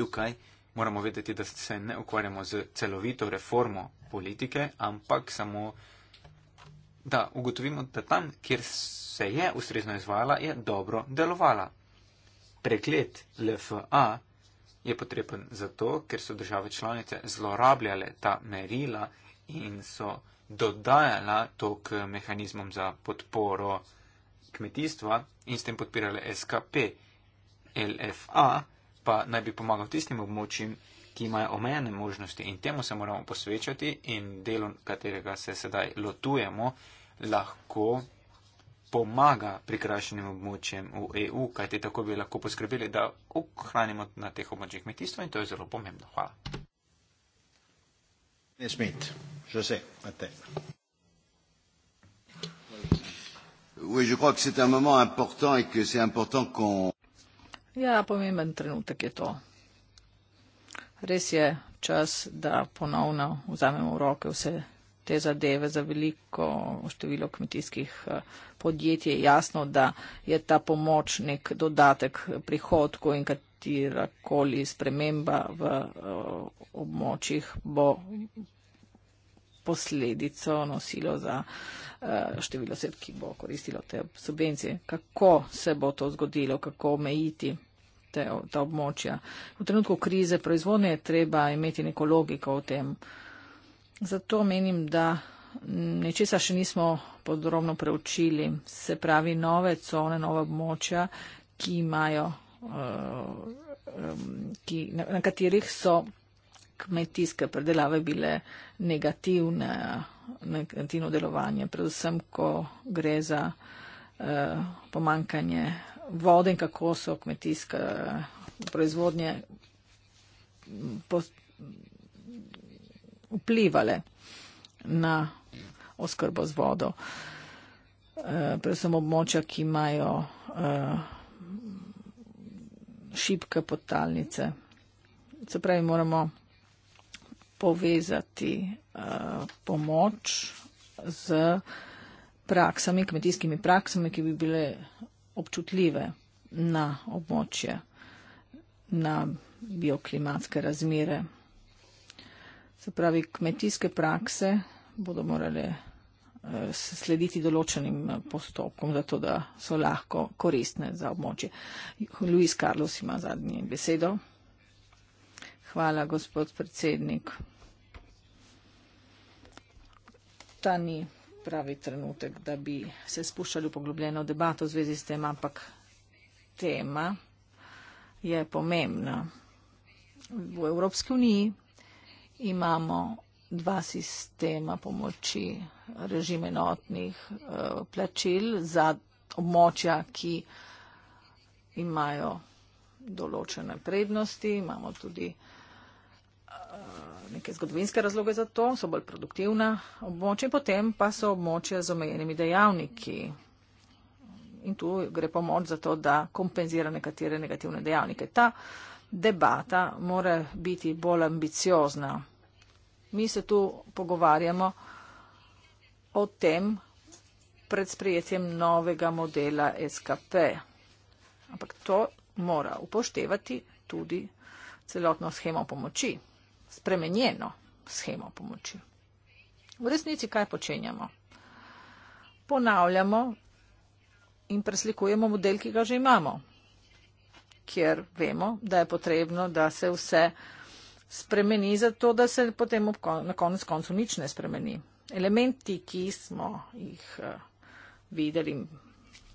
tukaj moramo vedeti, da se ne ukvarjamo z celovito reformo politike, ampak samo, da ugotovimo, da tam, kjer se je ustrezno izvajala, je dobro delovala. Preklet LFA je potreben zato, ker so države članice zlorabljale ta merila in so dodajala to k mehanizmom za podporo kmetijstva in s tem podpirale SKP. LFA pa naj bi pomagal tistim območjem, ki imajo omejene možnosti in temu se moramo posvečati in delo, katerega se sedaj lotujemo, lahko pomaga prikrajšanim območjem v EU, kajti tako bi lahko poskrbeli, da ohranimo na teh območjih kmetijstvo in to je zelo pomembno. Hvala. Ne smeti, že se, a te. Oui, je crois que c'est un moment important et que c'est important qu'on. Ja, pomemben trenutek je to. Res je čas, da ponovno vzamemo v roke vse te zadeve za veliko število kmetijskih eh, podjetij. Je jasno, da je ta pomoč nek dodatek prihodku in katirakoli sprememba v eh, območjih bo posledico nosilo za eh, število oseb, ki bo koristilo te subvencije. Kako se bo to zgodilo, kako omejiti te, ta območja. V trenutku krize proizvodnje je treba imeti neko logiko v tem. Zato menim, da nečesa še nismo podrobno preučili. Se pravi, nove cone, nove območja, ki imajo, eh, ki, na, na katerih so kmetijske predelave bile negativne, negativno delovanje, predvsem, ko gre za eh, pomankanje vode in kako so kmetijske eh, proizvodnje mm, vplivale na oskrbo z vodo. Eh, predvsem območja, ki imajo eh, šibke potalnice. Se pravi, moramo povezati eh, pomoč z praksami, kmetijskimi praksami, ki bi bile občutljive na območje, na bioklimatske razmere. Se pravi, kmetijske prakse bodo morale eh, slediti določenim eh, postopkom, zato da so lahko koristne za območje. Luis Carlos ima zadnji besedo. Hvala, gospod predsednik. Ta ni pravi trenutek, da bi se spuščali v poglobljeno debato v zvezi s tem, ampak tema je pomembna. V Evropski uniji imamo dva sistema pomoči režime notnih eh, plačil za območja, ki imajo določene prednosti. Imamo tudi vsega, neke zgodovinske razloge za to, so bolj produktivna območja, potem pa so območja z omejenimi dejavniki. In tu gre pomoč za to, da kompenzira nekatere negativne dejavnike. Ta debata mora biti bolj ambiciozna. Mi se tu pogovarjamo o tem pred sprejetjem novega modela SKP. Ampak to mora upoštevati tudi celotno schemo pomoči spremenjeno schemo pomoči. V resnici kaj počenjamo? Ponavljamo in preslikujemo model, ki ga že imamo, kjer vemo, da je potrebno, da se vse spremeni, zato da se potem na konec koncu nič ne spremeni. Elementi, ki smo jih eh, videli,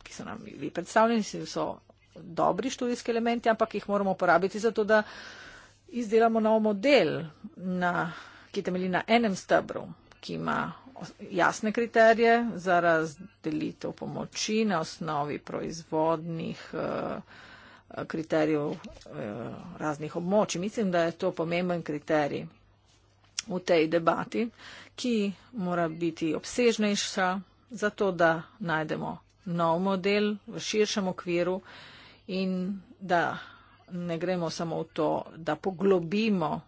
ki so nam bili predstavljeni, so dobri študijski elementi, ampak jih moramo uporabiti zato, da izdelamo nov model, na, ki temelji na enem stebru, ki ima jasne kriterije za razdelitev pomoči na osnovi proizvodnih eh, kriterijev eh, raznih območij. Mislim, da je to pomemben kriterij v tej debati, ki mora biti obsežnejša, zato da najdemo nov model v širšem okviru in da ne gremo samo v to, da poglobimo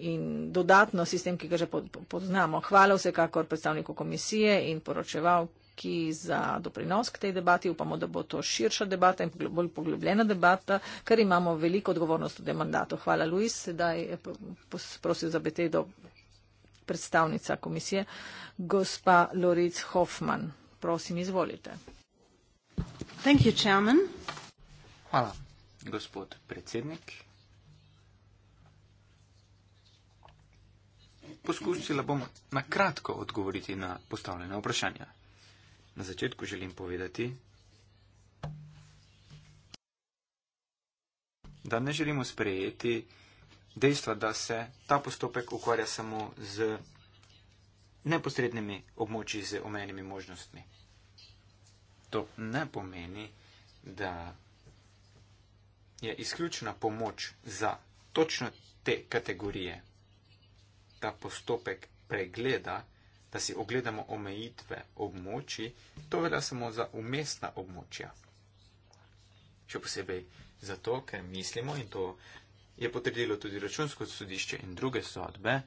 in dodatno sistem, ki ga že poznamo. Hvala vsekakor predstavniku komisije in poročeval, ki za doprinos k tej debati. Upamo, da bo to širša debata in bolj poglobljena debata, ker imamo veliko odgovornost v tem mandatu. Hvala, Luis, da je prosil za betedo predstavnica komisije. Gospa Loric Hoffman, prosim, izvolite. Thank you, Chairman. Hvala gospod predsednik. Poskusila bom na kratko odgovoriti na postavljena vprašanja. Na začetku želim povedati, da ne želimo sprejeti dejstva, da se ta postopek ukvarja samo z neposrednimi območji z omenjenimi možnostmi. To ne pomeni, da je izključna pomoč za točno te kategorije, ta postopek pregleda, da si ogledamo omejitve območij, to velja samo za umestna območja. Še posebej zato, ker mislimo, in to je potrdilo tudi računsko sodišče in druge sodbe,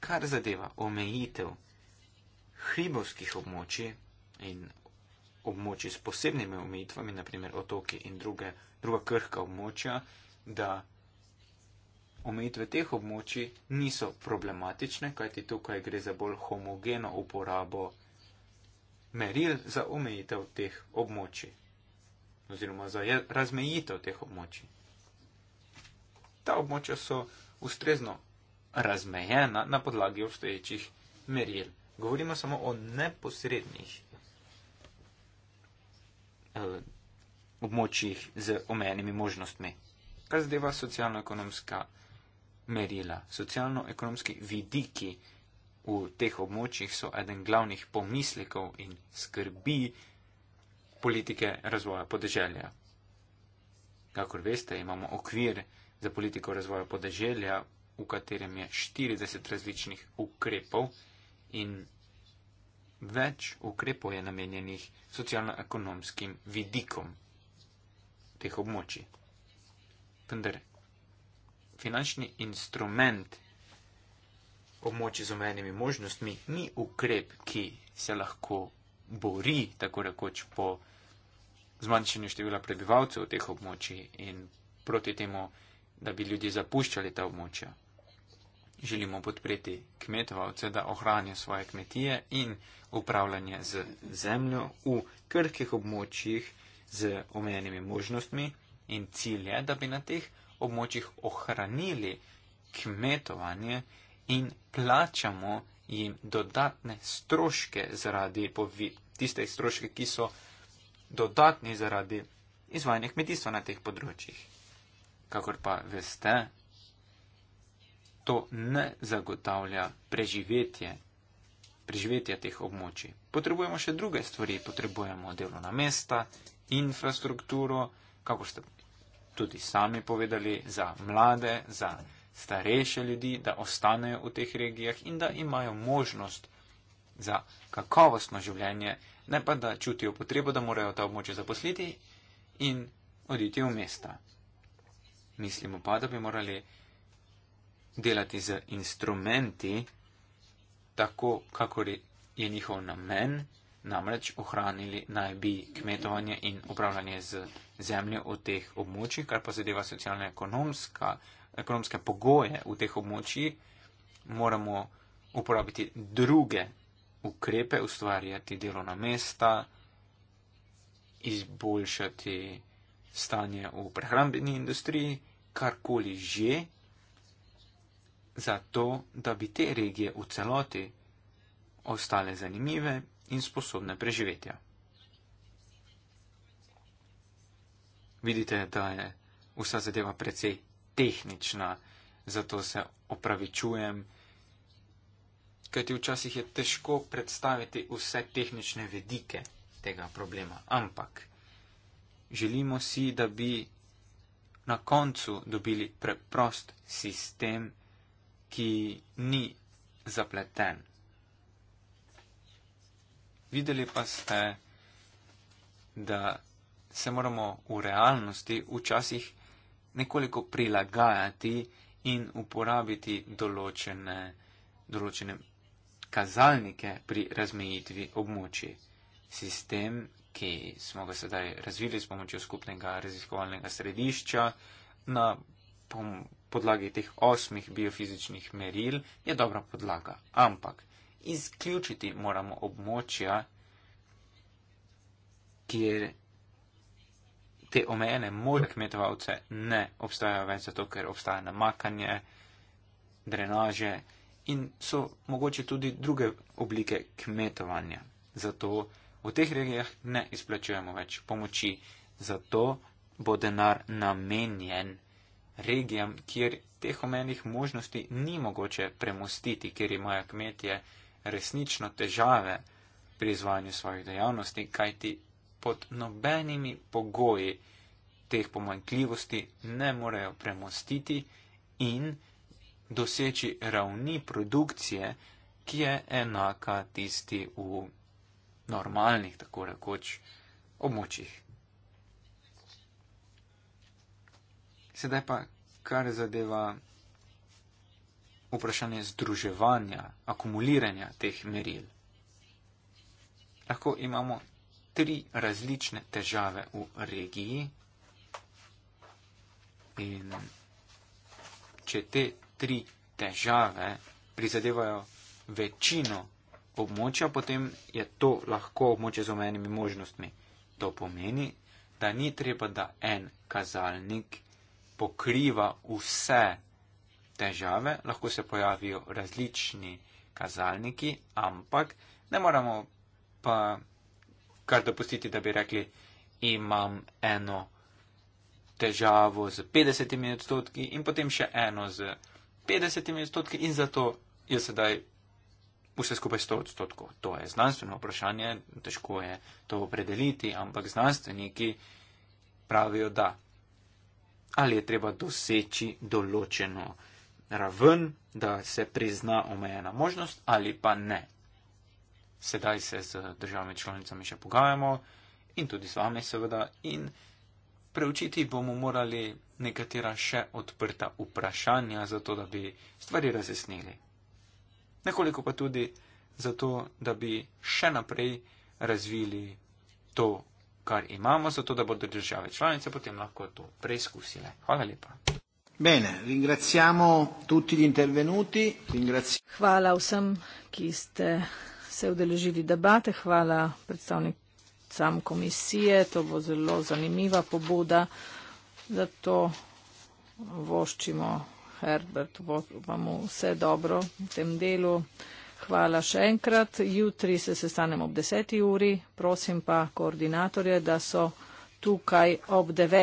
kar zadeva omejitev hribovskih območij in območij s posebnimi omejitvami, naprimer otoki in druge druga krhka območja, da omejitve teh območij niso problematične, kajti tukaj gre za bolj homogeno uporabo meril za omejitev teh območij oziroma za razmejitev teh območij. Ta območja so ustrezno razmejena na podlagi obstoječih meril. Govorimo samo o neposrednih eh, območjih z omenjenimi možnostmi. Kar zadeva socialno-ekonomska merila, socialno-ekonomski vidiki v teh območjih so eden glavnih pomislekov in skrbi politike razvoja podeželja. Kakor veste, imamo okvir za politiko razvoja podeželja, v katerem je 40 različnih ukrepov in več ukrepov je namenjenih socialno-ekonomskim vidikom teh območij. Vendar finančni instrument območij z omenjenimi možnostmi ni ukrep, ki se lahko bori, tako rekoč, po zmanjšanju števila prebivalcev teh območij in proti temu, da bi ljudje zapuščali ta območja. Želimo podpreti kmetovalce, da ohranijo svoje kmetije in upravljanje z zemljo v krhkih območjih, z omenjenimi možnostmi in cilj je, da bi na teh območjih ohranili kmetovanje in plačamo jim dodatne stroške zaradi tiste stroške, ki so dodatni zaradi izvajanja kmetijstva na teh področjih. Kakor pa veste, to ne zagotavlja preživetje, preživetje teh območij. Potrebujemo še druge stvari, potrebujemo delovna mesta, infrastrukturo, kako ste tudi sami povedali, za mlade, za starejše ljudi, da ostanejo v teh regijah in da imajo možnost za kakovostno življenje, ne pa da čutijo potrebo, da morajo ta območja zaposliti in oditi v mesta. Mislimo pa, da bi morali delati z instrumenti, tako kakor je njihov namen Namreč ohranili naj bi kmetovanje in upravljanje z zemljo v teh območjih, kar pa zadeva socialno-ekonomske pogoje v teh območjih, moramo uporabiti druge ukrepe, ustvarjati delovna mesta, izboljšati stanje v prehrambeni industriji, karkoli že, zato da bi te regije v celoti ostale zanimive in sposobne preživetja. Vidite, da je vsa zadeva precej tehnična, zato se opravičujem, kajti včasih je težko predstaviti vse tehnične vedike tega problema, ampak želimo si, da bi na koncu dobili preprost sistem, ki ni zapleten, videli pa ste, da se moramo v realnosti včasih nekoliko prilagajati in uporabiti določene, določene kazalnike pri razmejitvi območij. Sistem, ki smo ga sedaj razvili s pomočjo skupnega raziskovalnega središča na podlagi teh osmih biofizičnih meril, je dobra podlaga. Ampak izključiti moramo območja, kjer te omejene morje kmetovalce ne obstajajo več zato, ker obstaja namakanje, drenaže in so mogoče tudi druge oblike kmetovanja. Zato v teh regijah ne izplačujemo več pomoči. Zato bo denar namenjen regijam, kjer teh omenih možnosti ni mogoče premostiti, kjer imajo kmetije resnično težave pri izvajanju svojih dejavnosti, kajti pod nobenimi pogoji teh pomankljivosti ne morejo premostiti in doseči ravni produkcije, ki je enaka tisti v normalnih, tako rekoč, območjih. Sedaj pa, kar zadeva vprašanje združevanja, akumuliranja teh meril. Lahko imamo tri različne težave v regiji in če te tri težave prizadevajo večino območja, potem je to lahko območje z omenjenimi možnostmi. To pomeni, da ni treba, da en kazalnik pokriva vse težave, lahko se pojavijo različni kazalniki, ampak ne moramo pa kar dopustiti, da bi rekli, imam eno težavo z 50 odstotki in potem še eno z 50 odstotki in zato je sedaj vse skupaj 100 odstotkov. To je znanstveno vprašanje, težko je to opredeliti, ampak znanstveniki pravijo, da ali je treba doseči določeno uh, raven, da se prizna omejena možnost ali pa ne. Sedaj se z državami članicami še pogajamo in tudi z vami seveda in preučiti bomo morali nekatera še odprta vprašanja, zato da bi stvari razjasnili. Nekoliko pa tudi zato, da bi še naprej razvili to, kar imamo, zato da bodo države članice potem lahko to preizkusile. Hvala lepa. Bene, ringraziamo tutti gli intervenuti. Ringrazi... Hvala vsem, ki ste se udeležili debate. Hvala predstavnicam komisije. To bo zelo zanimiva pobuda. Zato voščimo Herbert, vam vse dobro v tem delu. Hvala še enkrat. Jutri se sestanemo ob 10. uri. Prosim pa koordinatorje, da so tukaj ob 9.